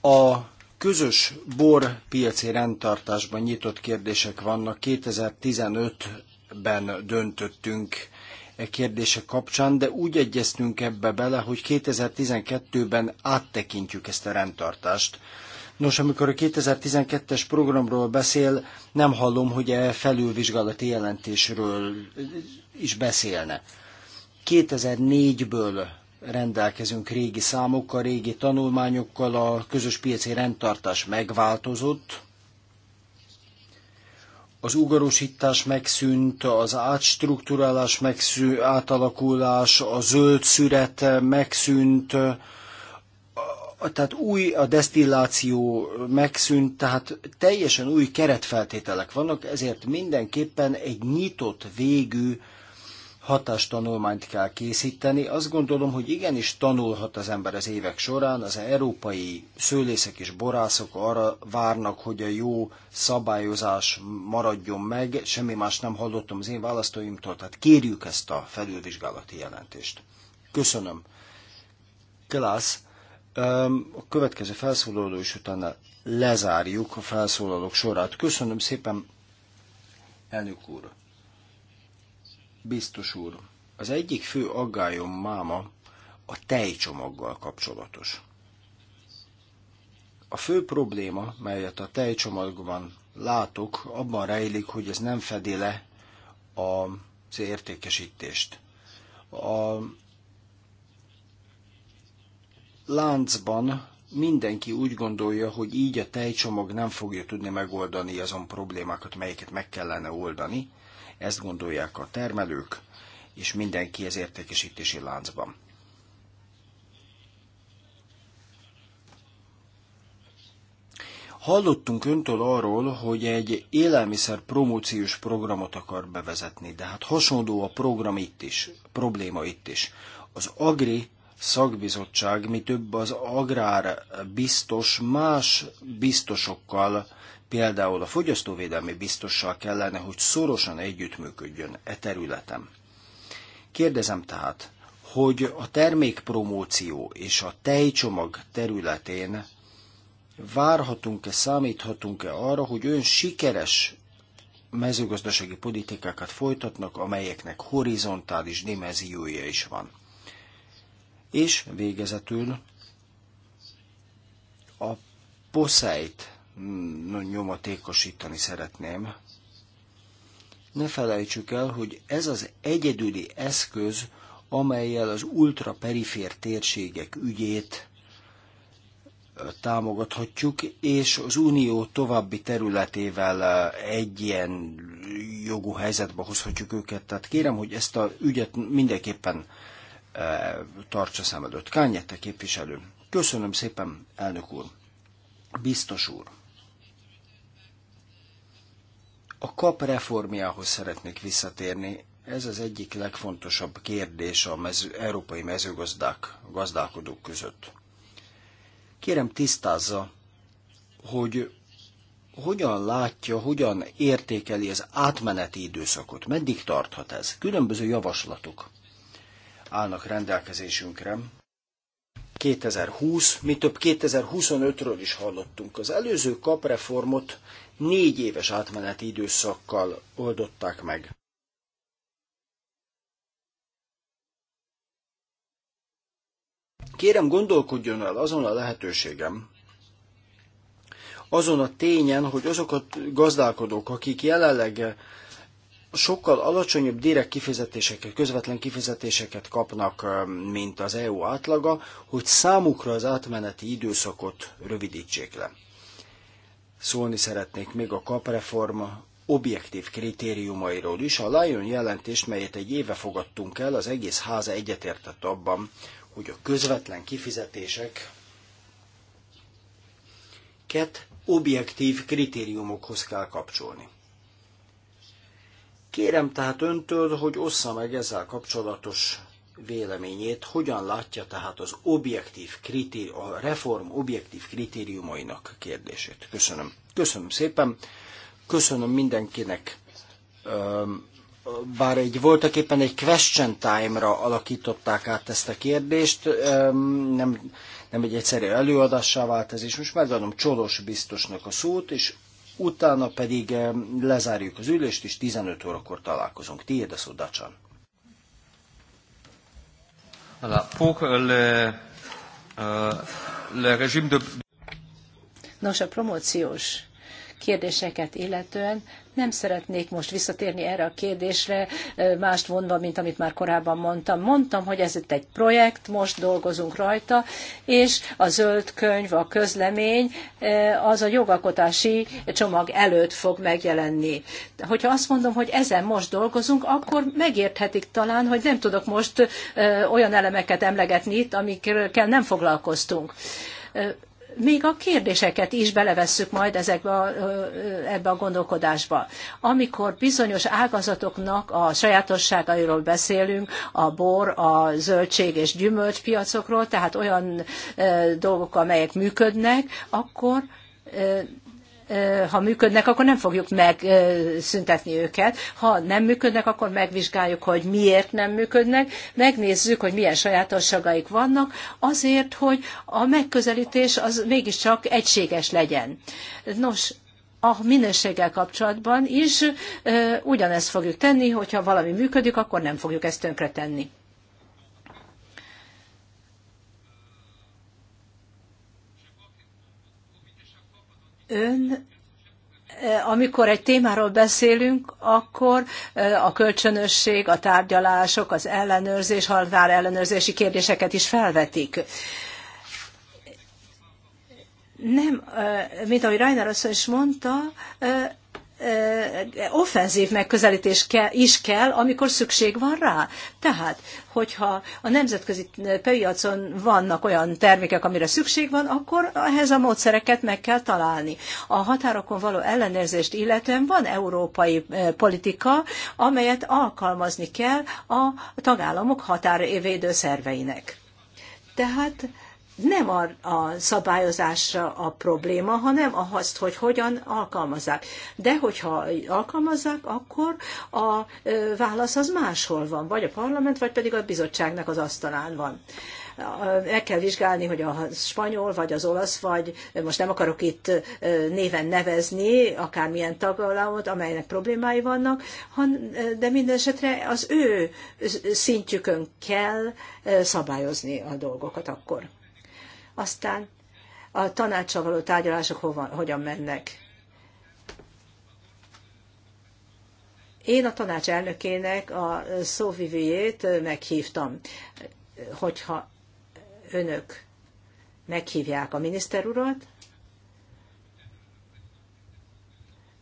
S3: A közös borpiaci rendtartásban nyitott kérdések vannak. 2015-ben döntöttünk kérdése kapcsán, de úgy egyeztünk ebbe bele, hogy 2012-ben áttekintjük ezt a rendtartást. Nos, amikor a 2012-es programról beszél, nem hallom, hogy e felülvizsgálati jelentésről is beszélne. 2004-ből rendelkezünk régi számokkal, régi tanulmányokkal, a közös piaci rendtartás megváltozott, az ugarosítás megszűnt, az átstruktúrálás megszűnt, átalakulás, a zöld szüret megszűnt, tehát új a desztilláció megszűnt, tehát teljesen új keretfeltételek vannak, ezért mindenképpen egy nyitott végű hatástanulmányt kell készíteni. Azt gondolom, hogy igenis tanulhat az ember az évek során. Az európai szőlészek és borászok arra várnak, hogy a jó szabályozás maradjon meg. Semmi más nem hallottam az én választóimtól, tehát kérjük ezt a felülvizsgálati jelentést. Köszönöm. Klász. A következő felszólaló is utána lezárjuk a felszólalók sorát. Köszönöm szépen, elnök úr. Biztos úr, az egyik fő aggályom máma a tejcsomaggal kapcsolatos. A fő probléma, melyet a tejcsomagban látok, abban rejlik, hogy ez nem fedi le az értékesítést. A láncban mindenki úgy gondolja, hogy így a tejcsomag nem fogja tudni megoldani azon problémákat, melyeket meg kellene oldani, ezt gondolják a termelők, és mindenki az értékesítési láncban. Hallottunk öntől arról, hogy egy élelmiszer promóciós programot akar bevezetni, de hát hasonló a program itt is, a probléma itt is. Az Agri szakbizottság, mi több az agrár biztos más biztosokkal Például a fogyasztóvédelmi biztossal kellene, hogy szorosan együttműködjön e területen. Kérdezem tehát, hogy a termékpromóció és a tejcsomag területén várhatunk-e, számíthatunk-e arra, hogy ön sikeres mezőgazdasági politikákat folytatnak, amelyeknek horizontális dimenziója is van. És végezetül a poszeit nyomatékosítani szeretném. Ne felejtsük el, hogy ez az egyedüli eszköz, amelyel az ultraperifér térségek ügyét támogathatjuk, és az Unió további területével egy ilyen jogú helyzetbe hozhatjuk őket. Tehát kérem, hogy ezt a ügyet mindenképpen tartsa szem előtt. Kányette képviselő. Köszönöm szépen, elnök úr. Biztos úr. A kap reformjához szeretnék visszatérni. Ez az egyik legfontosabb kérdés a mező, európai mezőgazdák gazdálkodók között. Kérem tisztázza, hogy hogyan látja, hogyan értékeli az átmeneti időszakot, meddig tarthat ez? Különböző javaslatok állnak rendelkezésünkre. 2020, mi több 2025-ről is hallottunk. Az előző kapreformot négy éves átmeneti időszakkal oldották meg. Kérem, gondolkodjon el azon a lehetőségem, azon a tényen, hogy azok a gazdálkodók, akik jelenleg sokkal alacsonyabb direkt kifizetéseket, közvetlen kifizetéseket kapnak, mint az EU átlaga, hogy számukra az átmeneti időszakot rövidítsék le. Szólni szeretnék még a kapreforma objektív kritériumairól is. A Lion jelentést, melyet egy éve fogadtunk el, az egész háza egyetértett abban, hogy a közvetlen kifizetések ket objektív kritériumokhoz kell kapcsolni. Kérem tehát öntől, hogy ossza meg ezzel kapcsolatos véleményét, hogyan látja tehát az objektív kritéri- a reform objektív kritériumainak kérdését. Köszönöm. Köszönöm szépen. Köszönöm mindenkinek. Bár egy voltak éppen egy question time-ra alakították át ezt a kérdést, nem, nem egy egyszerű előadássá vált ez, és most megadom Csolos biztosnak a szót, és utána pedig lezárjuk az ülést, és 15 órakor találkozunk. Tiéd a szó, Dacsan.
S2: Voilà. Pour euh, le, euh, le régime de... Nos, a promóciós kérdéseket illetően. Nem szeretnék most visszatérni erre a kérdésre, mást vonva, mint amit már korábban mondtam. Mondtam, hogy ez itt egy projekt, most dolgozunk rajta, és a zöld könyv, a közlemény, az a jogalkotási csomag előtt fog megjelenni. Hogyha azt mondom, hogy ezen most dolgozunk, akkor megérthetik talán, hogy nem tudok most olyan elemeket emlegetni itt, amikkel nem foglalkoztunk még a kérdéseket is belevesszük majd ezekbe a, ebbe a gondolkodásba. Amikor bizonyos ágazatoknak a sajátosságairól beszélünk, a bor, a zöldség és gyümölcspiacokról, tehát olyan dolgok, amelyek működnek, akkor ha működnek, akkor nem fogjuk megszüntetni őket. Ha nem működnek, akkor megvizsgáljuk, hogy miért nem működnek, megnézzük, hogy milyen sajátosságaik vannak, azért, hogy a megközelítés az mégiscsak egységes legyen. Nos, a minőséggel kapcsolatban is ugyanezt fogjuk tenni, hogyha valami működik, akkor nem fogjuk ezt tönkretenni. Ön eh, amikor egy témáról beszélünk, akkor eh, a kölcsönösség, a tárgyalások, az ellenőrzés, halvár ellenőrzési kérdéseket is felvetik. Nem, eh, mint ahogy Reiner asszony is mondta, offenzív megközelítés is kell, amikor szükség van rá. Tehát, hogyha a nemzetközi piacon vannak olyan termékek, amire szükség van, akkor ehhez a módszereket meg kell találni. A határokon való ellenőrzést illetően van európai politika, amelyet alkalmazni kell a tagállamok határvédő szerveinek. Tehát nem a, a szabályozásra a probléma, hanem azt, hogy hogyan alkalmazzák. De hogyha alkalmazzák, akkor a válasz az máshol van, vagy a parlament, vagy pedig a bizottságnak az asztalán van meg kell vizsgálni, hogy a spanyol, vagy az olasz, vagy most nem akarok itt néven nevezni, akármilyen tagállamot, amelynek problémái vannak, de minden esetre az ő szintjükön kell szabályozni a dolgokat akkor. Aztán a tanácsa való tárgyalások hova, hogyan mennek. Én a tanács elnökének a szóvivőjét meghívtam, hogyha önök meghívják a miniszter urat,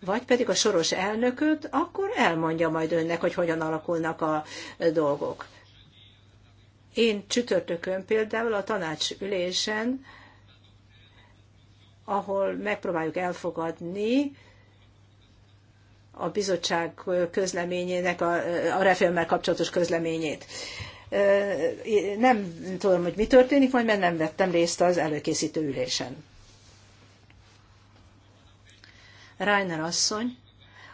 S2: vagy pedig a soros elnököt, akkor elmondja majd önnek, hogy hogyan alakulnak a dolgok. Én csütörtökön például a tanács ülésen, ahol megpróbáljuk elfogadni a bizottság közleményének, a, a reformmel kapcsolatos közleményét. Nem tudom, hogy mi történik, majd mert nem vettem részt az előkészítő ülésen. Rainer asszony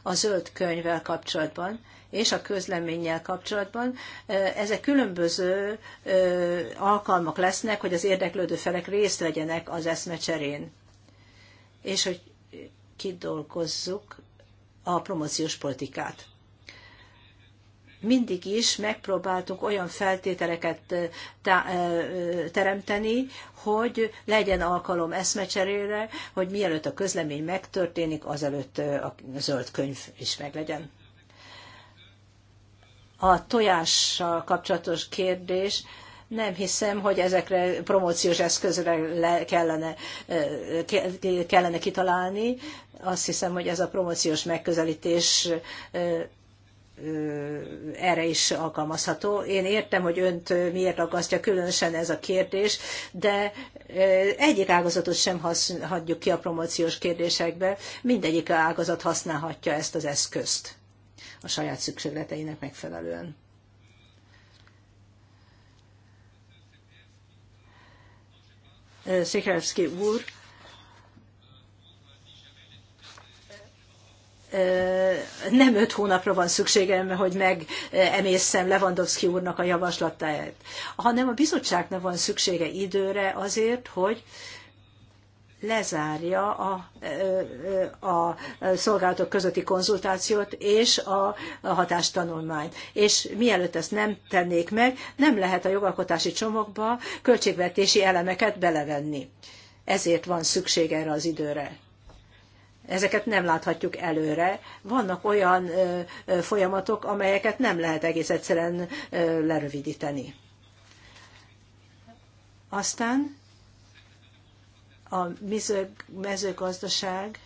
S2: a zöld könyvvel kapcsolatban és a közleménnyel kapcsolatban. Ezek különböző alkalmak lesznek, hogy az érdeklődő felek részt vegyenek az eszmecserén, és hogy kidolgozzuk a promóciós politikát mindig is megpróbáltunk olyan feltételeket teremteni, hogy legyen alkalom eszmecserére, hogy mielőtt a közlemény megtörténik, azelőtt a zöld könyv is meglegyen. A tojással kapcsolatos kérdés, nem hiszem, hogy ezekre promóciós eszközre kellene, kellene kitalálni. Azt hiszem, hogy ez a promóciós megközelítés erre is alkalmazható. Én értem, hogy önt miért aggasztja különösen ez a kérdés, de egyik ágazatot sem hagyjuk ki a promóciós kérdésekbe, mindegyik ágazat használhatja ezt az eszközt a saját szükségleteinek megfelelően. Szikerszki úr nem öt hónapra van szükségem, hogy megemészszem Lewandowski úrnak a javaslatáját, hanem a bizottságnak van szüksége időre azért, hogy lezárja a, a szolgálatok közötti konzultációt és a hatástanulmányt. És mielőtt ezt nem tennék meg, nem lehet a jogalkotási csomagba költségvetési elemeket belevenni. Ezért van szükség erre az időre. Ezeket nem láthatjuk előre. Vannak olyan folyamatok, amelyeket nem lehet egész egyszerűen lerövidíteni. Aztán a mezőgazdaság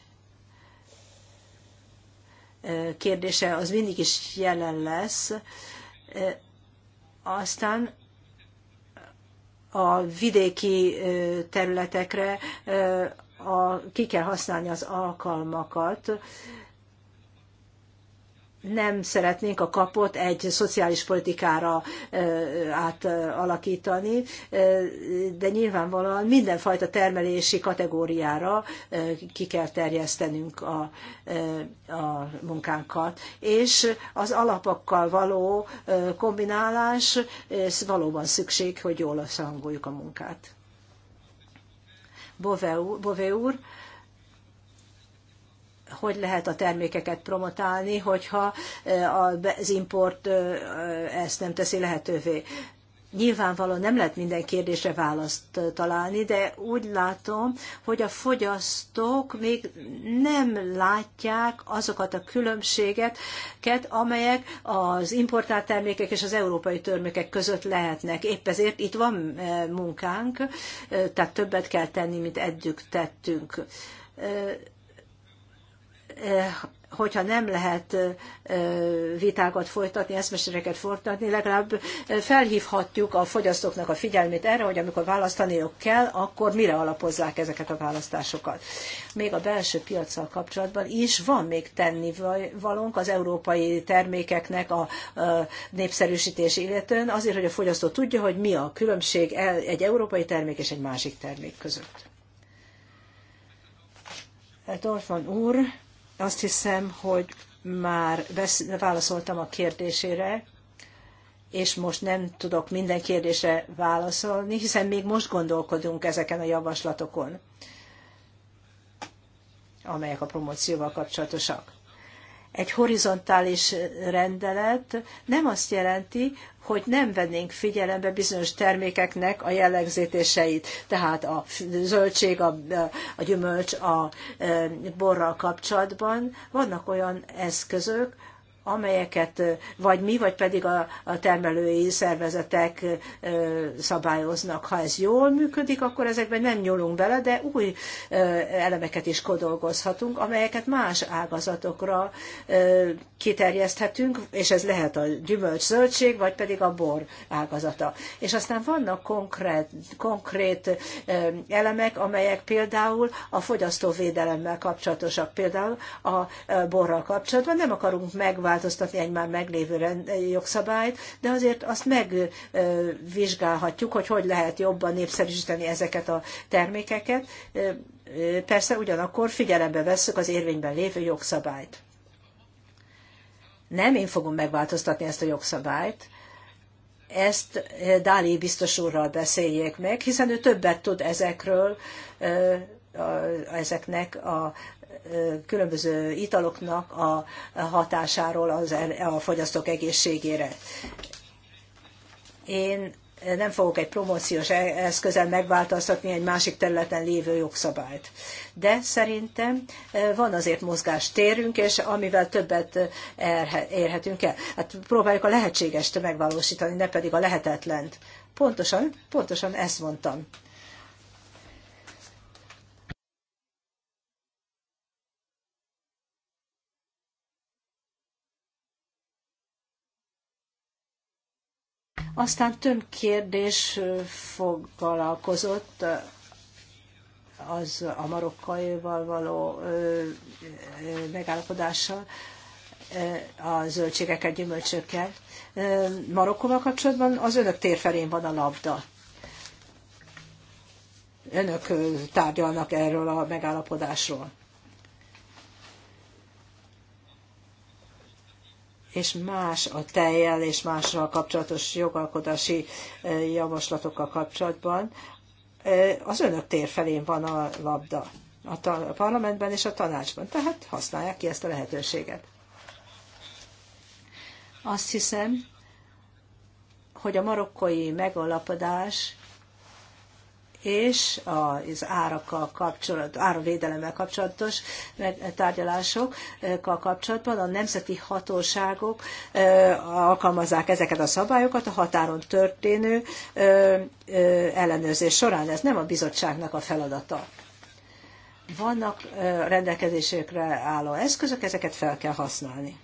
S2: kérdése az mindig is jelen lesz. Aztán a vidéki területekre a, ki kell használni az alkalmakat, nem szeretnénk a kapot egy szociális politikára átalakítani, de nyilvánvalóan mindenfajta termelési kategóriára ki kell terjesztenünk a, a munkánkat. És az alapokkal való kombinálás, ez valóban szükség, hogy jól összehangoljuk a munkát. Bové úr, Bové úr hogy lehet a termékeket promotálni, hogyha eh, az import eh, eh, ezt nem teszi lehetővé. Nyilvánvalóan nem lehet minden kérdésre választ találni, de úgy látom, hogy a fogyasztók még nem látják azokat a különbségeket, amelyek az importált termékek és az európai termékek között lehetnek. Épp ezért itt van munkánk, tehát többet kell tenni, mint eddig tettünk Eh, hogyha nem lehet eh, eh, vitákat folytatni, eszmesereket folytatni, legalább felhívhatjuk a fogyasztóknak a figyelmét erre, hogy amikor választaniuk kell, akkor mire alapozzák ezeket a választásokat. Még a belső piacsal kapcsolatban is van még tennivalónk az európai termékeknek a népszerűsítés illetően, azért, hogy a fogyasztó tudja, hogy mi a különbség egy európai termék és egy másik termék között. Dorfman úr, azt hiszem, hogy már válaszoltam a kérdésére, és most nem tudok minden kérdésre válaszolni, hiszen még most gondolkodunk ezeken a javaslatokon, amelyek a promócióval kapcsolatosak. Egy horizontális rendelet nem azt jelenti, hogy nem vennénk figyelembe bizonyos termékeknek a jellegzetességeit, tehát a zöldség, a, a gyümölcs, a e, borral kapcsolatban. Vannak olyan eszközök, amelyeket vagy mi, vagy pedig a, termelői szervezetek szabályoznak. Ha ez jól működik, akkor ezekben nem nyúlunk bele, de új elemeket is kodolgozhatunk, amelyeket más ágazatokra kiterjeszthetünk, és ez lehet a gyümölcs zöldség, vagy pedig a bor ágazata. És aztán vannak konkrét, konkrét elemek, amelyek például a fogyasztóvédelemmel kapcsolatosak, például a borral kapcsolatban nem akarunk megválni változtatni egy már meglévő jogszabályt, de azért azt megvizsgálhatjuk, hogy hogy lehet jobban népszerűsíteni ezeket a termékeket. Persze ugyanakkor figyelembe vesszük az érvényben lévő jogszabályt. Nem én fogom megváltoztatni ezt a jogszabályt, ezt Dáli biztos úrral beszéljék meg, hiszen ő többet tud ezekről, ezeknek a különböző italoknak a hatásáról az, a fogyasztók egészségére. Én nem fogok egy promóciós e-, eszközzel megváltoztatni egy másik területen lévő jogszabályt. De szerintem van azért mozgás térünk és amivel többet érhetünk el. Hát próbáljuk a lehetségest megvalósítani, ne pedig a lehetetlent. Pontosan, pontosan ezt mondtam. Aztán több kérdés foglalkozott az a marokkaival való megállapodással, a zöldségeket, gyümölcsökkel. Marokkóval kapcsolatban az önök térfelén van a labda. Önök tárgyalnak erről a megállapodásról. és más a tejjel és mással kapcsolatos jogalkotási javaslatokkal kapcsolatban. Az önök tér felén van a labda a, a parlamentben és a tanácsban, tehát használják ki ezt a lehetőséget. Azt hiszem, hogy a marokkói megalapodás és az árakkal kapcsolat, áravédelemmel kapcsolatos tárgyalásokkal kapcsolatban a nemzeti hatóságok alkalmazzák ezeket a szabályokat a határon történő ellenőrzés során. Ez nem a bizottságnak a feladata. Vannak rendelkezésükre álló eszközök, ezeket fel kell használni.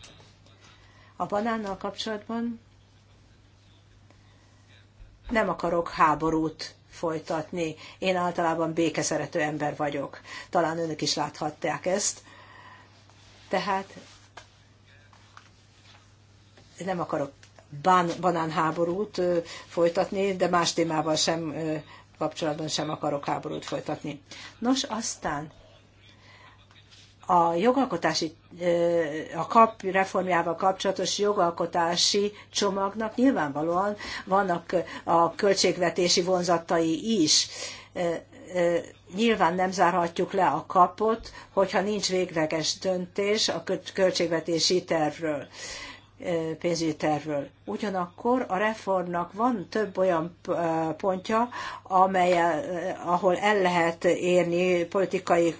S2: A banánnal kapcsolatban nem akarok háborút folytatni. Én általában békeszerető ember vagyok. Talán önök is láthatták ezt. Tehát nem akarok bán, banánháborút folytatni, de más témával sem kapcsolatban sem akarok háborút folytatni. Nos, aztán a jogalkotási, a kap reformjával kapcsolatos jogalkotási csomagnak nyilvánvalóan vannak a költségvetési vonzatai is. Nyilván nem zárhatjuk le a kapot, hogyha nincs végleges döntés a költségvetési tervről pénzügyi tervről. Ugyanakkor a reformnak van több olyan pontja, amely, ahol el lehet érni politikai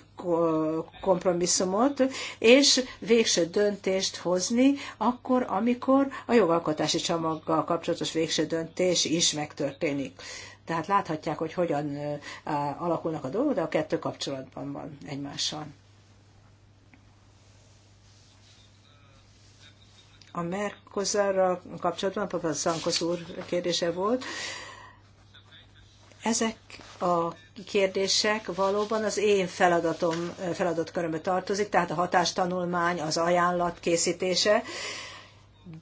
S2: kompromisszumot, és végső döntést hozni akkor, amikor a jogalkotási csomaggal kapcsolatos végső döntés is megtörténik. Tehát láthatják, hogy hogyan alakulnak a dolgok, de a kettő kapcsolatban van egymással. A Merkozára kapcsolatban, Papa Szankosz úr kérdése volt, ezek a kérdések valóban az én feladatom, feladatkörömbe tartozik, tehát a hatástanulmány, az ajánlat készítése,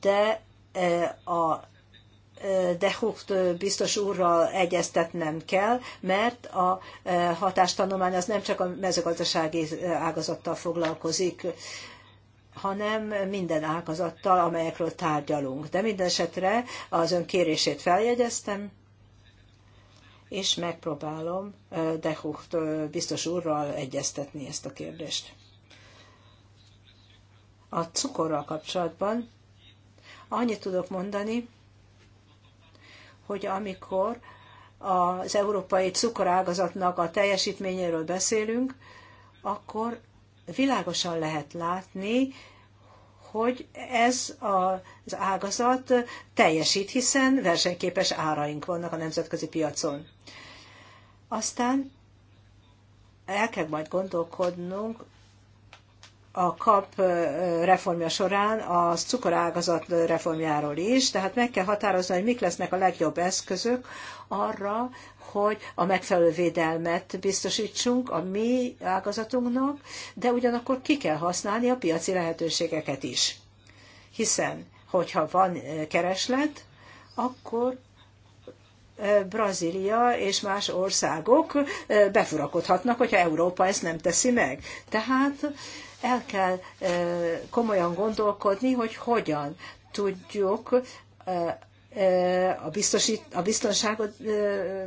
S2: de e, a e, de Hucht biztos úrral egyeztetnem kell, mert a e, hatástanulmány az nem csak a mezőgazdasági ágazattal foglalkozik, hanem minden ágazattal, amelyekről tárgyalunk. De minden esetre az ön kérését feljegyeztem, és megpróbálom de Hucht biztos úrral egyeztetni ezt a kérdést. A cukorral kapcsolatban annyit tudok mondani, hogy amikor az európai cukorágazatnak a teljesítményéről beszélünk, akkor világosan lehet látni, hogy ez az ágazat teljesít, hiszen versenyképes áraink vannak a nemzetközi piacon. Aztán el kell majd gondolkodnunk a kap reformja során a cukorágazat reformjáról is, tehát meg kell határozni, hogy mik lesznek a legjobb eszközök arra, hogy a megfelelő védelmet biztosítsunk a mi ágazatunknak, de ugyanakkor ki kell használni a piaci lehetőségeket is. Hiszen, hogyha van kereslet, akkor Brazília és más országok befurakodhatnak, hogyha Európa ezt nem teszi meg. Tehát el kell komolyan gondolkodni, hogy hogyan tudjuk a, biztosít, a biztonságot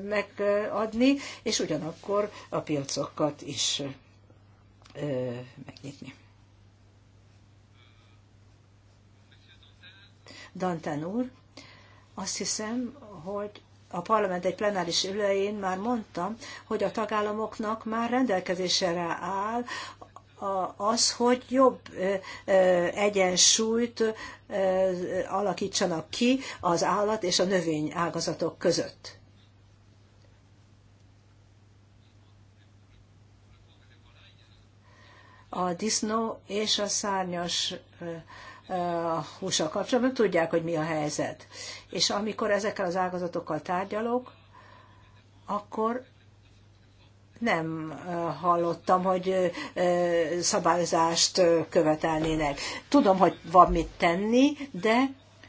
S2: megadni, és ugyanakkor a piacokat is megnyitni. Dantán úr, azt hiszem, hogy a parlament egy plenáris ülején már mondtam, hogy a tagállamoknak már rendelkezésre áll az, hogy jobb egyensúlyt alakítsanak ki az állat és a növény ágazatok között. A disznó és a szárnyas hússal kapcsolatban, tudják, hogy mi a helyzet. És amikor ezekkel az ágazatokkal tárgyalok, akkor nem hallottam, hogy szabályozást követelnének. Tudom, hogy van mit tenni, de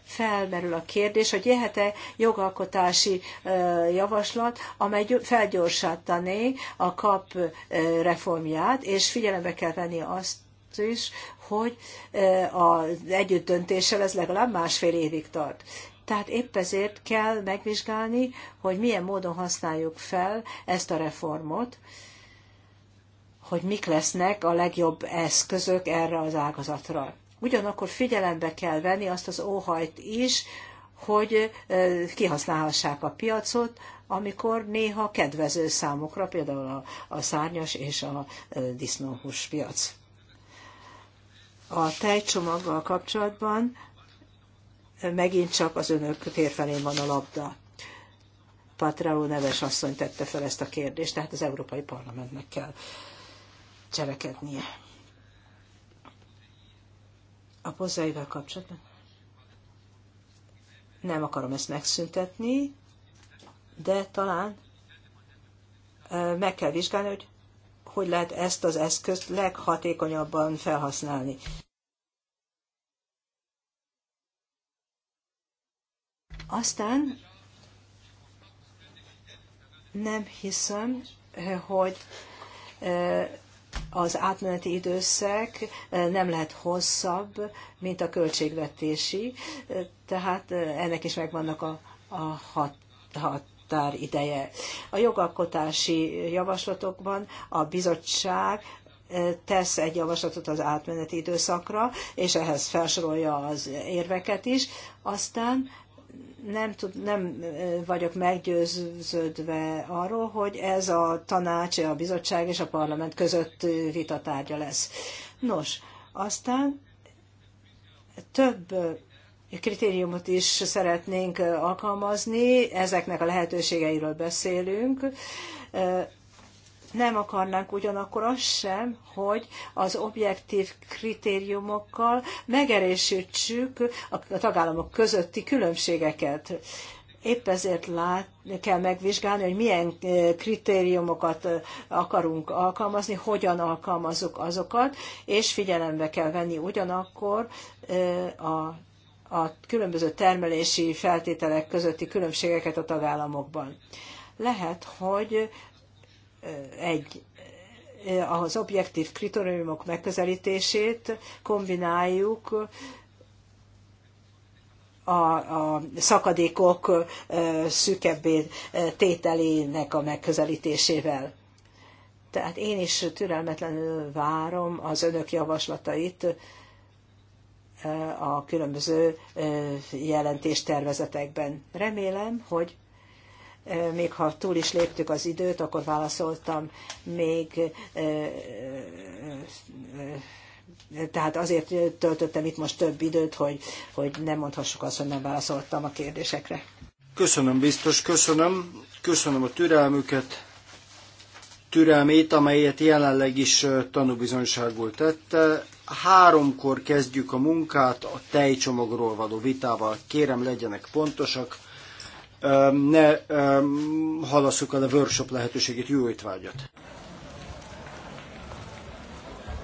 S2: felmerül a kérdés, hogy jöhet-e jogalkotási javaslat, amely felgyorsítané a kap reformját, és figyelembe kell venni azt is, hogy az együttdöntéssel ez legalább másfél évig tart. Tehát épp ezért kell megvizsgálni, hogy milyen módon használjuk fel ezt a reformot, hogy mik lesznek a legjobb eszközök erre az ágazatra. Ugyanakkor figyelembe kell venni azt az óhajt is, hogy kihasználhassák a piacot, amikor néha kedvező számokra, például a, a szárnyas és a disznóhús piac a tejcsomaggal kapcsolatban megint csak az önök térfelén van a labda. Patrao neves asszony tette fel ezt a kérdést, tehát az Európai Parlamentnek kell cselekednie. A pozzáival kapcsolatban? Nem akarom ezt megszüntetni, de talán meg kell vizsgálni, hogy hogy lehet ezt az eszközt leghatékonyabban felhasználni. Aztán nem hiszem, hogy e, az átmeneti időszak e, nem lehet hosszabb, mint a költségvetési, e, tehát ennek is megvannak a, a hat, hat ideje. A jogalkotási javaslatokban a bizottság eh, tesz egy javaslatot az átmeneti időszakra, és ehhez felsorolja az érveket is. Aztán nem, tud, nem eh, vagyok meggyőződve arról, hogy ez a tanács, a bizottság és a parlament között eh, vitatárgya lesz. Nos, aztán több kritériumot is szeretnénk alkalmazni, ezeknek a lehetőségeiről beszélünk. Nem akarnánk ugyanakkor azt sem, hogy az objektív kritériumokkal megerősítsük a tagállamok közötti különbségeket. Épp ezért lát, kell megvizsgálni, hogy milyen kritériumokat akarunk alkalmazni, hogyan alkalmazunk azokat, és figyelembe kell venni ugyanakkor a a különböző termelési feltételek közötti különbségeket a tagállamokban. Lehet, hogy egy az objektív kritériumok megközelítését kombináljuk a, a szakadékok szükebbé tételének a megközelítésével. Tehát én is türelmetlenül várom az önök javaslatait a különböző jelentéstervezetekben. Remélem, hogy még ha túl is léptük az időt, akkor válaszoltam még, tehát azért töltöttem itt most több időt, hogy, hogy nem mondhassuk azt, hogy nem válaszoltam a kérdésekre.
S3: Köszönöm, biztos, köszönöm. Köszönöm a türelmüket, türelmét, amelyet jelenleg is tanúbizonyságból tette háromkor kezdjük a munkát a tejcsomagról való vitával. Kérem, legyenek pontosak, ne halasszuk el a workshop lehetőségét, jó étvágyat!